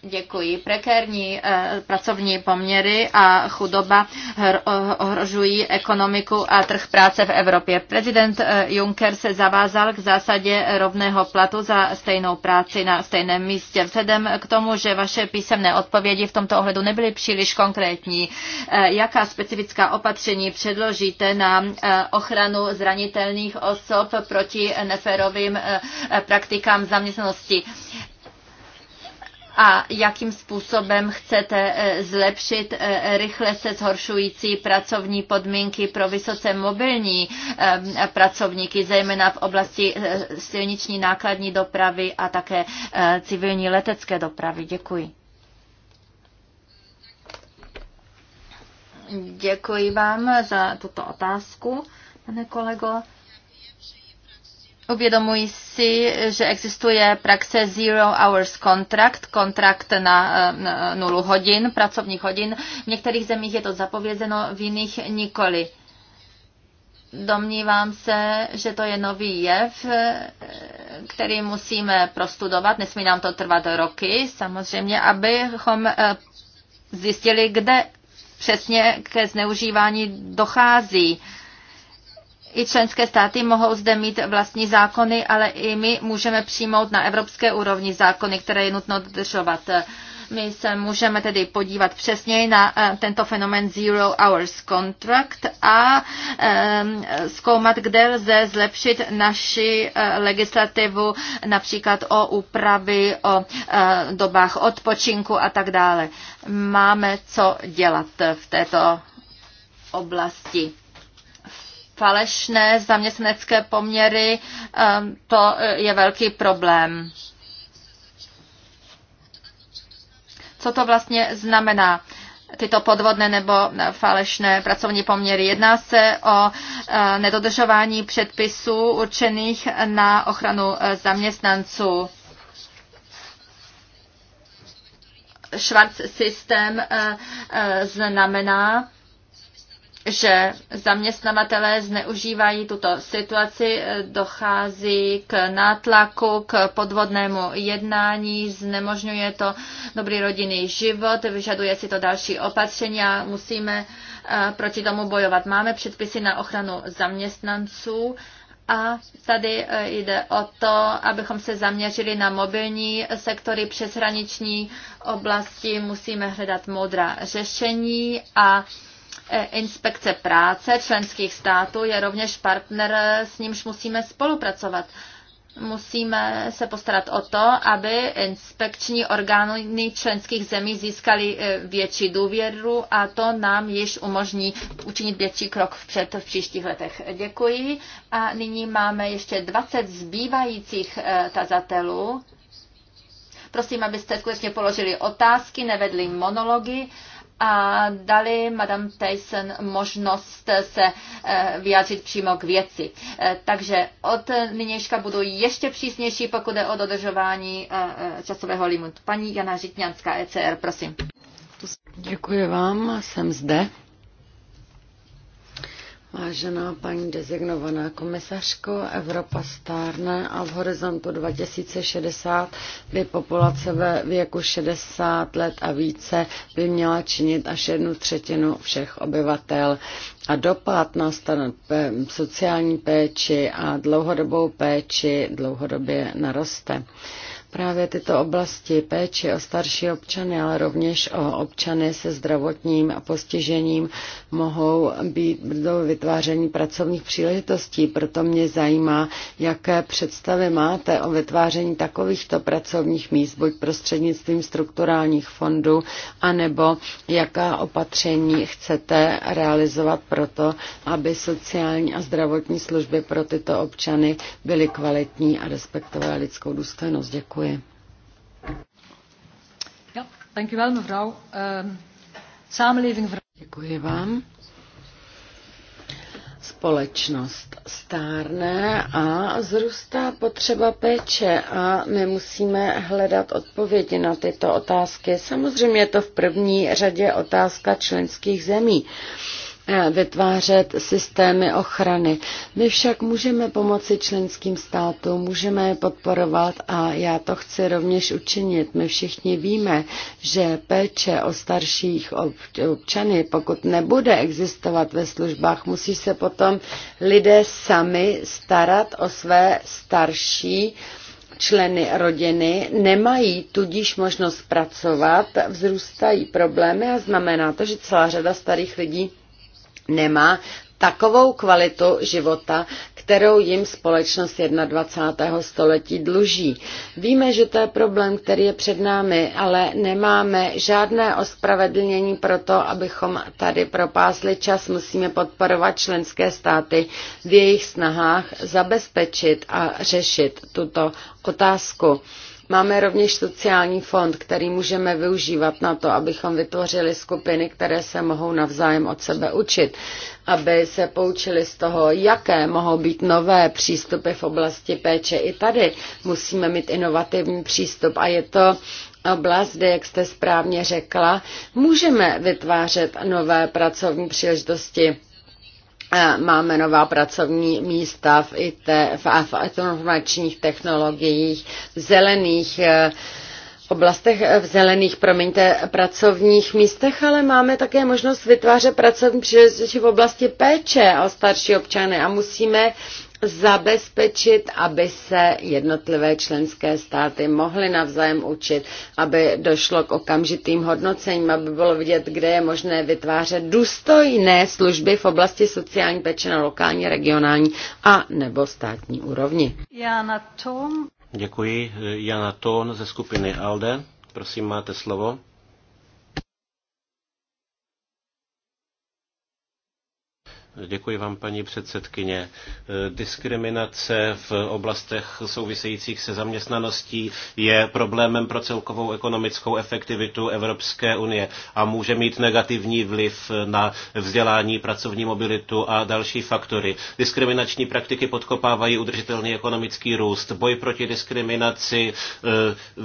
Děkuji. Prekérní eh, pracovní poměry a chudoba eh, ohrožují ekonomiku a trh práce v Evropě. Prezident eh, Juncker se zavázal k zásadě rovného platu za stejnou práci na stejném místě. Vzhledem k tomu, že vaše písemné odpovědi v tomto ohledu nebyly příliš konkrétní, jaká specifická opatření předložíte na ochranu zranitelných osob proti neférovým praktikám zaměstnanosti? a jakým způsobem chcete e, zlepšit e, rychle se zhoršující pracovní podmínky pro vysoce mobilní e, pracovníky, zejména v oblasti silniční nákladní dopravy a také civilní letecké dopravy. Děkuji. Děkuji vám za tuto otázku, pane kolego. Uvědomuji si, že existuje praxe zero hours contract, kontrakt na nulu hodin, pracovních hodin. V některých zemích je to zapovězeno, v jiných nikoli. Domnívám se, že to je nový jev, který musíme prostudovat. Nesmí nám to trvat roky, samozřejmě, abychom eh, zjistili, kde přesně ke zneužívání dochází i členské státy mohou zde mít vlastní zákony, ale i my můžeme přijmout na evropské úrovni zákony, které je nutno dodržovat. My se můžeme tedy podívat přesněji na eh, tento fenomen Zero Hours Contract a ehm, zkoumat, kde lze zlepšit naši eh, legislativu, například o úpravy, o eh, dobách odpočinku a tak dále. Máme co dělat v této oblasti falešné zaměstnanecké poměry, ehm, to eh, je velký problém. Co to vlastně znamená? tyto podvodné nebo falešné pracovní poměry. Jedná se o eh, nedodržování předpisů určených na ochranu eh, zaměstnanců. Schwarz systém znamená, že zaměstnavatelé zneužívají tuto situaci, eh, dochází k nátlaku, k podvodnému jednání, znemožňuje to dobrý rodinný život, vyžaduje si to další opatření a musíme eh, proti tomu bojovat. Máme předpisy na ochranu zaměstnanců, a tady eh, jde o to, abychom se zaměřili na mobilní sektory přeshraniční oblasti. Musíme hledat modrá řešení a E, inspekce práce členských států je rovněž partner, s nímž musíme spolupracovat. Musíme se postarat o to, aby inspekční orgány členských zemí získaly e, větší důvěru a to nám již umožní učinit větší krok vpřed v příštích letech. Děkuji. A nyní máme ještě 20 zbývajících e, tazatelů. Prosím, abyste skutečně položili otázky, nevedli monology a dali Madame Tyson možnost se eh, vyjádřit přímo k věci. Eh, takže od nynějška budu ještě přísnější, pokud jde o dodržování eh, časového limitu. Paní Jana Žitňanská, ECR, prosím. Děkuji vám, jsem zde. Vážená paní dezignovaná komisařko, Evropa stárne a v horizontu 2060 by populace ve věku 60 let a více by měla činit až jednu třetinu všech obyvatel. A dopad na sociální péči a dlouhodobou péči dlouhodobě naroste. Právě tyto oblasti péče o starší občany, ale rovněž o občany se zdravotním a postižením mohou být do vytváření pracovních příležitostí. Proto mě zajímá, jaké představy máte o vytváření takovýchto pracovních míst, buď prostřednictvím strukturálních fondů, anebo jaká opatření chcete realizovat proto, aby sociální a zdravotní služby pro tyto občany byly kvalitní a respektovaly lidskou důstojnost. Děkuji. Děkuji. Ja, dankjewel mevrouw. Ehm, samenleving... Děkuji vám společnost stárne a zrůstá potřeba péče a my musíme hledat odpovědi na tyto otázky. Samozřejmě je to v první řadě otázka členských zemí vytvářet systémy ochrany. My však můžeme pomoci členským státům, můžeme je podporovat a já to chci rovněž učinit. My všichni víme, že péče o starších občany, pokud nebude existovat ve službách, musí se potom lidé sami starat o své starší členy rodiny nemají tudíž možnost pracovat, vzrůstají problémy a znamená to, že celá řada starých lidí nemá takovou kvalitu života, kterou jim společnost 21. století dluží. Víme, že to je problém, který je před námi, ale nemáme žádné ospravedlnění pro to, abychom tady propásli čas. Musíme podporovat členské státy v jejich snahách zabezpečit a řešit tuto otázku. Máme rovněž sociální fond, který můžeme využívat na to, abychom vytvořili skupiny, které se mohou navzájem od sebe učit, aby se poučili z toho, jaké mohou být nové přístupy v oblasti péče. I tady musíme mít inovativní přístup a je to oblast, kde, jak jste správně řekla, můžeme vytvářet nové pracovní příležitosti Eh, máme nová pracovní místa v IT, v, informačních technologiích, v zelených eh, oblastech, eh, v zelených, promiňte, pracovních místech, ale máme také možnost vytvářet pracovní příležitosti v oblasti péče o starší občany a musíme zabezpečit, aby se jednotlivé členské státy mohly navzájem učit, aby došlo k okamžitým hodnocením, aby bylo vidět, kde je možné vytvářet důstojné služby v oblasti sociální péče na lokální, regionální a nebo státní úrovni. Jana tom. Děkuji. Jana Tón ze skupiny ALDE. Prosím, máte slovo. Děkuji vám, paní předsedkyně. Diskriminace v oblastech souvisejících se zaměstnaností je problémem pro celkovou ekonomickou efektivitu Evropské unie a může mít negativní vliv na vzdělání, pracovní mobilitu a další faktory. Diskriminační praktiky podkopávají udržitelný ekonomický růst. Boj proti diskriminaci, eh,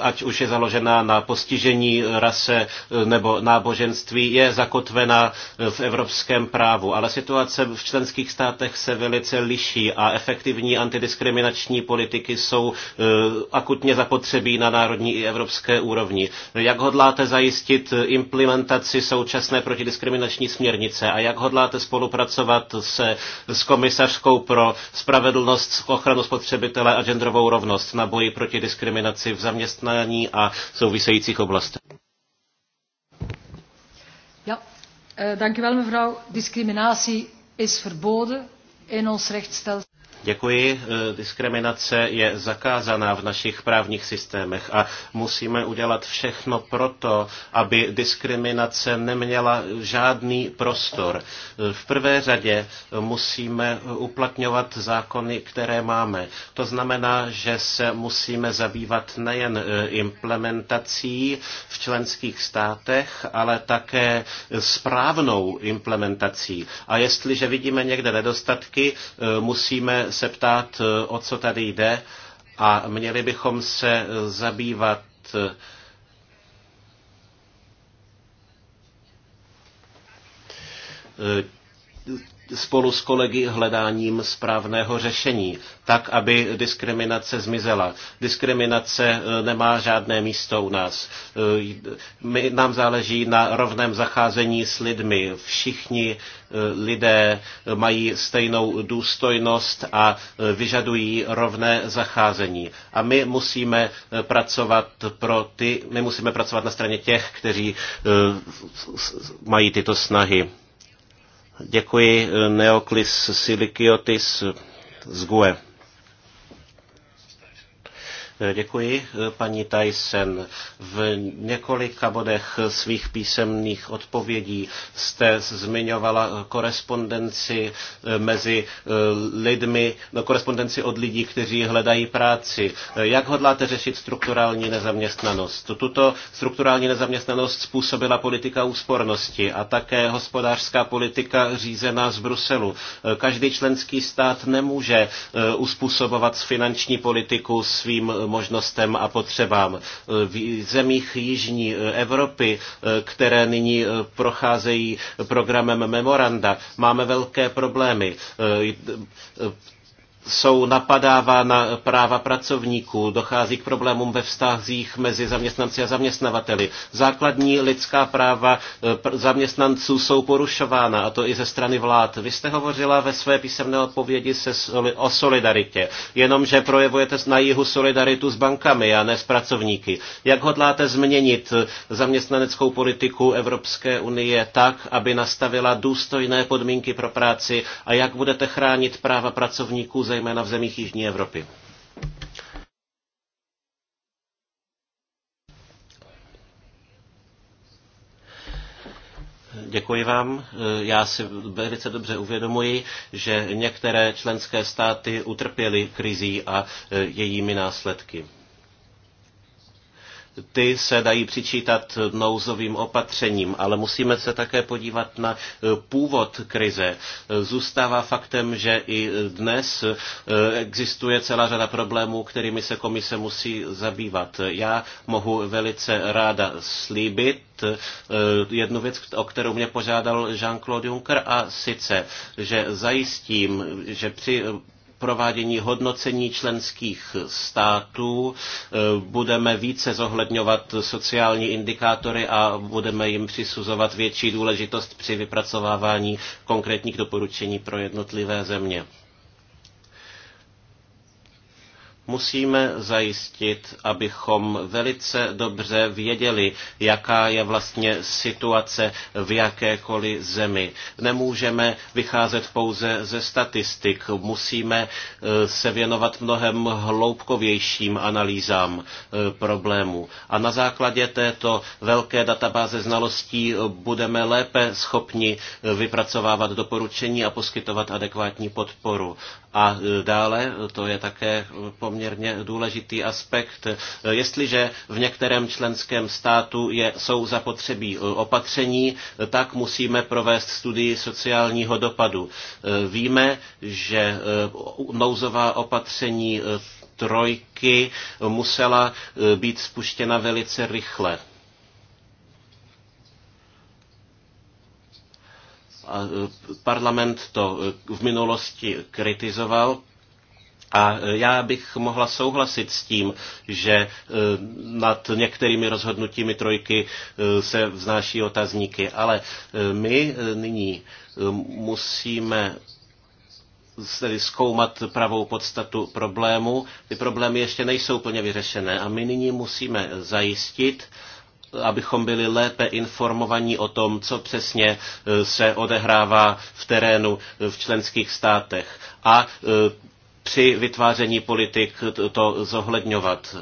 ať už je založená na postižení rase eh, nebo náboženství, je zakotvena eh, v evropském právu ale situace v členských státech se velice liší a efektivní antidiskriminační politiky jsou e, akutně zapotřebí na národní i evropské úrovni. Jak hodláte zajistit implementaci současné protidiskriminační směrnice a jak hodláte spolupracovat se s komisařkou pro spravedlnost, ochranu spotřebitele a genderovou rovnost na boji proti diskriminaci v zaměstnání a souvisejících oblastech? Eh, Discriminatie is verboden in ons rechtsstelsel. Děkuji. E, diskriminace je zakázaná v našich právních systémech a musíme udělat všechno proto, aby diskriminace neměla žádný prostor. E, v prvé řadě musíme uplatňovat zákony, které máme. To znamená, že se musíme zabývat nejen e, implementací v členských státech, ale také správnou implementací. A jestliže vidíme někde nedostatky, musíme se ptát, e, o co tady jde a měli bychom se zabývat e, spolu s kolegy hledáním správného řešení, tak, aby diskriminace zmizela. Diskriminace e, nemá žádné místo u nás. E, my, nám záleží na rovném zacházení s lidmi. Všichni e, lidé mají stejnou důstojnost a vyžadují rovné zacházení. A my musíme pracovat pro ty, my musíme pracovat na straně těch, kteří mají tyto snahy Děkuji eh, Neoklis Silikiotis z GUE. Děkuji, paní Tyson. V několika bodech svých písemných odpovědí jste zmiňovala korespondenci eh, mezi eh, lidmi, no, korespondenci od lidí, kteří hledají práci. Jak hodláte řešit strukturální nezaměstnanost? Tuto strukturální nezaměstnanost způsobila politika úspornosti a také hospodářská politika řízená z Bruselu. Eh, každý členský stát nemůže uspůsobovat finanční politiku svým možnostem a potřebám. V zemích Jižní Evropy, které nyní procházejí programem memoranda, máme velké problémy jsou napadávána práva pracovníků, dochází k problémům ve vztazích mezi zaměstnanci a zaměstnavateli. Základní lidská práva eh, zaměstnanců jsou porušována, a to i ze strany vlád. Vy jste hovořila ve své písemné odpovědi se, o solidaritě, jenomže projevujete na jihu solidaritu s bankami a ne s pracovníky. Jak hodláte změnit eh, zaměstnaneckou politiku Evropské unie tak, aby nastavila důstojné podmínky pro práci a jak budete chránit práva pracovníků zejména v zemích Jižní Evropy. Děkuji vám. Já si velice dobře uvědomuji, že některé členské státy utrpěly krizí a jejími následky ty se dají přičítat nouzovým opatřením, ale musíme se také podívat na eh, původ krize. Eh, zůstává faktem, že i dnes eh, existuje celá řada problémů, kterými se komise musí zabývat. Já mohu velice ráda slíbit, jednu věc, o kterou mě požádal Jean-Claude Juncker, a sice, že zajistím, že při provádění hodnocení členských států, eh, budeme více zohledňovat sociální indikátory a budeme jim přisuzovat větší důležitost při vypracovávání konkrétních doporučení pro jednotlivé země. musíme zajistit, abychom velice dobře věděli, jaká je vlastně situace v jakékoliv zemi. Nemůžeme vycházet pouze ze statistik, musíme e, se věnovat mnohem hloubkovějším analýzám e, problémů. A na základě této velké databáze znalostí e, budeme lépe schopni vypracovávat doporučení a poskytovat adekvátní podporu. A e, dále, e, to je také e, poměrně důležitý aspekt, jestliže v některém členském státu je, jsou zapotřebí opatření, tak musíme provést studii sociálního dopadu. Víme, že nouzová opatření trojky musela být spuštěna velice rychle. E, parlament to e, v minulosti kritizoval, a e, já bych mohla souhlasit s tím, že nad některými rozhodnutími trojky se vznáší otazníky, ale my nyní musíme tedy zkoumat pravou podstatu problému. Ty problémy ještě nejsou plně vyřešené a my nyní musíme zajistit, abychom byli lépe informovaní o tom, co přesně e, se odehrává v terénu e, v členských státech a e, při vytváření politik to zohledňovat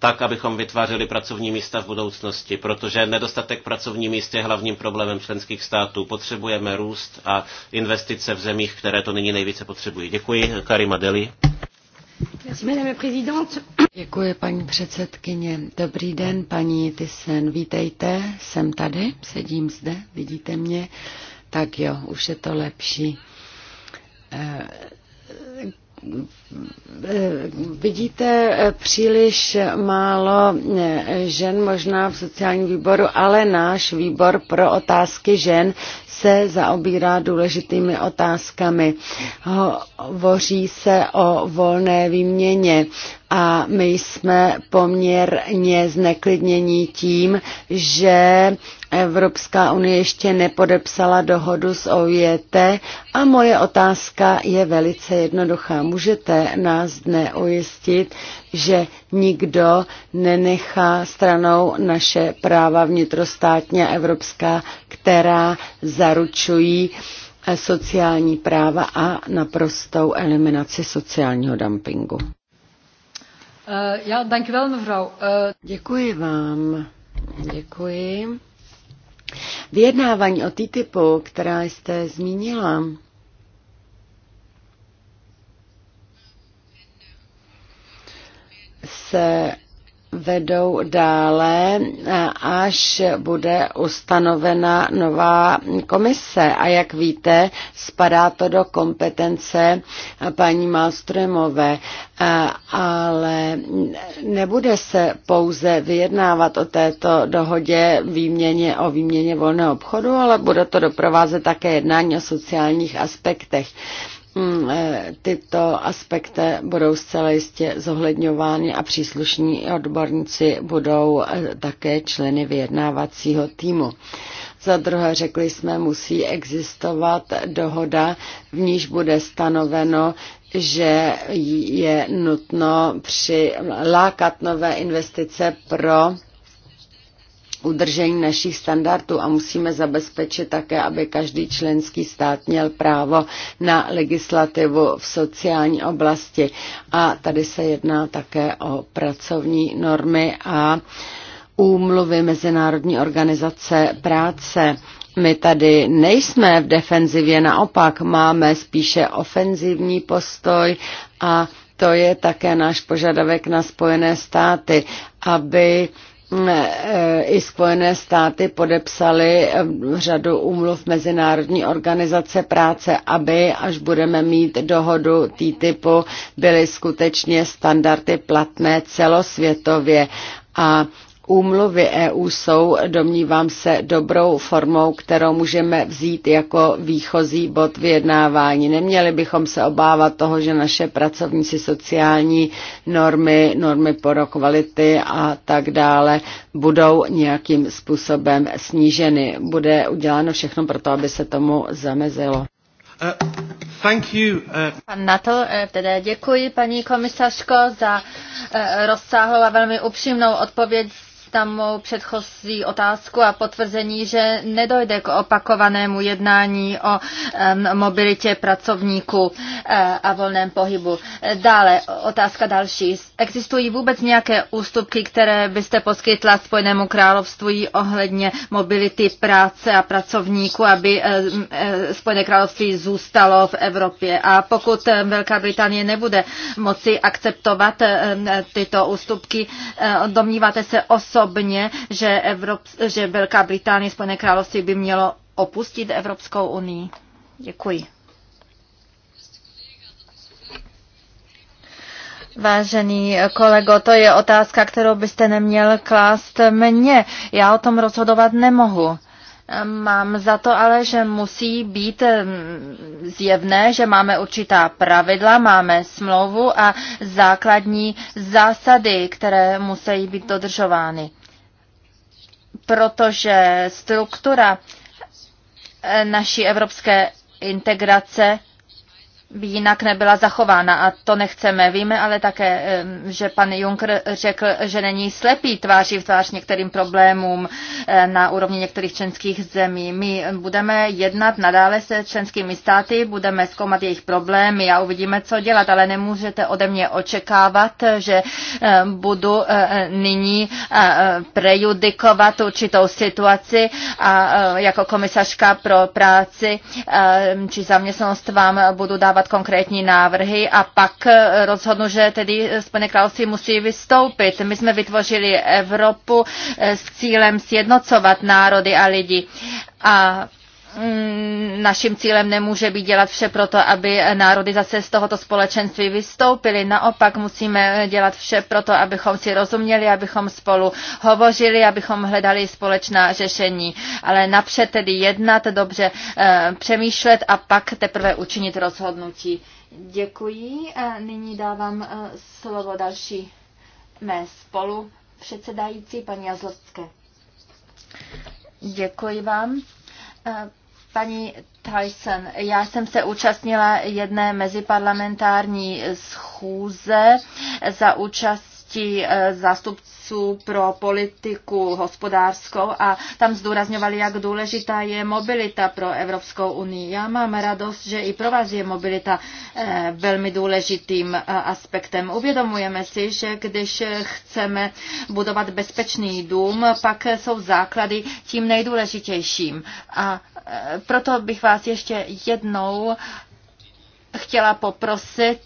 tak, abychom vytvářeli pracovní místa v budoucnosti, protože nedostatek pracovní míst je hlavním problémem členských států. Potřebujeme růst a investice v zemích, které to nyní nejvíce potřebují. Děkuji, Karima Deli. Děkuji, paní předsedkyně. Dobrý den, paní thyssen Vítejte, jsem tady, sedím zde, vidíte mě. Tak jo, už je to lepší. Eh, Eh, vidíte eh, příliš málo eh, žen možná v sociálním výboru, ale náš výbor pro otázky žen se zaobírá důležitými otázkami. Hovoří se o volné výměně, a my jsme poměrně zneklidnění tím, že Evropská unie ještě nepodepsala dohodu s OJT a moje otázka je velice jednoduchá. Můžete nás dne ujistit, že nikdo nenechá stranou naše práva vnitrostátně evropská, která zaručují sociální práva a naprostou eliminaci sociálního dumpingu. Eh, Já, dankjewel mevrouw. Eh, Děkuji vám. Děkuji. Vyjednávání o TTIPu, která jste zmínila, se vedou dále, eh, až bude ustanovena nová komise. A jak víte, spadá to do kompetence paní Malströmové, eh, ale nebude se pouze vyjednávat o této dohodě výměně o výměně volného obchodu, ale bude to doprovázet také jednání o sociálních aspektech. Mm, eh, tyto aspekty budou zcela jistě zohledňovány a příslušní odborníci budou eh, také členy vyjednávacího týmu. Za druhé řekli jsme, musí existovat dohoda, v níž bude stanoveno, že je nutno přilákat nové investice pro udržení našich standardů a musíme zabezpečit také, aby každý členský stát měl právo na legislativu v sociální oblasti. A tady se jedná také o pracovní normy a úmluvy Mezinárodní organizace práce. My tady nejsme v defenzivě, naopak máme spíše ofenzivní postoj a to je také náš požadavek na Spojené státy, aby E, i Spojené státy podepsaly e, řadu úmluv Mezinárodní organizace práce, aby, až budeme mít dohodu TTIPu, byly skutečně standardy platné celosvětově a Úmluvy EU jsou, domnívám se, dobrou formou, kterou můžeme vzít jako výchozí bod vyjednávání. Neměli bychom se obávat toho, že naše pracovníci sociální normy, normy pro kvality a tak dále budou nějakým způsobem sníženy. Bude uděláno všechno pro to, aby se tomu zamezilo. Uh, thank you, uh... Pan Nato, eh, tedy děkuji paní komisařko za uh, rozsáhlou a velmi upřímnou odpověď tam mou předchozí otázku a potvrzení, že nedojde k opakovanému jednání o um, mobilitě pracovníků uh, a volném pohybu. Dále, otázka další. Existují vůbec nějaké ústupky, které byste poskytla Spojenému království ohledně mobility práce a pracovníků, aby uh, uh, Spojené království zůstalo v Evropě? A pokud Velká Británie nebude moci akceptovat uh, tyto ústupky, uh, domníváte se osobně, osobně, že, Evrop- že Velká Británie, Spojené království by mělo opustit Evropskou unii? Děkuji. Vážený kolego, to je otázka, kterou byste neměl klást mně. Já o tom rozhodovat nemohu. Mám za to ale, že musí být mm, zjevné, že máme určitá pravidla, máme smlouvu a základní zásady, které musí být dodržovány. Protože struktura eh, naší evropské integrace jinak nebyla zachována a to nechceme. Víme ale také, že pan Juncker řekl, že není slepý tváří v tvář některým problémům na úrovni některých členských zemí. My budeme jednat nadále se členskými státy, budeme zkoumat jejich problémy a uvidíme, co dělat, ale nemůžete ode mě očekávat, že budu nyní prejudikovat určitou situaci a jako komisařka pro práci či zaměstnanost vám budu dávat dávat konkrétní návrhy a pak eh, rozhodnu, že tedy Spojené království musí vystoupit. My jsme vytvořili Evropu eh, s cílem sjednocovat národy a lidi. A Mm, naším cílem nemůže být dělat vše proto, aby národy zase z tohoto společenství vystoupily. Naopak musíme dělat vše proto, abychom si rozuměli, abychom spolu hovořili, abychom hledali společná řešení. Ale napřed tedy jednat, dobře eh, přemýšlet a pak teprve učinit rozhodnutí. Děkuji. Nyní dávám eh, slovo další mé spolu předsedající paní Jazlovské. Děkuji vám eh, Paní Tyson, já jsem se účastnila jedné meziparlamentární schůze za účasti eh, zástupců poradců pro politiku hospodářskou a tam zdůrazňovali, jak důležitá je mobilita pro Evropskou unii. Já mám radost, že i pro vás je mobilita eh, velmi důležitým eh, aspektem. Uvědomujeme si, že když chceme budovat bezpečný dům, pak jsou základy tím nejdůležitějším. A eh, proto bych vás ještě jednou chtěla poprosit,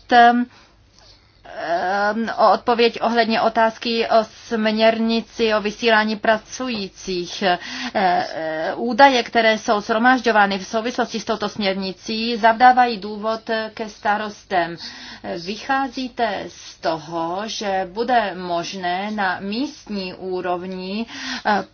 Um, o odpověď ohledně otázky o směrnici o vysílání pracujících. Eh, eh, údaje, které jsou shromažďovány v souvislosti s touto směrnicí, zavdávají důvod ke starostem. Vycházíte z toho, že bude možné na místní úrovni eh,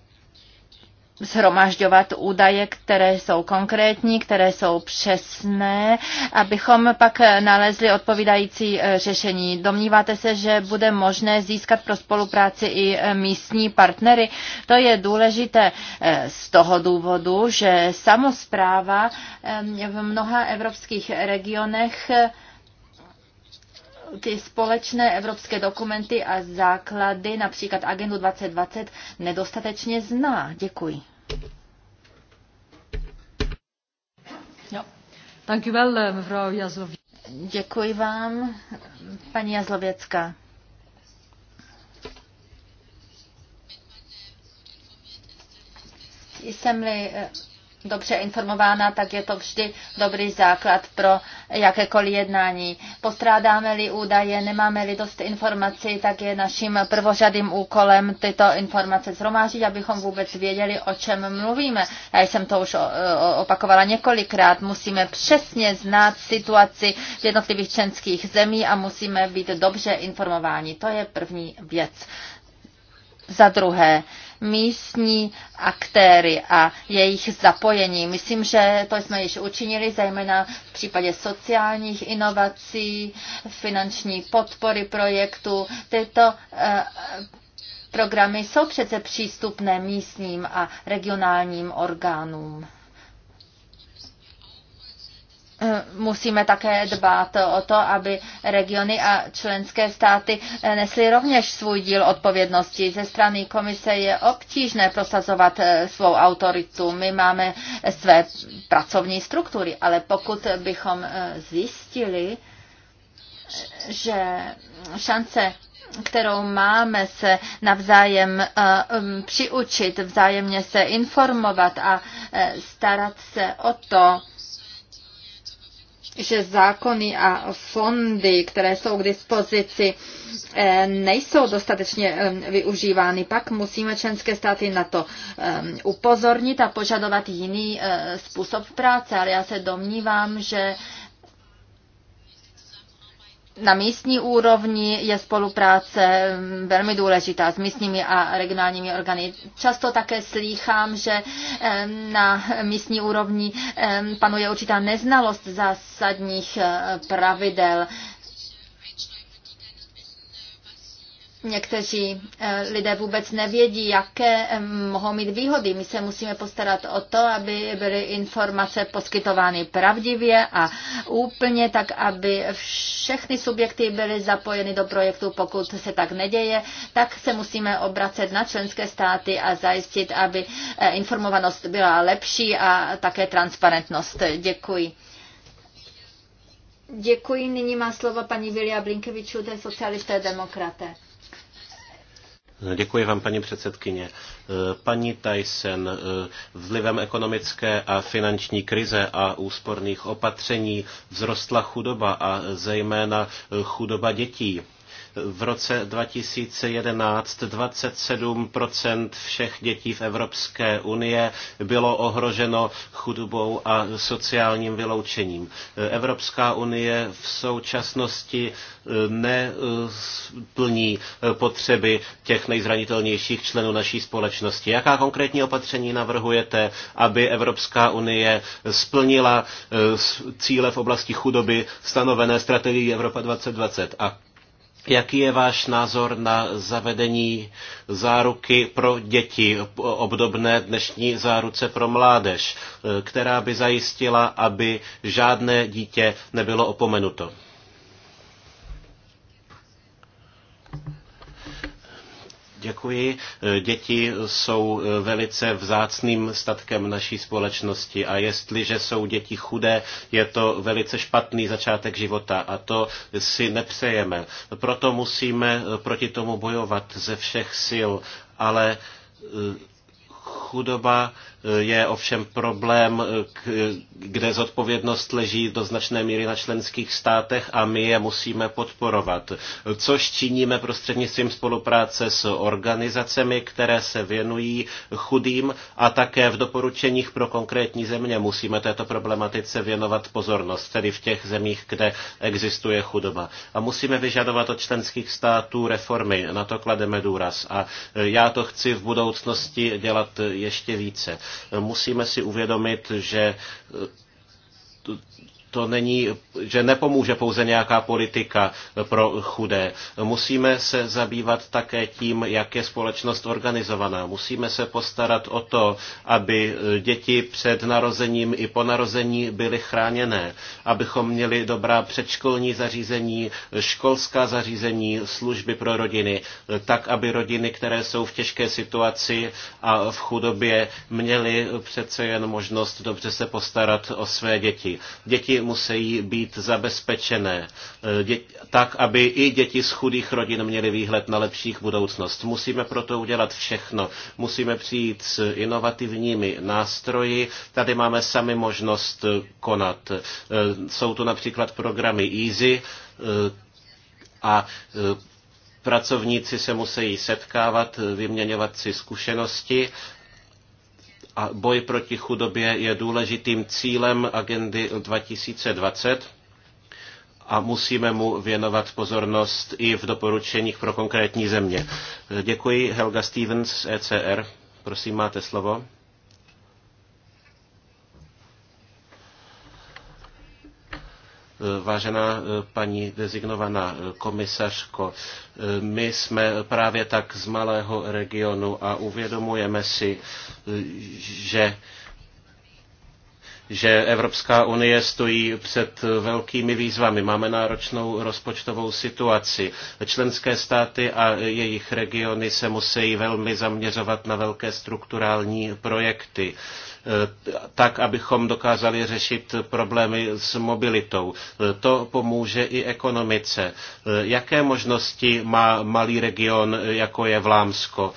shromažďovat údaje, které jsou konkrétní, které jsou přesné, abychom pak nalezli odpovídající eh, řešení. Domníváte se, že bude možné získat pro spolupráci i eh, místní partnery? To je důležité eh, z toho důvodu, že samozpráva v mnoha evropských regionech ty společné evropské dokumenty a základy, například agendu 2020, nedostatečně zná. Děkuji. Eh, Děkuji vám, paní Jazlověcka. Jsem-li eh, dobře informována, tak je to vždy dobrý základ pro jakékoliv jednání. Postrádáme-li údaje, nemáme-li dost informací, tak je naším prvořadým úkolem tyto informace zhromáždit, abychom vůbec věděli, o čem mluvíme. Já jsem to už opakovala několikrát. Musíme přesně znát situaci v jednotlivých členských zemí a musíme být dobře informováni. To je první věc. Za druhé, místní aktéry a jejich zapojení. Myslím, že to jsme již učinili, zejména v případě sociálních inovací, finanční podpory projektu. Tyto eh, programy jsou přece přístupné místním a regionálním orgánům. Eh, musíme také dbát o to, aby regiony a členské státy eh, nesly rovněž svůj díl odpovědnosti. Ze strany komise je obtížné prosazovat eh, svou autoritu. My máme své pracovní struktury, ale pokud bychom zjistili, že šance kterou máme se navzájem přiučit, vzájemně se informovat a starat se o to, že zákony a fondy, které jsou k dispozici, eh, nejsou dostatečně eh, využívány, pak musíme členské státy na to eh, upozornit a požadovat jiný způsob práce. Ale já se domnívám, že na místní úrovni je spolupráce mm, velmi důležitá s místními a regionálními orgány. Často také slýchám, že na místní úrovni panuje určitá neznalost zásadních eh, pravidel Někteří eh, lidé vůbec nevědí, jaké eh, mohou mít výhody. My se musíme postarat o to, aby byly informace poskytovány pravdivě a úplně tak, aby všechny subjekty byly zapojeny do projektu. Pokud se tak neděje, tak se musíme obracet na členské státy a zajistit, aby eh, informovanost byla lepší a také transparentnost. Děkuji. Děkuji. Nyní má slovo paní Vilia Blinkevičů, to je socialisté demokraté. Děkuji vám, paní předsedkyně. Eh, paní Tyson, eh, vlivem ekonomické a finanční krize a úsporných opatření vzrostla chudoba a zejména eh, chudoba dětí v roce 2011 27% všech dětí v Evropské unie bylo ohroženo chudobou a sociálním vyloučením. Evropská unie v současnosti eh, neplní eh, potřeby těch nejzranitelnějších členů naší společnosti. Jaká konkrétní opatření navrhujete, aby Evropská unie splnila eh, cíle v oblasti chudoby stanovené strategií Evropa 2020? A Jaký je váš názor na zavedení záruky pro děti, obdobné dnešní záruce pro mládež, která by zajistila, aby žádné dítě nebylo opomenuto? Děkuji. Eh, děti jsou eh, velice vzácným statkem naší společnosti a jestliže jsou děti chudé, je to velice špatný začátek života a to si nepřejeme. Proto musíme eh, proti tomu bojovat ze všech sil, ale chudoba je ovšem problém, kde zodpovědnost leží do značné míry na členských státech a my je musíme podporovat. Což činíme prostřednictvím spolupráce s organizacemi, které se věnují chudým a také v doporučeních pro konkrétní země musíme této problematice věnovat pozornost, tedy v těch zemích, kde existuje chudoba. A musíme vyžadovat od členských států reformy, na to klademe důraz. A já to chci v budoucnosti dělat ještě více musíme si uvědomit, že to není, že nepomůže pouze nějaká politika pro chudé. Musíme se zabývat také tím, jak je společnost organizovaná. Musíme se postarat o to, aby děti před narozením i po narození byly chráněné, abychom měli dobrá předškolní zařízení, školská zařízení, služby pro rodiny, tak, aby rodiny, které jsou v těžké situaci a v chudobě, měly přece jen možnost dobře se postarat o své děti. Děti musí být zabezpečené, eh, tak, aby i děti z chudých rodin měly výhled na lepších budoucnost. Musíme proto udělat všechno. Musíme přijít s inovativními nástroji. Tady máme sami možnost eh, konat. Eh, jsou tu například programy EASY a pracovníci se musí setkávat, vyměňovat si zkušenosti a boj proti chudobě je důležitým cílem agendy 2020 a musíme mu věnovat pozornost i v doporučeních pro konkrétní země. Děkuji Helga Stevens, ECR. Prosím, máte slovo. Vážená eh, paní dezignovaná eh, komisařko, eh, my jsme právě tak z malého regionu a uvědomujeme si, že že Evropská unie stojí před velkými výzvami. Máme náročnou rozpočtovou situaci. Členské státy a jejich regiony se musí velmi zaměřovat na velké strukturální projekty e, tak, abychom dokázali řešit problémy s mobilitou. E, to pomůže i ekonomice. E, jaké možnosti má malý region, jako je Vlámsko?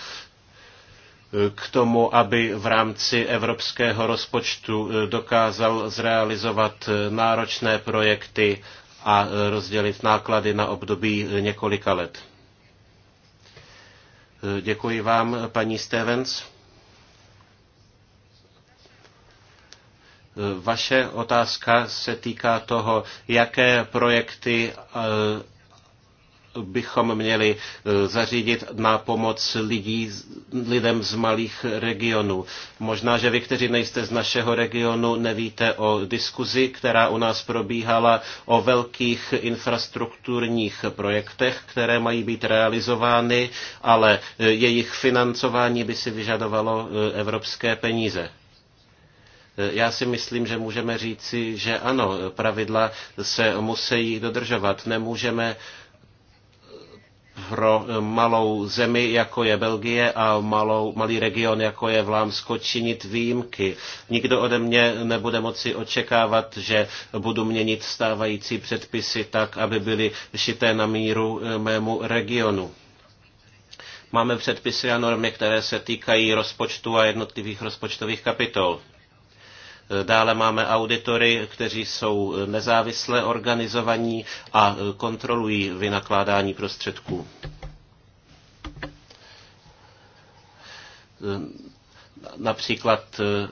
k tomu, aby v rámci evropského rozpočtu eh, dokázal zrealizovat eh, náročné projekty a eh, rozdělit náklady na období několika let. Děkuji vám, paní Stevens. Vaše otázka se týká toho, jaké projekty bychom měli eh, zařídit na pomoc lidí, lidem z malých regionů. Možná, že vy, kteří nejste z našeho regionu, nevíte o diskuzi, která u nás probíhala o velkých infrastrukturních projektech, které mají být realizovány, ale eh, jejich financování by si vyžadovalo eh, evropské peníze. Já si myslím, že můžeme říci, že ano, pravidla se musí dodržovat. Nemůžeme uh, hro, malou zemi, jako je Belgie, a malou, malý region, jako je Vlámsko, činit výjimky. Nikdo ode mě nebude moci očekávat, že budu měnit stávající předpisy tak, aby byly šité na míru eh, mému regionu. Máme předpisy a normy, které se týkají rozpočtu a jednotlivých rozpočtových kapitol. Dále máme auditory, kteří jsou nezávisle organizovaní a kontrolují vynakládání prostředků. Například eh,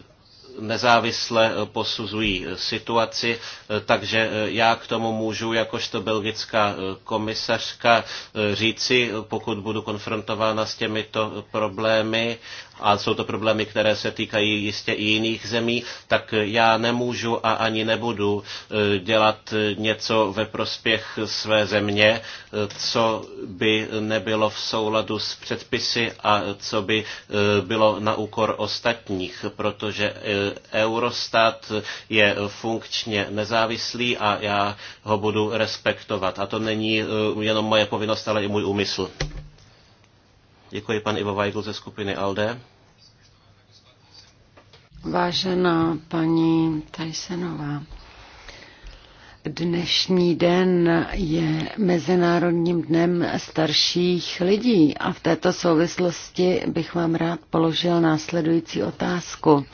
nezávisle posuzují situaci, eh, takže eh, já k tomu můžu jakožto belgická komisařka říci, pokud budu konfrontována s těmito problémy a jsou to problémy, které se týkají jistě i jiných zemí, tak já nemůžu a ani nebudu e, dělat něco ve prospěch své země, e, co by nebylo v souladu s předpisy a co by e, bylo na úkor ostatních, protože Eurostat je funkčně nezávislý a já ho budu respektovat. A to není jenom moje povinnost, ale i můj úmysl. Děkuji pan Ivo Weigl ze skupiny ALDE. Vážená paní Tysonová, Dnešní den je Mezinárodním dnem starších lidí a v této souvislosti bych vám rád položil následující otázku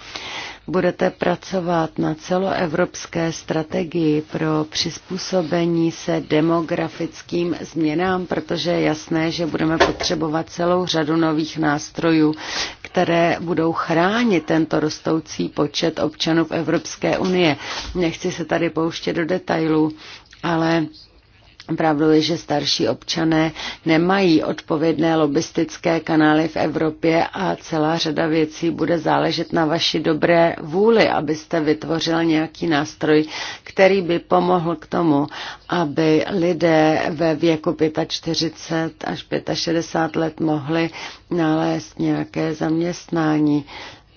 budete pracovat na celoevropské strategii pro přizpůsobení se demografickým změnám, protože je jasné, že budeme potřebovat celou řadu nových nástrojů, které budou chránit tento rostoucí počet občanů v Evropské unie. Nechci se tady pouštět do detailů, ale Pravdou je, že starší občané nemají odpovědné lobistické kanály v Evropě a celá řada věcí bude záležet na vaší dobré vůli, abyste vytvořil nějaký nástroj, který by pomohl k tomu, aby lidé ve věku 45 až 65 let mohli nalézt nějaké zaměstnání.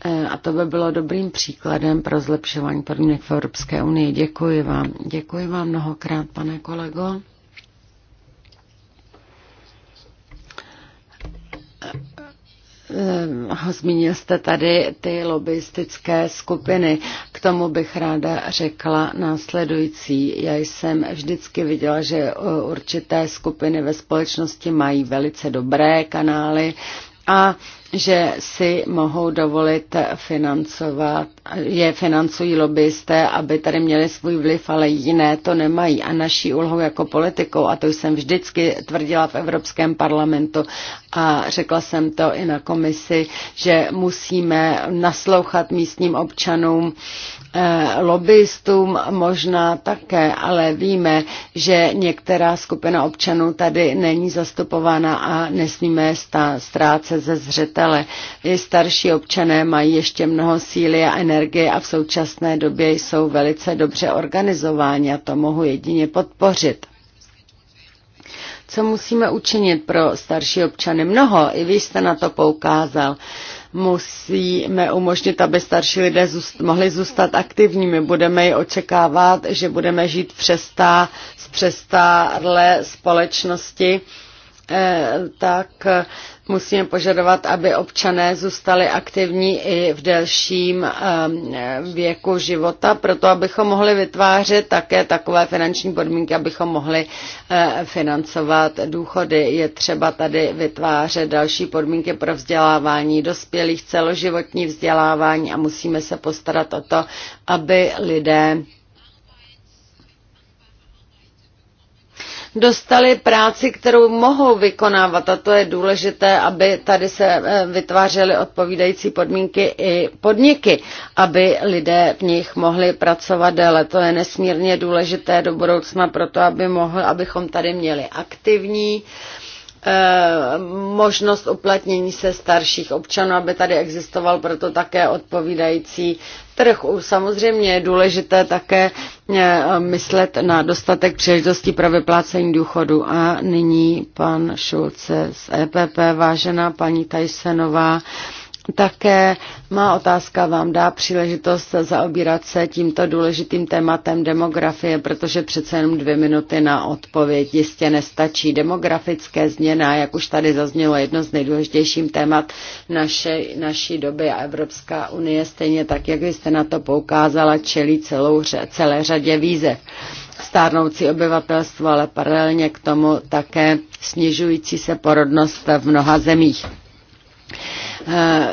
E, a to by bylo dobrým příkladem pro zlepšování podmínek v Evropské unii. Děkuji vám. Děkuji vám mnohokrát, pane kolego. Eh, zmínil jste tady ty lobbyistické skupiny. K tomu bych ráda řekla následující. Já jsem vždycky viděla, že eh, určité skupiny ve společnosti mají velice dobré kanály a že si mohou dovolit financovat, je financují lobbyisté, aby tady měli svůj vliv, ale jiné to nemají. A naší úlohou jako politikou, a to jsem vždycky tvrdila v Evropském parlamentu a řekla jsem to i na komisi, že musíme naslouchat místním občanům, Eh, lobbystům možná také, ale víme, že některá skupina občanů tady není zastupována a nesmíme ztrácet ze zřetele. I starší občané mají ještě mnoho síly a energie a v současné době jsou velice dobře organizováni a to mohu jedině podpořit co musíme učinit pro starší občany. Mnoho, i vy jste na to poukázal musíme umožnit, aby starší lidé zůst, mohli zůstat aktivními. Budeme ji očekávat, že budeme žít přestá, z přestále společnosti, eh, tak musíme požadovat, aby občané zůstali aktivní i v delším ehm, věku života, proto abychom mohli vytvářet také takové finanční podmínky, abychom mohli eh, financovat důchody. Je třeba tady vytvářet další podmínky pro vzdělávání dospělých, celoživotní vzdělávání a musíme se postarat o to, aby lidé dostali práci, kterou mohou vykonávat a to je důležité, aby tady se eh, vytvářely odpovídající podmínky i podniky, aby lidé v nich mohli pracovat déle. To je nesmírně důležité do budoucna to, aby mohl, abychom tady měli aktivní eh, možnost uplatnění se starších občanů, aby tady existoval proto také odpovídající trh. Samozřejmě je důležité také eh, myslet na dostatek příležitostí pro vyplácení důchodu. A nyní pan Šulce z EPP, vážená paní Tajsenová, také má otázka vám dá příležitost zaobírat se tímto důležitým tématem demografie, protože přece jenom dvě minuty na odpověď jistě nestačí. Demografické změna, jak už tady zaznělo, jedno z nejdůležitějším témat naše, naší doby a Evropská unie, stejně tak, jak jste na to poukázala, čelí celou, celé řadě výzev stárnoucí obyvatelstvo, ale paralelně k tomu také snižující se porodnost v mnoha zemích. Eh,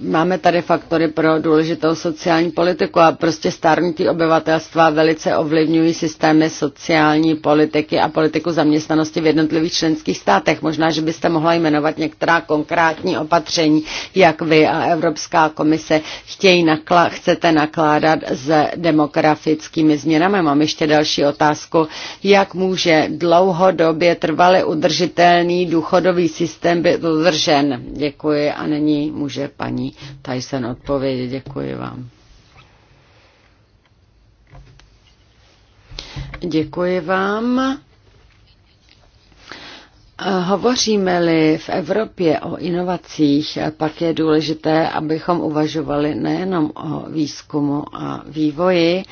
máme tady faktory pro důležitou sociální politiku a prostě stárnutí obyvatelstva velice ovlivňují systémy sociální politiky a politiku zaměstnanosti v jednotlivých členských státech. Možná, že byste mohla jmenovat některá konkrétní opatření, jak vy a Evropská komise chtějí nakla- chcete nakládat s demografickými změnami. Mám ještě další otázku. Jak může dlouhodobě trvale udržitelný důchodový systém být udržen? Děkuji a nyní může paní Tyson odpovědět. Děkuji vám. Děkuji vám. Hovoříme-li v Evropě o inovacích, pak je důležité, abychom uvažovali nejenom o výzkumu a vývoji,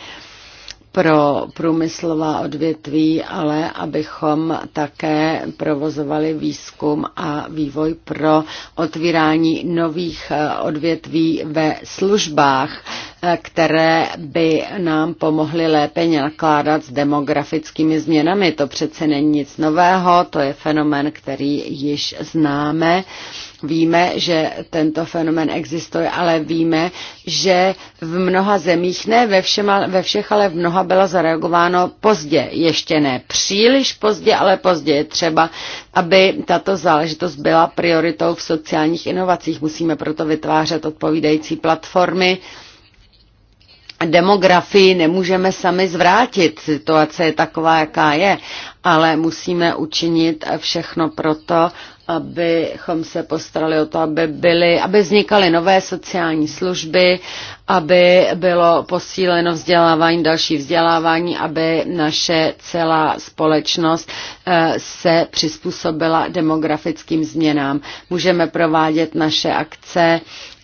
pro průmyslová odvětví, ale abychom také provozovali výzkum a vývoj pro otvírání nových eh, odvětví ve službách, eh, které by nám pomohly lépe nakládat s demografickými změnami. To přece není nic nového, to je fenomen, který již známe. Víme, že tento fenomen existuje, ale víme, že v mnoha zemích, ne ve, všem, ve všech, ale v mnoha bylo zareagováno pozdě. Ještě ne příliš pozdě, ale pozdě je třeba, aby tato záležitost byla prioritou v sociálních inovacích. Musíme proto vytvářet odpovídající platformy, demografii nemůžeme sami zvrátit, situace je taková, jaká je, ale musíme učinit všechno proto, abychom se postarali o to, aby, byly, aby vznikaly nové sociální služby, aby bylo posíleno vzdělávání, další vzdělávání, aby naše celá společnost eh, se přizpůsobila demografickým změnám. Můžeme provádět naše akce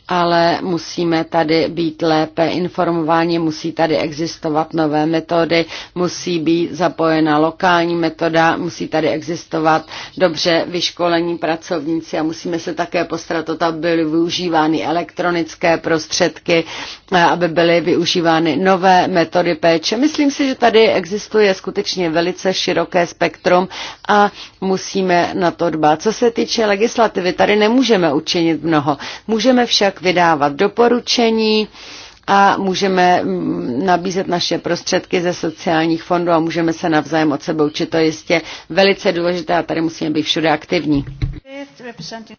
ale musíme tady být lépe informováni, musí tady existovat nové metody, musí být zapojena lokální metoda, musí tady existovat dobře vyškolení pracovníci a musíme se také postarat o to, aby byly využívány elektronické prostředky, aby byly využívány nové metody péče. Myslím si, že tady existuje skutečně velice široké spektrum a musíme na to dbát. Co se týče legislativy, tady nemůžeme učinit mnoho. Můžeme však tak vydávat doporučení a můžeme mm, nabízet naše prostředky ze sociálních fondů a můžeme se navzájem od sebe učit. To je jistě velice důležité a tady musíme být všude aktivní.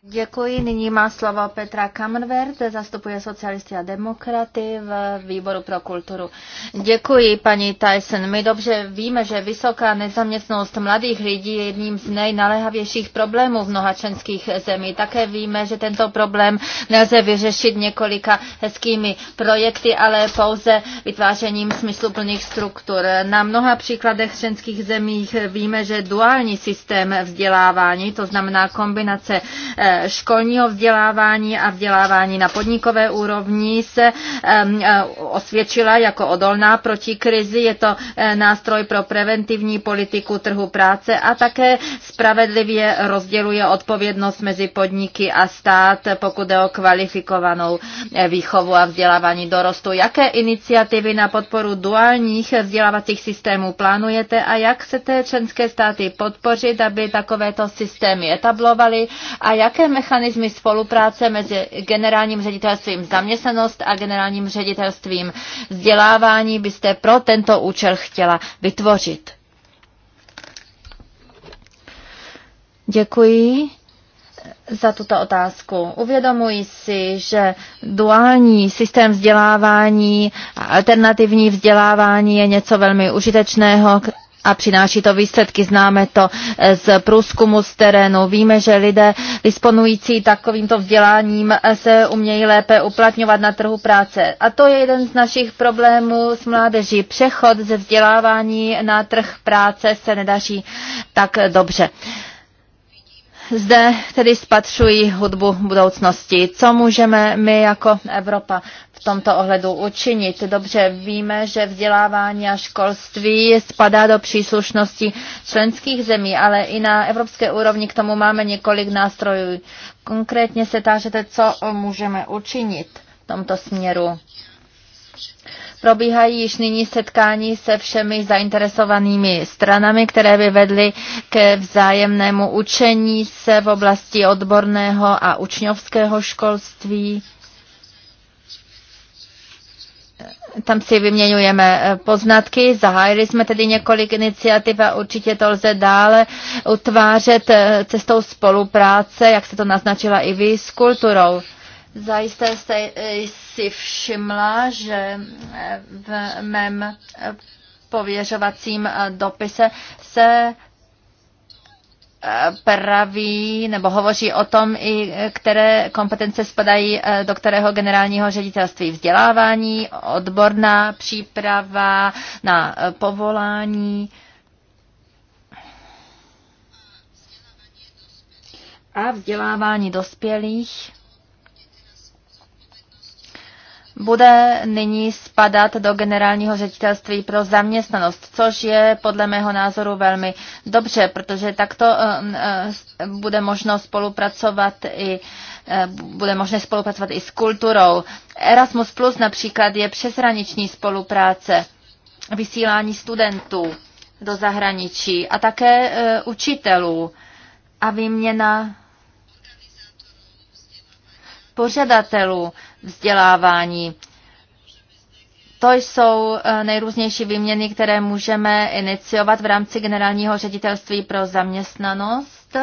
Děkuji. Nyní má slovo Petra Kamrvert, zastupuje socialisty a demokraty v výboru pro kulturu. Děkuji, paní Tyson. My dobře víme, že vysoká nezaměstnost mladých lidí je jedním z nejnaléhavějších problémů v mnoha členských zemí. Také víme, že tento problém nelze vyřešit několika hezkými projekty, ale pouze vytvářením smysluplných struktur. Na mnoha příkladech členských zemích víme, že duální systém vzdělávání, to znamená kombinace kombinace eh, školního vzdělávání a vzdělávání na podnikové úrovni se eh, eh, osvědčila jako odolná proti krizi. Je to nástroj pro preventivní politiku trhu práce a také spravedlivě rozděluje odpovědnost mezi podniky a stát, pokud je o kvalifikovanou výchovu a vzdělávání dorostu. Jaké iniciativy na podporu duálních vzdělávacích systémů plánujete a jak chcete členské státy podpořit, aby takovéto systémy etablovaly a jaké mechanizmy spolupráce mezi generálním ředitelstvím zaměstnanost a generálním ředitelstvím vzdělávání byste pro tento účel chtěla vytvořit. Děkuji za tuto otázku. Uvědomuji si, že duální systém vzdělávání a alternativní vzdělávání je něco velmi užitečného, a přináší to výsledky. Známe to eh, z průzkumu z terénu. Víme, že lidé disponující takovýmto vzděláním eh, se umějí lépe uplatňovat na trhu práce. A to je jeden z našich problémů s mládeží. Přechod ze vzdělávání na trh práce se nedaří tak dobře. Zde tedy spatřují hudbu budoucnosti. Co můžeme my jako Evropa v tomto ohledu učinit? Dobře víme, že vzdělávání a školství spadá do příslušnosti členských zemí, ale i na evropské úrovni k tomu máme několik nástrojů. Konkrétně se tážete, co můžeme učinit v tomto směru. Probíhají již nyní setkání se všemi zainteresovanými stranami, které by vedly ke vzájemnému učení se v oblasti odborného a učňovského školství. Tam si vyměňujeme eh, poznatky, zahájili jsme tedy několik iniciativ a určitě to lze dále utvářet eh, cestou spolupráce, jak se to naznačila i vy, s kulturou. Zajisté jste eh, si všimla, že eh, v mém eh, pověřovacím dopise se praví nebo hovoří o tom, i které kompetence spadají do kterého generálního ředitelství vzdělávání, odborná příprava na povolání. A vzdělávání dospělých bude nyní spadat do generálního ředitelství pro zaměstnanost, což je podle mého názoru velmi dobře, protože takto eh, eh, bude možno spolupracovat i eh, bude možné spolupracovat i s kulturou. Erasmus Plus například je přeshraniční spolupráce, vysílání studentů do zahraničí a také učitelů a výměna pořadatelů vzdělávání. To jsou eh, nejrůznější výměny, které můžeme iniciovat v rámci generálního ředitelství pro zaměstnanost.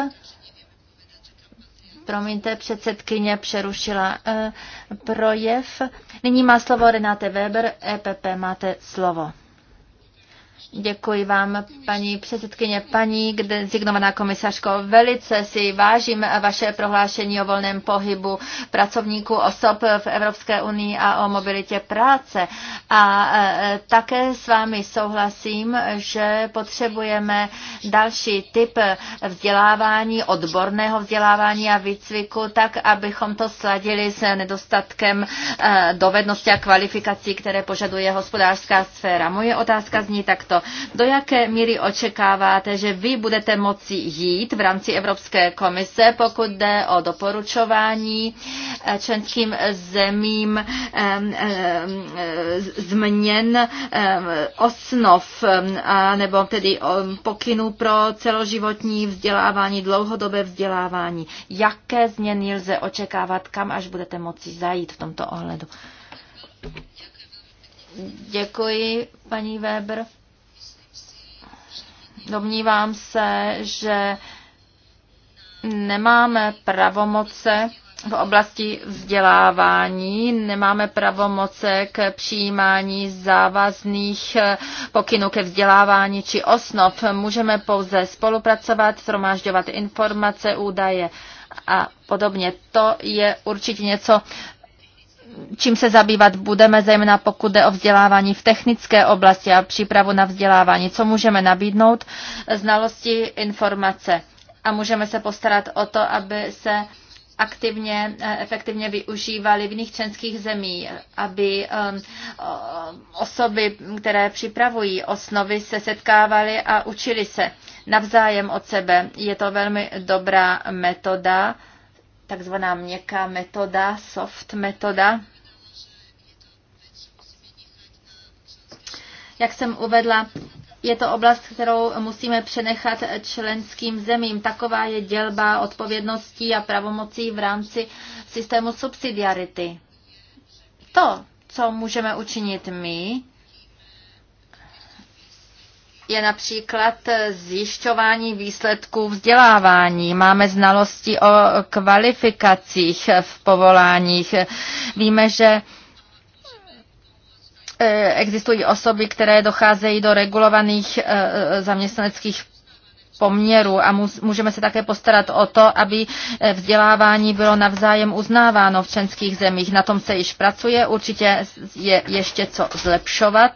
Promiňte, předsedkyně přerušila eh, projev. Nyní má slovo Renate Weber, EPP, máte slovo. Děkuji vám, paní předsedkyně, paní designovaná komisařko. Velice si vážím vaše prohlášení o volném pohybu pracovníků, osob v Evropské unii a o mobilitě práce. A e, také s vámi souhlasím, že potřebujeme další typ vzdělávání, odborného vzdělávání a výcviku, tak, abychom to sladili s nedostatkem e, dovedností a kvalifikací, které požaduje hospodářská sféra. Moje otázka zní takto. Do jaké míry očekáváte, že vy budete moci jít v rámci Evropské komise, pokud jde o doporučování eh, členským zemím eh, změn osnov, nebo tedy pokynů pro celoživotní vzdělávání, dlouhodobé vzdělávání. Jaké změny lze očekávat, kam až budete moci zajít v tomto ohledu? Děkuji, paní Weber. Domnívám se, že nemáme pravomoce v oblasti vzdělávání, nemáme pravomoce k přijímání závazných pokynů ke vzdělávání či osnov. Můžeme pouze spolupracovat, shromažďovat informace, údaje a podobně. To je určitě něco, čím se zabývat budeme, zejména pokud jde o vzdělávání v technické oblasti a přípravu na vzdělávání. Co můžeme nabídnout? Znalosti, informace. A můžeme se postarat o to, aby se aktivně, eh, efektivně využívali v jiných členských zemí, aby ehm, osoby, které připravují osnovy, se setkávaly a učili se navzájem od sebe. Je to velmi dobrá metoda takzvaná měkká metoda, soft metoda. Jak jsem uvedla, je to oblast, kterou musíme přenechat členským zemím. Taková je dělba odpovědností a pravomocí v rámci systému subsidiarity. To, co můžeme učinit my, je například zjišťování výsledků vzdělávání. Máme znalosti o kvalifikacích v povoláních. Víme, že eh, existují osoby, které docházejí do regulovaných eh, eh, zaměstnaneckých poměru a můžeme se také postarat o to, aby eh, vzdělávání bylo navzájem uznáváno v členských zemích. Na tom se již pracuje, určitě je ještě co zlepšovat,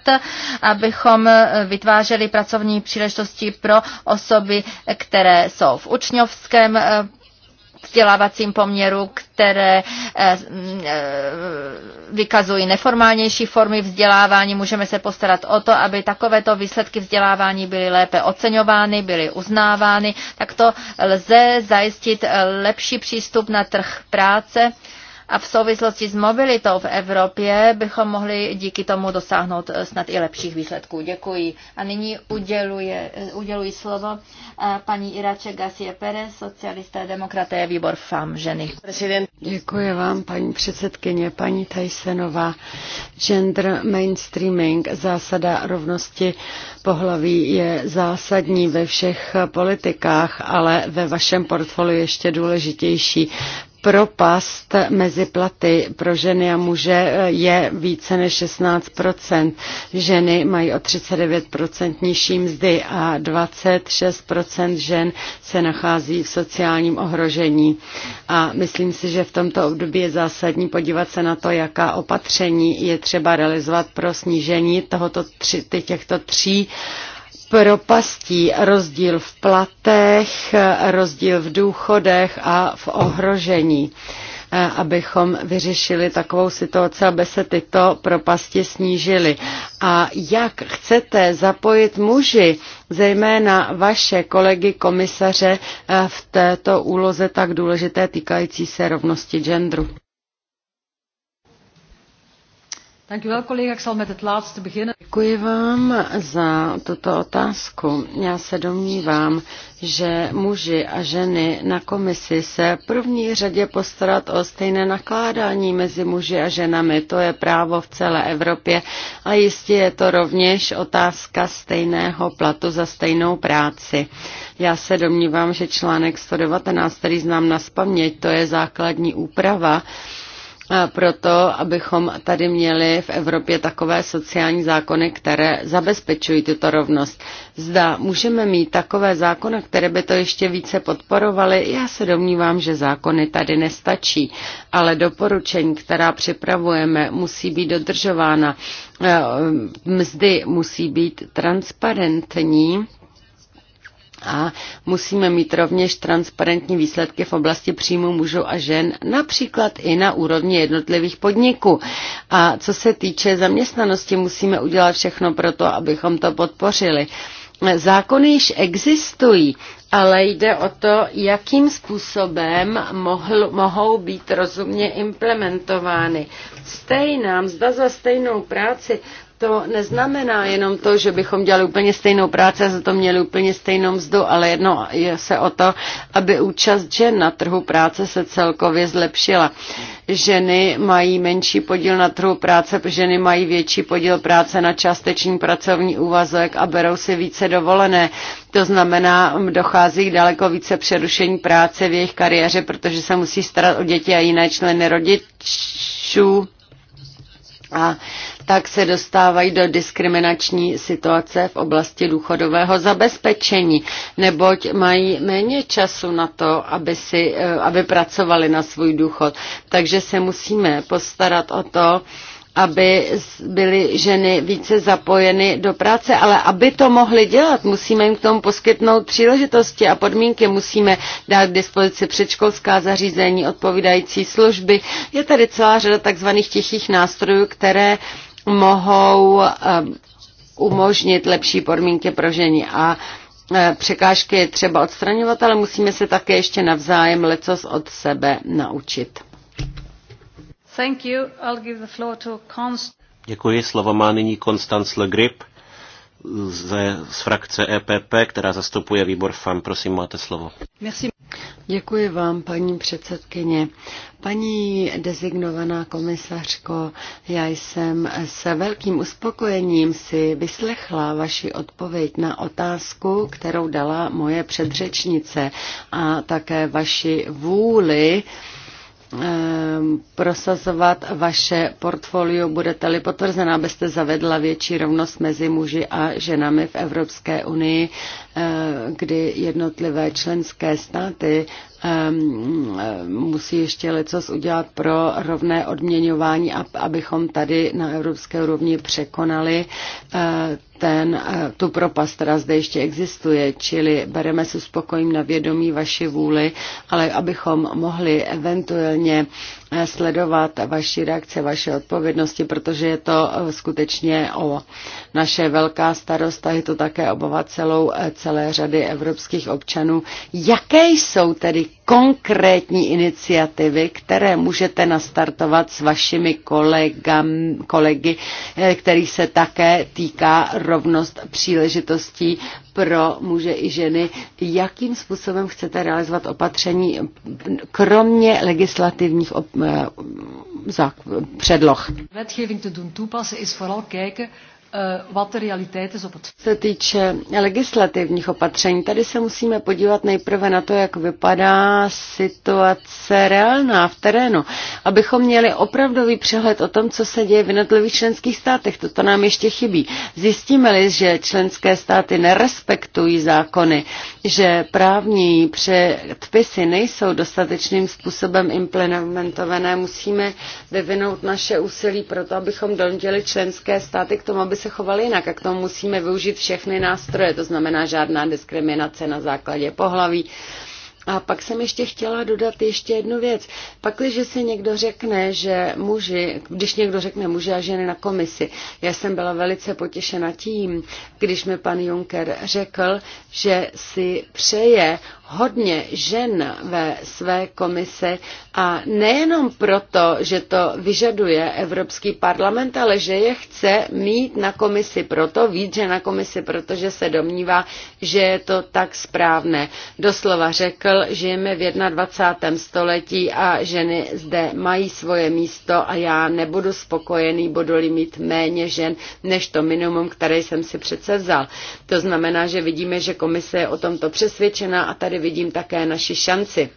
abychom eh, vytvářeli pracovní příležitosti pro osoby, které jsou v učňovském eh, vzdělávacím poměru, které eh, mm, eh, vykazují neformálnější formy vzdělávání. Můžeme se postarat o to, aby takovéto výsledky vzdělávání byly lépe oceňovány, byly uznávány. Takto lze zajistit lepší přístup na trh práce a v souvislosti s mobilitou v Evropě bychom mohli díky tomu dosáhnout eh, snad i lepších výsledků. Děkuji. A nyní uděluje, eh, uděluji slovo eh, paní Irače Gasie Perez, socialisté demokraté, výbor FAM ženy. Děkuji vám, paní předsedkyně, paní Tajsenová. Gender mainstreaming, zásada rovnosti pohlaví je zásadní ve všech politikách, ale ve vašem portfoliu ještě důležitější propast mezi platy pro ženy a muže eh, je více než 16 Ženy mají o 39 nižší mzdy a 26 žen se nachází v sociálním ohrožení. A myslím si, že v tomto období je zásadní podívat se na to, jaká opatření je třeba realizovat pro snížení tohoto tři, těchto tří propastí, rozdíl v platech, rozdíl v důchodech a v ohrožení, eh, abychom vyřešili takovou situaci, aby se tyto propasti snížily. A jak chcete zapojit muži, zejména vaše kolegy komisaře, eh, v této úloze tak důležité týkající se rovnosti genderu? Děkuji vám za tuto otázku. Já se domnívám, že muži a ženy na komisi se v první řadě postarat o stejné nakládání mezi muži a ženami. To je právo v celé Evropě a jistě je to rovněž otázka stejného platu za stejnou práci. Já se domnívám, že článek 119, který znám na spaměť, to je základní úprava, proto, abychom tady měli v Evropě takové sociální zákony, které zabezpečují tuto rovnost. Zda můžeme mít takové zákony, které by to ještě více podporovaly, já se domnívám, že zákony tady nestačí, ale doporučení, která připravujeme, musí být dodržována. E, mzdy musí být transparentní a musíme mít rovněž transparentní výsledky v oblasti příjmu mužů a žen, například i na úrovni jednotlivých podniků. A co se týče zaměstnanosti, musíme udělat všechno pro to, abychom to podpořili. Zákony již existují, ale jde o to, jakým způsobem mohl, mohou být rozumně implementovány. Stejná mzda za stejnou práci to neznamená jenom to, že bychom dělali úplně stejnou práci a za to měli úplně stejnou mzdu, ale jedno je se o to, aby účast žen na trhu práce se celkově zlepšila. Ženy mají menší podíl na trhu práce, ženy mají větší podíl práce na částečný pracovní úvazek a berou si více dovolené. To znamená, dochází k daleko více přerušení práce v jejich kariéře, protože se musí starat o děti a jiné členy rodičů. A tak se dostávají do diskriminační situace v oblasti důchodového zabezpečení, neboť mají méně času na to, aby, si, eh, aby pracovali na svůj důchod. Takže se musíme postarat o to, aby byly ženy více zapojeny do práce, ale aby to mohly dělat, musíme jim k tomu poskytnout příležitosti a podmínky, musíme dát k dispozici předškolská zařízení, odpovídající služby. Je tady celá řada takzvaných tichých nástrojů, které uh, mohou eh, umožnit lepší podmínky pro ženy. A eh, překážky je třeba odstraňovat, ale musíme se také ještě navzájem lecos od sebe naučit. Thank you. I'll give the floor to Const- Děkuji. Slovo má nyní Constance Le Grip ze, z frakce EPP, která zastupuje výbor FAM. Prosím, máte slovo. Merci. Děkuji vám, paní předsedkyně. Paní dezignovaná komisařko, já jsem se velkým uspokojením si vyslechla vaši odpověď na otázku, kterou dala moje předřečnice a také vaši vůli eh, Ehm, prosazovat vaše portfolio, budete-li potvrzena, abyste zavedla větší rovnost mezi muži a ženami v Evropské unii kdy jednotlivé členské státy musí ještě lecos udělat pro rovné odměňování, abychom tady na evropské úrovni překonali eh, ten, eh, tu propast, která zde ještě existuje, čili bereme se spokojím na vědomí vaši vůli, ale abychom mohli eventuálně sledovat vaši reakce, vaše odpovědnosti, protože je to eh, skutečně o naše velká starost a je to také obava celou, eh, celé řady evropských občanů. Jaké jsou tedy konkrétní iniciativy, které můžete nastartovat s vašimi kolegam, kolegy, eh, který se také týká rovnost příležitostí pro muže i ženy. Jakým způsobem chcete realizovat opatření, kromě legislativních op- eh, předloh? Wetgeving te doen toepassen is vooral kijken Eh, wat de realiteit is op het... Se týče legislativních opatření, tady se musíme podívat nejprve na to, jak vypadá situace reálná v terénu, abychom měli opravdový přehled o tom, co se děje v jednotlivých členských státech. Toto nám ještě chybí. Zjistíme-li, že členské státy nerespektují zákony, že právní předpisy nejsou dostatečným způsobem implementované, musíme vyvinout naše úsilí pro to, abychom donutili členské státy k tomu, aby se se choval jinak a k tomu musíme využít všechny nástroje, to znamená žádná diskriminace na základě pohlaví, a pak jsem ještě chtěla dodat ještě jednu věc. Pakliže si někdo řekne, že muži, když někdo řekne muže a ženy na komisi, já jsem byla velice potěšena tím, když mi pan Juncker řekl, že si přeje hodně žen ve své komisi a nejenom proto, že to vyžaduje Evropský parlament, ale že je chce mít na komisi proto, víc, že na komisi, protože se domnívá, že je to tak správné. Doslova řekl, bohužel žijeme v 21. století a ženy zde mají svoje místo a já nebudu spokojený, budu-li mít méně žen než to minimum, které jsem si přece vzal. To znamená, že vidíme, že komise je o tomto přesvědčená a tady vidím také naši šanci.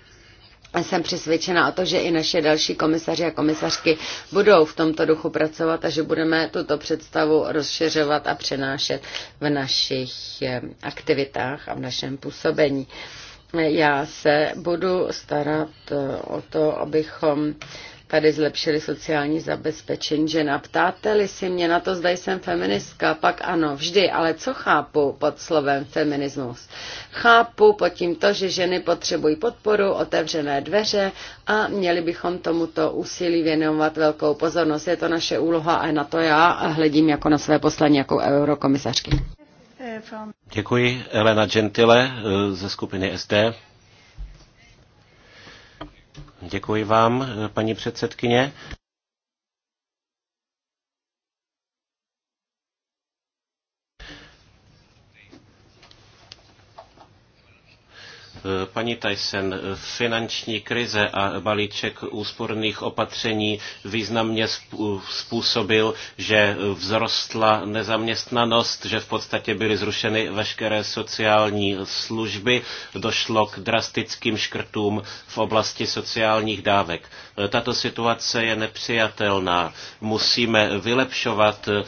A jsem přesvědčena o to, že i naše další komisaři a komisařky budou v tomto duchu pracovat a že budeme tuto představu rozšiřovat a přenášet v našich eh, aktivitách a v našem působení. Já se budu starat eh, o to, abychom tady zlepšili sociální zabezpečení žen. ptáte-li si mě na to, zda jsem feministka, pak ano, vždy, ale co chápu pod slovem feminismus? Chápu pod tím to, že ženy potřebují podporu, otevřené dveře a měli bychom tomuto úsilí věnovat velkou pozornost. Je to naše úloha a na to já hledím jako na své poslání jako eurokomisařky. Děkuji. Elena Gentile eh, ze skupiny SD. Děkuji vám, eh, paní předsedkyně. Paní Tyson, finanční krize a balíček úsporných opatření významně způsobil, že vzrostla nezaměstnanost, že v podstatě byly zrušeny veškeré sociální služby, došlo k drastickým škrtům v oblasti sociálních dávek. Tato situace je nepřijatelná. Musíme vylepšovat eh,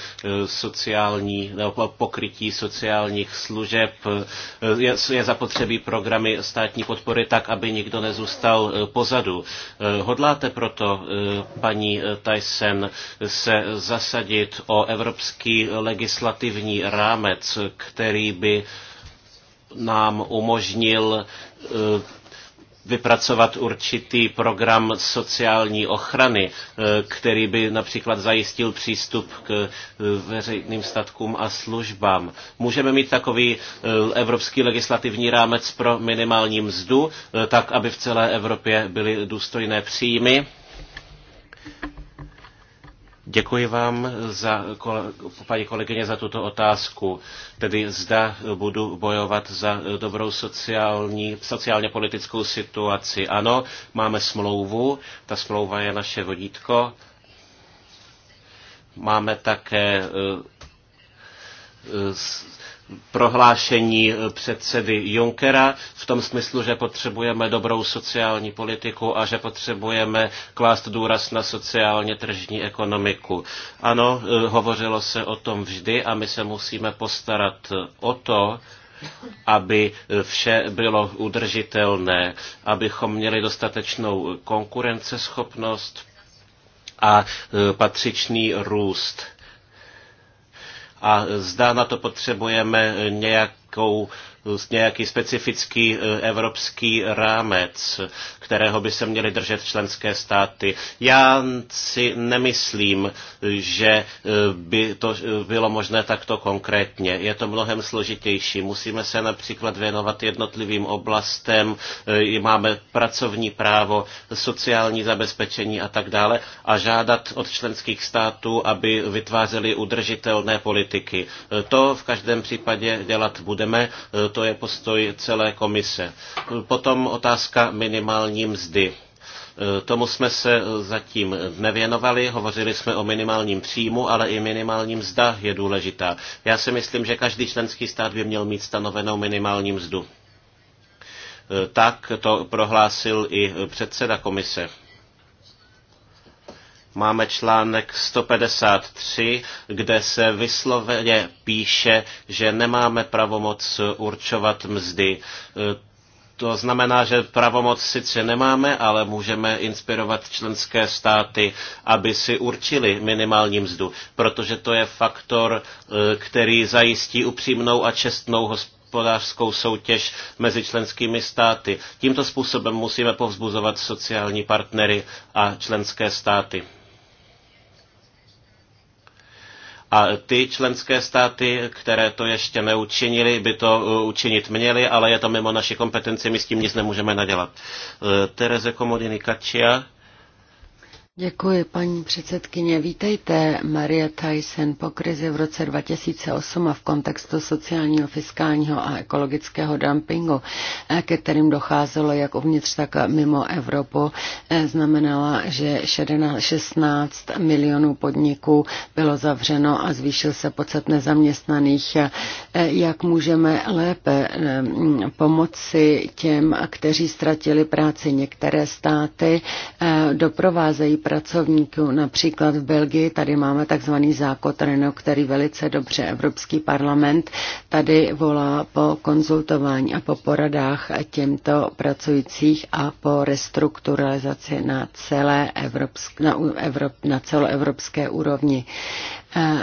sociální, pokrytí sociálních služeb. Eh, je zapotřebí programy státní podpory tak, aby nikdo nezůstal e, pozadu. E, hodláte proto, e, paní Tyson, se zasadit o evropský legislativní rámec, který by nám umožnil vypracovat určitý program sociální ochrany, eh, který by například zajistil přístup k eh, veřejným statkům a službám. Můžeme mít takový eh, evropský legislativní rámec pro minimální mzdu, tak aby v celé Evropě byly důstojné příjmy. Děkuji vám, za, paní kolegyně, za tuto otázku. Tedy zda budu bojovat za dobrou sociální, sociálně politickou situaci. Ano, máme smlouvu, ta smlouva je naše vodítko. Máme také eh, prohlášení eh, předsedy Junckera v tom smyslu, že potřebujeme dobrou sociální politiku a že potřebujeme klást důraz na sociálně tržní ekonomiku. Ano, eh, hovořilo se o tom vždy a my se musíme postarat eh, o to, aby vše bylo udržitelné, abychom měli dostatečnou konkurenceschopnost a patřičný růst a zda na to potřebujeme nějakou nějaký specifický e, evropský rámec, kterého by se měly držet členské státy. Já si nemyslím, že e, by to e, bylo možné takto konkrétně. Je to mnohem složitější. Musíme se například věnovat jednotlivým oblastem, máme pracovní právo, sociální zabezpečení a tak dále a žádat od členských států, aby vytvářeli udržitelné politiky. To v každém případě dělat budeme, to je postoj celé komise. Potom otázka minimální mzdy. E, tomu jsme se zatím nevěnovali, hovořili jsme o minimálním příjmu, ale i minimální mzda je důležitá. Já si myslím, že každý členský stát by měl mít stanovenou minimální mzdu. E, tak to prohlásil i předseda komise máme článek 153, kde se vysloveně píše, že nemáme pravomoc určovat mzdy. E, to znamená, že pravomoc sice nemáme, ale můžeme inspirovat členské státy, aby si určili minimální mzdu, protože to je faktor, e, který zajistí upřímnou a čestnou hospodářství hospodářskou soutěž mezi členskými státy. Tímto způsobem musíme povzbuzovat sociální partnery a členské státy. A ty členské státy, které to ještě neučinili, by to uh, učinit měly, ale je to mimo naši kompetenci, my s tím nic nemůžeme nadělat. Uh, Tereze Komodiny Kačia. Děkuji, paní předsedkyně. Vítejte, Maria Tyson, po krizi v roce 2008 a v kontextu sociálního, fiskálního a ekologického dumpingu, eh, ke kterým docházelo jak uvnitř, tak mimo Evropu, eh, znamenala, že 16 milionů podniků bylo zavřeno a zvýšil se počet nezaměstnaných. Eh, jak můžeme lépe pomoci těm, kteří ztratili práci? Některé státy doprovázejí pracovníků. Například v Belgii tady máme takzvaný zákotreno, který velice dobře Evropský parlament tady volá po konzultování a po poradách těmto pracujících a po restrukturalizaci na celé Evropsk, na, Evrop, na celoevropské úrovni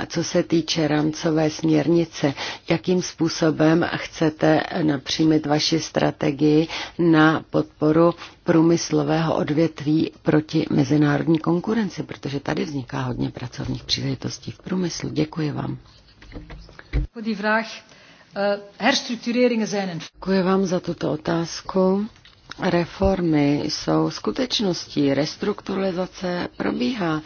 co se týče rámcové směrnice, jakým způsobem chcete napřímit vaši strategii na podporu průmyslového odvětví proti mezinárodní konkurenci, protože tady vzniká hodně pracovních příležitostí v průmyslu. Děkuji vám. Eh, Děkuji vám za tuto otázku reformy jsou skutečností, restrukturalizace probíhá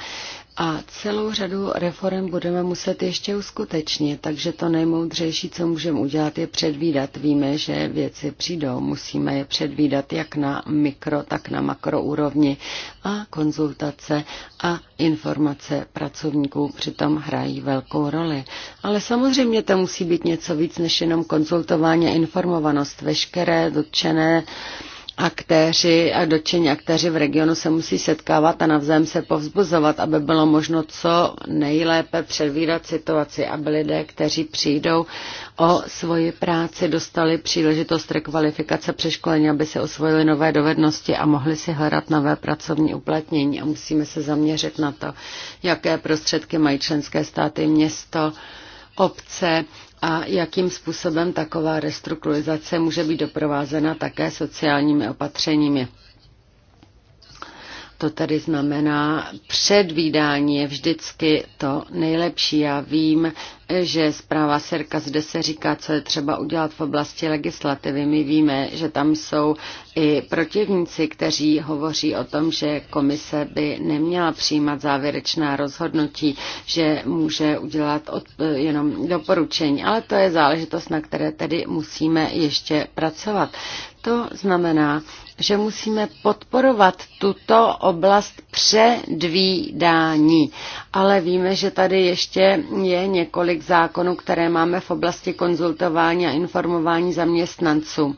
a celou řadu reform budeme muset ještě uskutečnit, takže to nejmoudřejší, co můžeme udělat, je předvídat. Víme, že věci přijdou, musíme je předvídat jak na mikro, tak na makro úrovni a konzultace a informace pracovníků přitom hrají velkou roli. Ale samozřejmě to musí být něco víc než jenom konzultování a informovanost. Veškeré dotčené aktéři a dotčení aktéři v regionu se musí setkávat a navzájem se povzbuzovat, aby bylo možno co nejlépe předvídat situaci, aby lidé, kteří přijdou o svoji práci, dostali příležitost rekvalifikace přeškolení, aby se osvojili nové dovednosti a mohli si hledat nové pracovní uplatnění. A musíme se zaměřit na to, jaké prostředky mají členské státy, město, obce, a jakým způsobem taková restrukturalizace může být doprovázena také sociálními opatřeními. To tedy znamená, předvídání je vždycky to nejlepší. Já vím, že zpráva Serka zde se říká, co je třeba udělat v oblasti legislativy. My víme, že tam jsou i protivníci, kteří hovoří o tom, že komise by neměla přijímat závěrečná rozhodnutí, že může udělat od, jenom doporučení. Ale to je záležitost, na které tedy musíme ještě pracovat. To znamená, že musíme podporovat tuto oblast předvídání. Ale víme, že tady ještě je několik zákonů, které máme v oblasti konzultování a informování zaměstnanců.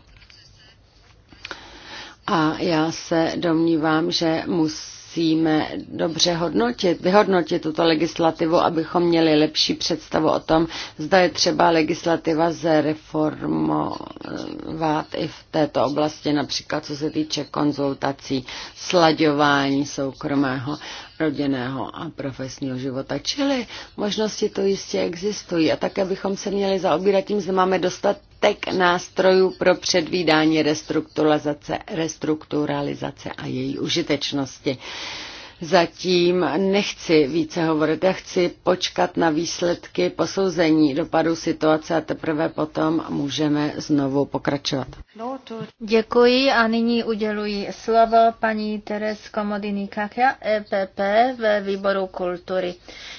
A já se domnívám, že musí musíme dobře hodnotit, vyhodnotit tuto legislativu, abychom měli lepší představu o tom, zda je třeba legislativa zreformovat i v této oblasti, například co se týče konzultací, slaďování soukromého rodinného a profesního života. Čili možnosti to jistě existují a také bychom se měli zaobírat tím, že máme dostatek nástrojů pro předvídání restrukturalizace, restrukturalizace a její užitečnosti. Zatím nechci více hovorit, já chci počkat na výsledky posouzení dopadu situace a teprve potom můžeme znovu pokračovat. Děkuji a nyní uděluji slovo paní Teres Komodiny Kakia, EPP ve výboru kultury.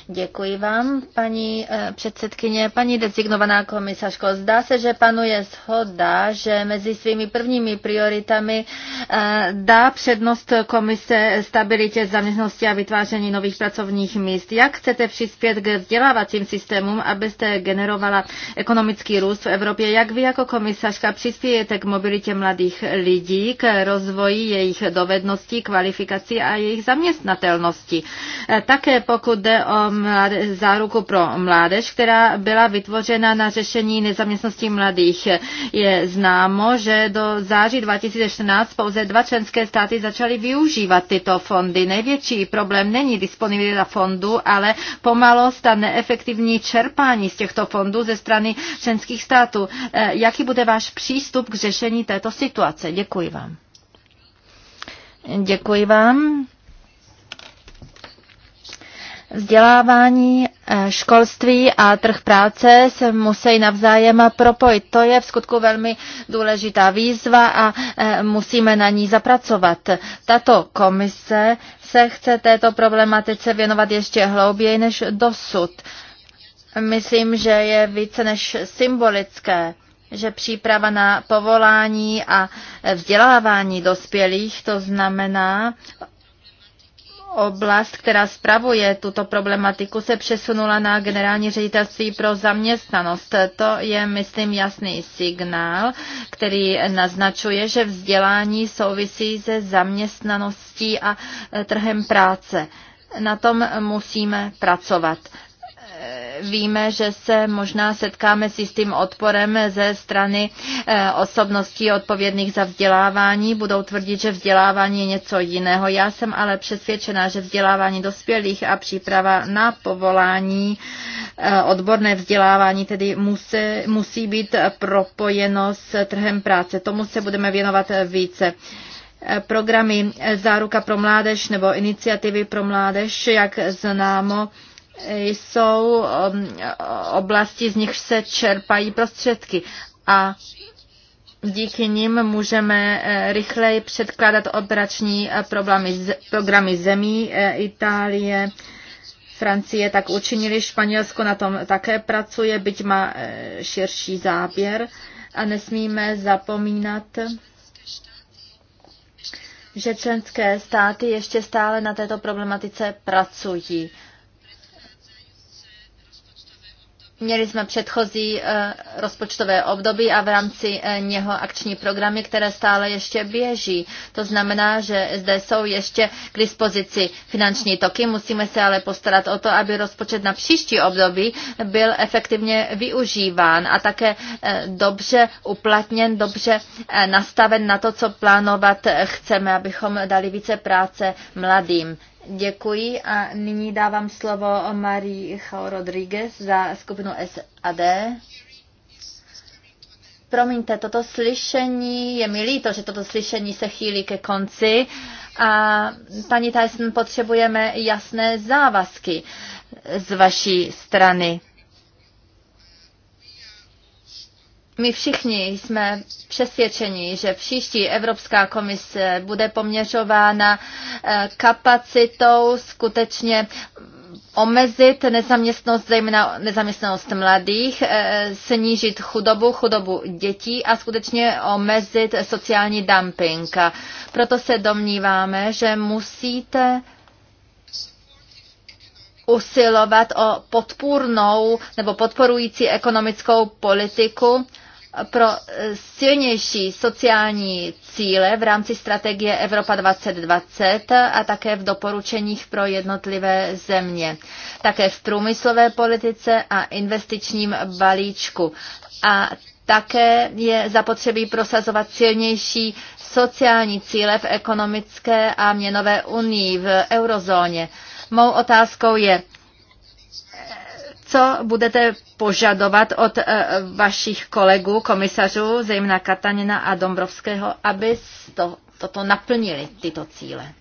Děkuji vám, paní eh, předsedkyně, paní designovaná komisařko. Zdá se, že panuje shoda, že mezi svými prvními prioritami eh, dá přednost komise stabilitě zaměstnání zaměstnanosti a vytváření nových pracovních míst. Jak chcete přispět k vzdělávacím systémům, abyste generovala ekonomický růst v Evropě? Jak vy jako komisařka přispějete k mobilitě mladých lidí, k rozvoji jejich dovedností, kvalifikací a jejich zaměstnatelnosti? E, také pokud jde o mláde, záruku pro mládež, která byla vytvořena na řešení nezaměstnosti mladých, je známo, že do září 2014 pouze dva členské státy začaly využívat tyto fondy. Největší větší. Problém není disponibilita fondu, ale pomalost a neefektivní čerpání z těchto fondů ze strany členských států. E, jaký bude váš přístup k řešení této situace? Děkuji vám. Děkuji vám. Vzdělávání, e, školství a trh práce se musí navzájem propojit. To je v skutku velmi důležitá výzva a e, musíme na ní zapracovat. Tato komise se chce této problematice věnovat ještě hlouběji než dosud. Myslím, že je více než symbolické, že příprava na povolání a vzdělávání dospělých, to znamená oblast, která spravuje tuto problematiku, se přesunula na generální ředitelství pro zaměstnanost. To je, myslím, jasný signál, který naznačuje, že vzdělání souvisí se zaměstnaností a eh, trhem práce. Na tom musíme pracovat. Eh, víme, že se možná setkáme s jistým odporem ze strany eh, osobností odpovědných za vzdělávání. Budou tvrdit, že vzdělávání je něco jiného. Já jsem ale přesvědčená, že vzdělávání dospělých a příprava na povolání, eh, odborné vzdělávání tedy musí, musí být propojeno s trhem práce. Tomu se budeme věnovat více programy Záruka pro mládež nebo iniciativy pro mládež, jak známo, jsou um, oblasti, z nich se čerpají prostředky a díky nim můžeme eh, rychleji předkládat operační eh, programy, programy zemí eh, Itálie, Francie tak učinili, Španělsko na tom také pracuje, byť má širší záběr a nesmíme zapomínat, že členské státy ještě stále na této problematice pracují. Měli jsme předchozí eh, rozpočtové období a v rámci eh, něho akční programy, které stále ještě běží. To znamená, že zde jsou ještě k dispozici finanční toky. Musíme se ale postarat o to, aby rozpočet na příští období byl efektivně využíván a také eh, dobře uplatněn, dobře nastaven na to, co plánovat chceme, abychom dali více práce mladým Děkuji a nyní dávám slovo Marii Chao Rodriguez za skupinu SAD. Promiňte, toto slyšení, je mi líto, že toto slyšení se chýlí ke konci a paní Tyson, potřebujeme jasné závazky z vaší strany. my všichni jsme přesvědčeni, že příští Evropská komise bude poměřována eh, kapacitou skutečně omezit nezaměstnost, zejména nezaměstnanost mladých, eh, snížit chudobu, chudobu dětí a skutečně omezit sociální dumping. Proto se domníváme, že musíte usilovat o podpůrnou nebo podporující ekonomickou politiku, pro eh, silnější sociální cíle v rámci strategie Evropa 2020 a také v doporučeních pro jednotlivé země, také v průmyslové politice a investičním balíčku. A také je zapotřebí prosazovat silnější sociální cíle v ekonomické a měnové unii v eurozóně. Mou otázkou je, co budete požadovat od eh, vašich kolegů, komisařů, zejména Katanina a Dombrovského, aby to, toto naplnili, tyto cíle?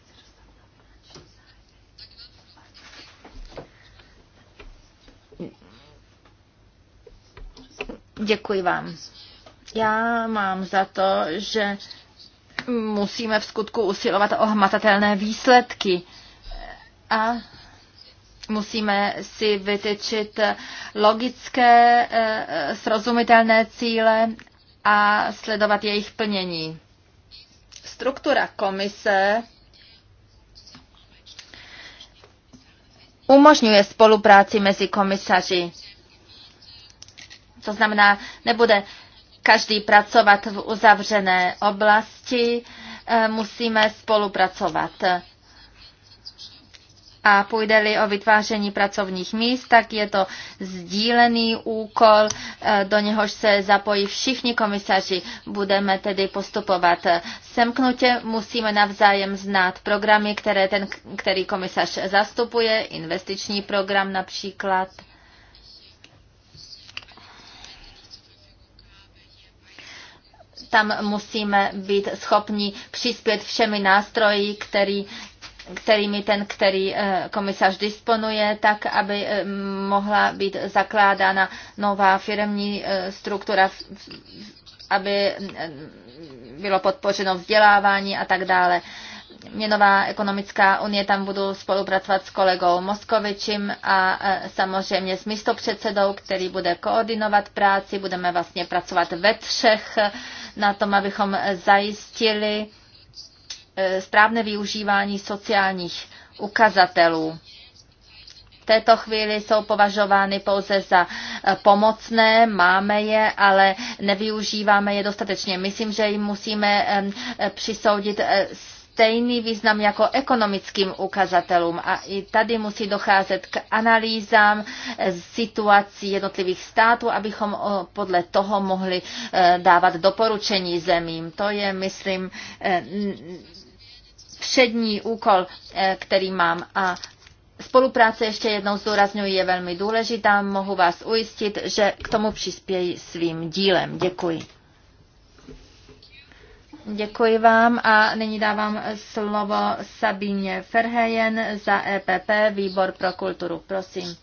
Děkuji vám. Já mám za to, že musíme v skutku usilovat o hmatatelné výsledky. A Musíme si vytyčit logické, eh, srozumitelné cíle a sledovat jejich plnění. Struktura komise umožňuje spolupráci mezi komisaři. To znamená, nebude každý pracovat v uzavřené oblasti, eh, musíme spolupracovat a půjde-li o vytváření pracovních míst, tak je to sdílený úkol, e, do něhož se zapojí všichni komisaři. Budeme tedy postupovat semknutě, musíme navzájem znát programy, které ten, který komisař zastupuje, investiční program například. tam musíme být schopni přispět všemi nástroji, který kterými ten, který eh, komisař disponuje, tak, aby eh, mohla být zakládána nová firmní eh, struktura, aby bylo podpořeno vzdělávání a tak dále. Měnová ekonomická unie, tam budu spolupracovat s kolegou Moskovičem a samozřejmě s místopředsedou, který bude koordinovat práci. Budeme vlastně pracovat ve třech na tom, abychom zajistili, Eh, správné využívání sociálních ukazatelů. V této chvíli jsou považovány pouze za eh, pomocné, máme je, ale nevyužíváme je dostatečně. Myslím, že jim musíme eh, přisoudit stejný význam jako ekonomickým ukazatelům. A i tady musí docházet k analýzám situací jednotlivých států, abychom podle toho mohli dávat doporučení zemím. To je, myslím, přední úkol, eh, který mám a Spolupráce, ještě jednou zdůrazňuji, je velmi důležitá. Mohu vás ujistit, že k tomu přispěji svým dílem. Děkuji. Děkuji vám a nyní dávám slovo Sabíně Ferhejen za EPP, Výbor pro kulturu. Prosím.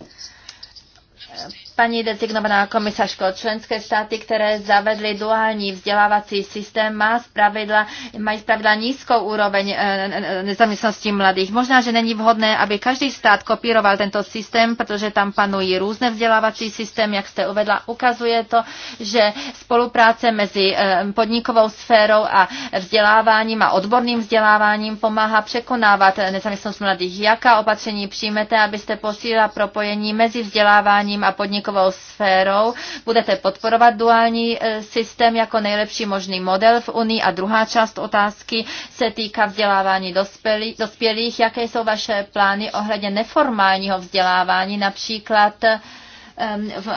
Paní designovaná komisařko, členské státy, které zavedly duální vzdělávací systém, má zpravidla, mají zpravidla nízkou úroveň eh, nezaměstnanosti mladých. Možná, že není vhodné, aby každý stát kopíroval tento systém, protože tam panují různé vzdělávací systém, jak jste uvedla. Ukazuje to, že spolupráce mezi eh, podnikovou sférou a vzděláváním a odborným vzděláváním pomáhá překonávat nezaměstnanost mladých. Jaká opatření přijmete, abyste posílila propojení mezi vzděláváním a podnikovou sférou. Budete podporovat duální e, systém jako nejlepší možný model v Unii. A druhá část otázky se týká vzdělávání dospělých. dospělých. Jaké jsou vaše plány ohledně neformálního vzdělávání, například e, v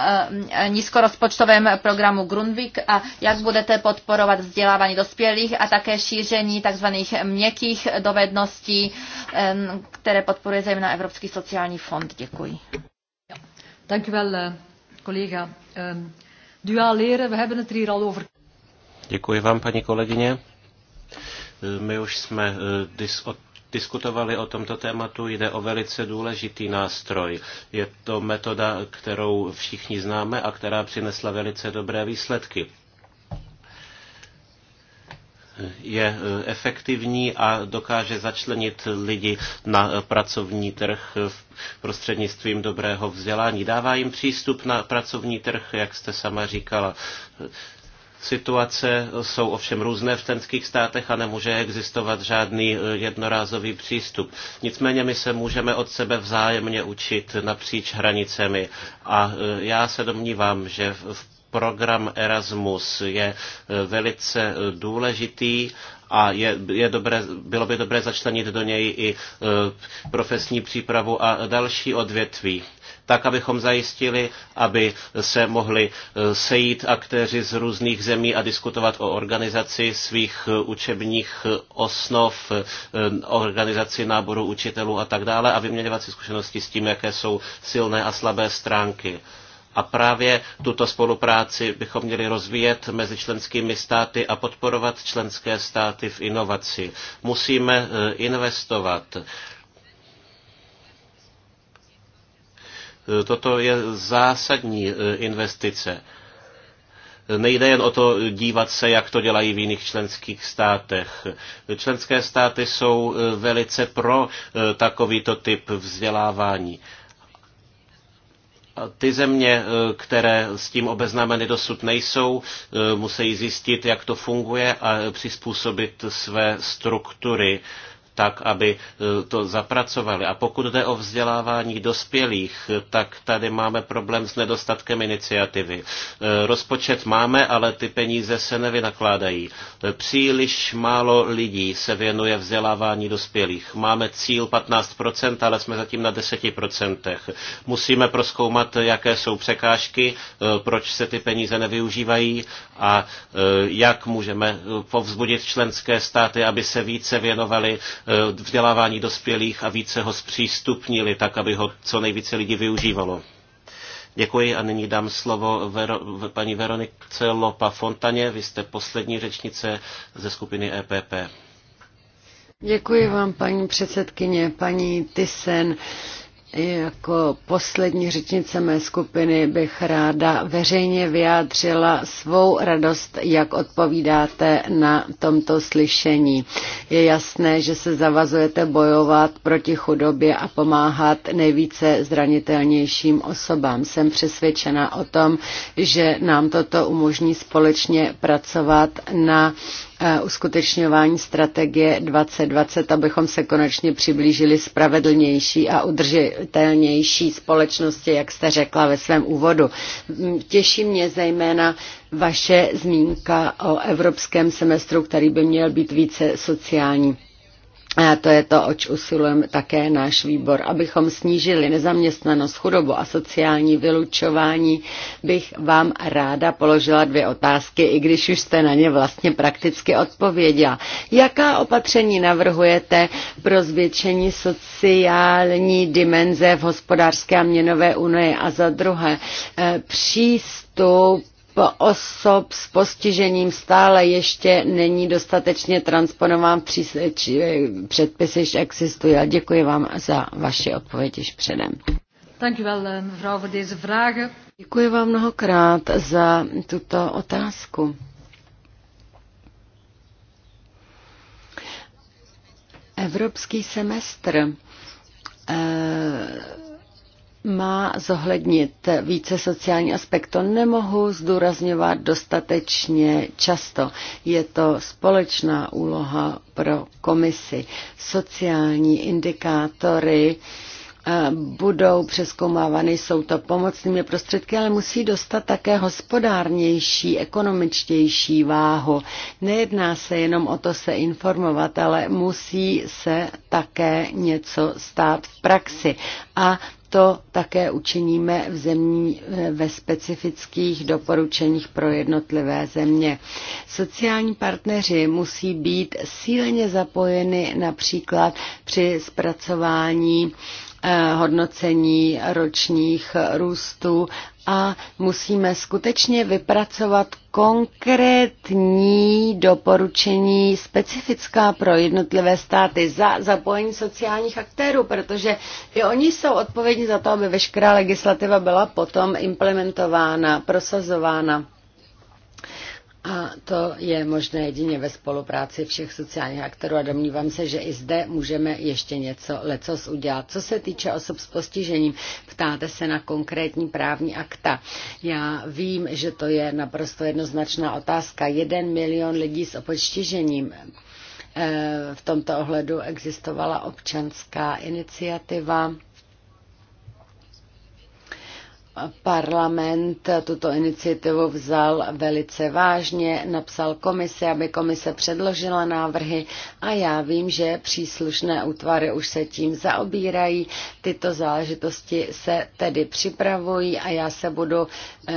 e, nízkorozpočtovém programu Grundvik a jak budete podporovat vzdělávání dospělých a také šíření tzv. měkkých dovedností, které podporuje zejména Evropský sociální fond. Děkuji. Dank u wel, eh, collega. Ehm, Duaal leren, we hebben het er hier al over. Děkuji vám, paní kolegyně. Eh, my už jsme eh, dis- diskutovali o tomto tématu, jde o velice důležitý nástroj. Je to metoda, kterou všichni známe a která přinesla velice dobré výsledky je e, efektivní a dokáže začlenit lidi na e, pracovní trh prostřednictvím dobrého vzdělání. Dává jim přístup na pracovní trh, jak jste sama říkala. Situace jsou ovšem různé v tenských státech a nemůže existovat žádný e, jednorázový přístup. Nicméně my se můžeme od sebe vzájemně učit napříč hranicemi a já se domnívám, že v program Erasmus je eh, velice eh, důležitý a je, je dobré, bylo by dobré začlenit do něj i eh, profesní přípravu a další odvětví tak, abychom zajistili, aby se mohli sejít aktéři z různých zemí a diskutovat o organizaci svých učebních osnov, organizaci náboru učitelů a tak dále a vyměňovat si zkušenosti s tím, jaké jsou silné a slabé stránky. A právě tuto spolupráci bychom měli rozvíjet mezi členskými státy a podporovat členské státy v inovaci. Musíme e, investovat. E, toto je zásadní e, investice. Nejde jen o to dívat se, jak to dělají v jiných členských státech. Členské státy jsou velice pro takovýto typ vzdělávání. Ty země, eh, které s tím obeznámeny dosud nejsou, eh, musí zjistit, jak to funguje a eh, přizpůsobit své struktury tak, aby e, to zapracovali. A pokud jde o vzdělávání dospělých, tak tady máme problém s nedostatkem iniciativy. E, rozpočet máme, ale ty peníze se nevynakládají. E, příliš málo lidí se věnuje vzdělávání dospělých. Máme cíl 15%, ale jsme zatím na 10%. Musíme proskoumat, jaké jsou překážky, proč se ty peníze nevyužívají a jak můžeme povzbudit členské státy, aby se více věnovali Eh, vzdělávání dospělých a více ho zpřístupnili, tak aby ho co nejvíce lidí využívalo. Děkuji a nyní dám slovo Vero, paní Veronice Lopa Fontaně. Vy jste poslední řečnice ze skupiny EPP. Děkuji vám, paní předsedkyně, paní Tysen. Jako poslední řečnice mé skupiny bych ráda veřejně vyjádřila svou radost, jak odpovídáte na tomto slyšení. Je jasné, že se zavazujete bojovat proti chudobě a pomáhat nejvíce zranitelnějším osobám. Jsem přesvědčena o tom, že nám toto umožní společně pracovat na E, uskutečňování strategie 2020, abychom se konečně přiblížili spravedlnější a udržitelnější společnosti, jak jste řekla ve svém úvodu. Těší mě zejména vaše zmínka o evropském semestru, který by měl být více sociální a to je to, oč usilujeme také náš výbor. Abychom snížili nezaměstnanost, chudobu a sociální vylučování, bych vám ráda položila dvě otázky, i když už jste na ně vlastně prakticky odpověděla. Jaká opatření navrhujete pro zvětšení sociální dimenze v hospodářské a měnové unii? A za druhé, eh, přístup osob s postižením stále ještě není dostatečně transponován eh, předpis, již existuje. děkuji vám za vaši odpověď již předem. Eh, děkuji vám mnohokrát za tuto otázku. Evropský semestr. Eh, má zohlednit více sociální aspekt. To nemohu zdůrazňovat dostatečně často. Je to společná úloha pro komisi. Sociální indikátory eh, budou přeskoumávány, jsou to pomocnými prostředky, ale musí dostat také hospodárnější, ekonomičtější váhu. Nejedná se jenom o to se informovat, ale musí se také něco stát v praxi. A to také učiníme v zemí ve specifických doporučeních pro jednotlivé země. Sociální partneři musí být síleně zapojeni například při zpracování Eh, hodnocení ročních růstů a musíme skutečně vypracovat konkrétní doporučení specifická pro jednotlivé státy za zapojení sociálních aktérů, protože i oni jsou odpovědní za to, aby veškerá legislativa byla potom implementována, prosazována. A to je možné jedině ve spolupráci všech sociálních aktorů a domnívám se, že i zde můžeme ještě něco lecos udělat. Co se týče osob s postižením, ptáte se na konkrétní právní akta. Já vím, že to je naprosto jednoznačná otázka. Jeden milion lidí s postižením eh, v tomto ohledu existovala občanská iniciativa Parlament tuto iniciativu vzal velice vážně, napsal komisi, aby komise předložila návrhy a já vím, že příslušné útvary už se tím zaobírají. Tyto záležitosti se tedy připravují a já se budu e,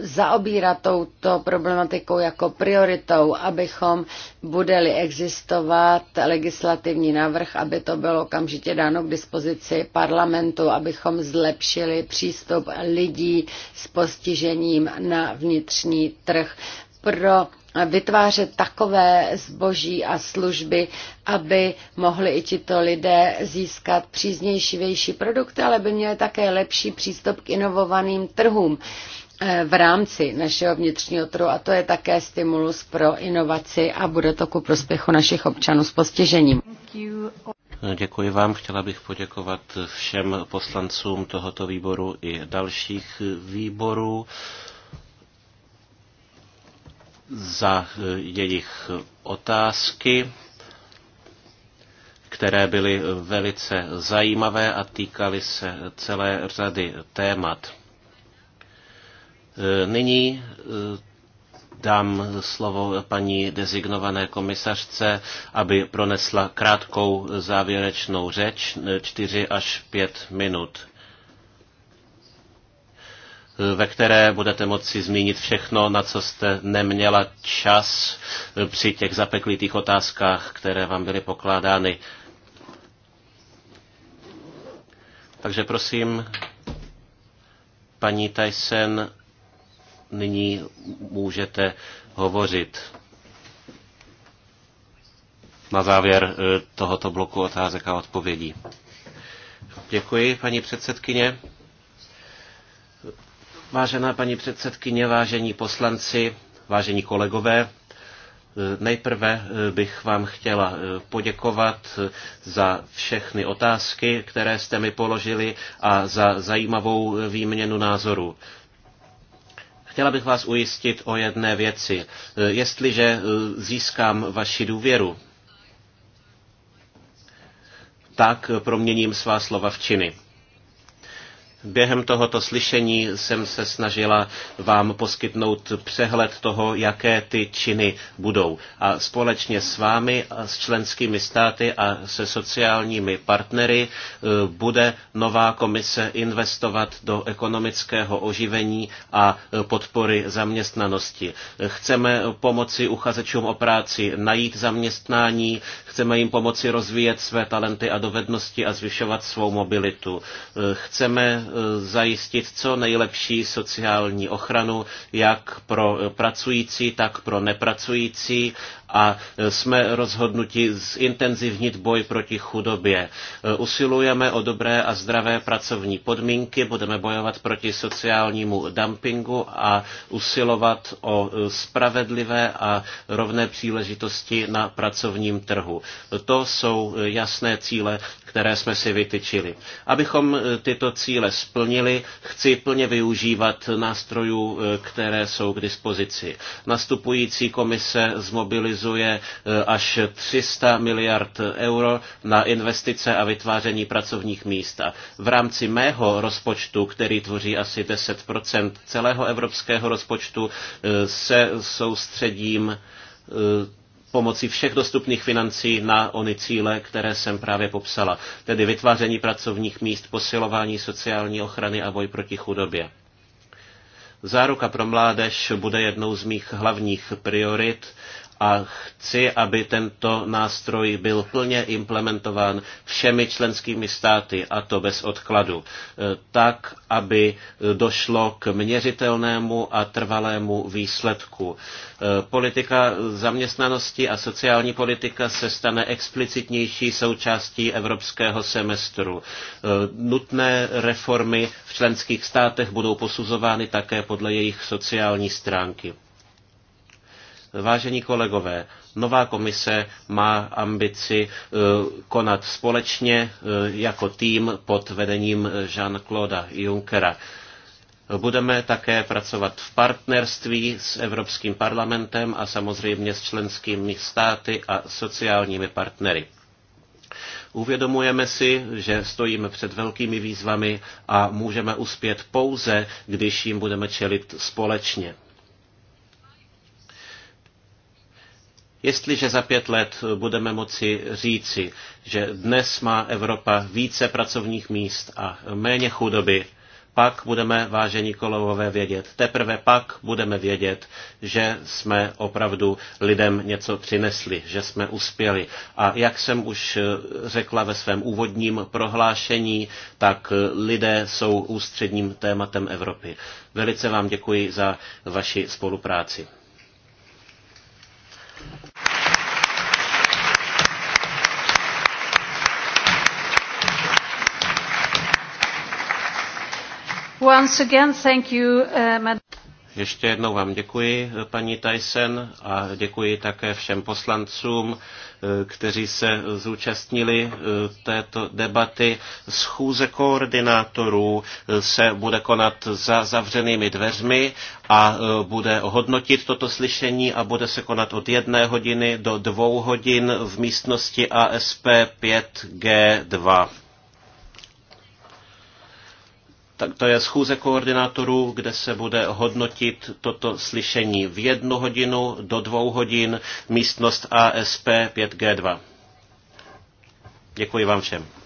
zaobírat touto problematikou jako prioritou, abychom budeli existovat legislativní návrh, aby to bylo okamžitě dáno k dispozici parlamentu, abychom zlepšili přístup lidí s postižením na vnitřní trh pro vytvářet takové zboží a služby, aby mohli i tito lidé získat příznější produkty, ale by měli také lepší přístup k inovovaným trhům eh, v rámci našeho vnitřního trhu a to je také stimulus pro inovaci a bude to ku prospěchu našich občanů s postižením. Děkuji vám. Chtěla bych poděkovat všem poslancům tohoto výboru i dalších výborů za jejich otázky, které byly velice zajímavé a týkaly se celé řady témat. Nyní dám slovo paní dezignované komisařce, aby pronesla krátkou závěrečnou řeč, 4 až 5 minut ve které budete moci zmínit všechno, na co jste neměla čas při těch zapeklitých otázkách, které vám byly pokládány. Takže prosím, paní Tyson, nyní můžete hovořit na závěr eh, tohoto bloku otázek a odpovědí. Děkuji, paní předsedkyně. Vážená paní předsedkyně, vážení poslanci, vážení kolegové, eh, Nejprve eh, bych vám chtěla poděkovat za všechny otázky, které jste mi položili a za zajímavou výměnu názorů. Chtěla bych vás ujistit o jedné věci. E, jestliže e, získám vaši důvěru, tak proměním svá slova v činy. Během tohoto slyšení jsem se snažila vám poskytnout přehled toho, jaké ty činy budou. A společně s vámi, s členskými státy a se sociálními partnery eh, bude nová komise investovat do ekonomického oživení a eh, podpory zaměstnanosti. Chceme pomoci uchazečům o práci najít zaměstnání, chceme jim pomoci rozvíjet své talenty a dovednosti a zvyšovat svou mobilitu. Eh, chceme Eh, zajistit co nejlepší sociální ochranu, jak pro pracující, tak pro nepracující a eh, jsme rozhodnuti zintenzivnit boj proti chudobě. Eh, usilujeme o dobré a zdravé pracovní podmínky, budeme bojovat proti sociálnímu dumpingu a usilovat o spravedlivé a rovné příležitosti na pracovním trhu. To jsou jasné cíle které jsme si vytyčili. Abychom e, tyto cíle splnili, chci plně využívat nástrojů, e, které jsou k dispozici. Nastupující komise zmobilizuje e, až 300 miliard euro na investice a vytváření pracovních míst. A v rámci mého rozpočtu, který tvoří asi 10 celého evropského rozpočtu, se soustředím pomocí všech dostupných financí na ony cíle, které jsem právě popsala, tedy vytváření pracovních míst, posilování sociální ochrany a boj proti chudobě. Záruka pro mládež bude jednou z mých hlavních priorit a chci, aby tento nástroj byl plně implementován všemi členskými státy a to bez odkladu, e, tak, aby došlo k měřitelnému a trvalému výsledku. E, politika zaměstnanosti a sociální politika se stane explicitnější součástí evropského semestru. E, nutné reformy v členských státech budou posuzovány také podle jejich sociální stránky. Vážení kolegové, nová komise má ambici eh, konat společně eh, jako tým pod vedením Jean-Claude Junckera. Budeme také pracovat v partnerství s Evropským parlamentem a samozřejmě s členskými státy a sociálními partnery. Uvědomujeme si, že stojíme před velkými výzvami a můžeme uspět pouze, když jim budeme čelit společně. Jestliže za pět let budeme moci říci, že dnes má Evropa více pracovních míst a méně chudoby, pak budeme, vážení kolegové, vědět. Teprve pak budeme vědět, že jsme opravdu lidem něco přinesli, že jsme uspěli. A jak jsem už řekla ve svém úvodním prohlášení, tak lidé jsou ústředním tématem Evropy. Velice vám děkuji za vaši spolupráci. Once again, thank you, uh, ještě jednou vám děkuji, paní Tyson, a děkuji také všem poslancům, uh, kteří se zúčastnili uh, této debaty. Schůze koordinátorů uh, se bude konat za zavřenými dveřmi a bude hodnotit toto slyšení a bude se konat od jedné hodiny do dvou hodin v místnosti ASP 5G2. Tak to je schůze koordinátorů, kde se bude hodnotit toto slyšení v jednu hodinu do dvou hodin místnost ASP 5G2. Děkuji vám všem.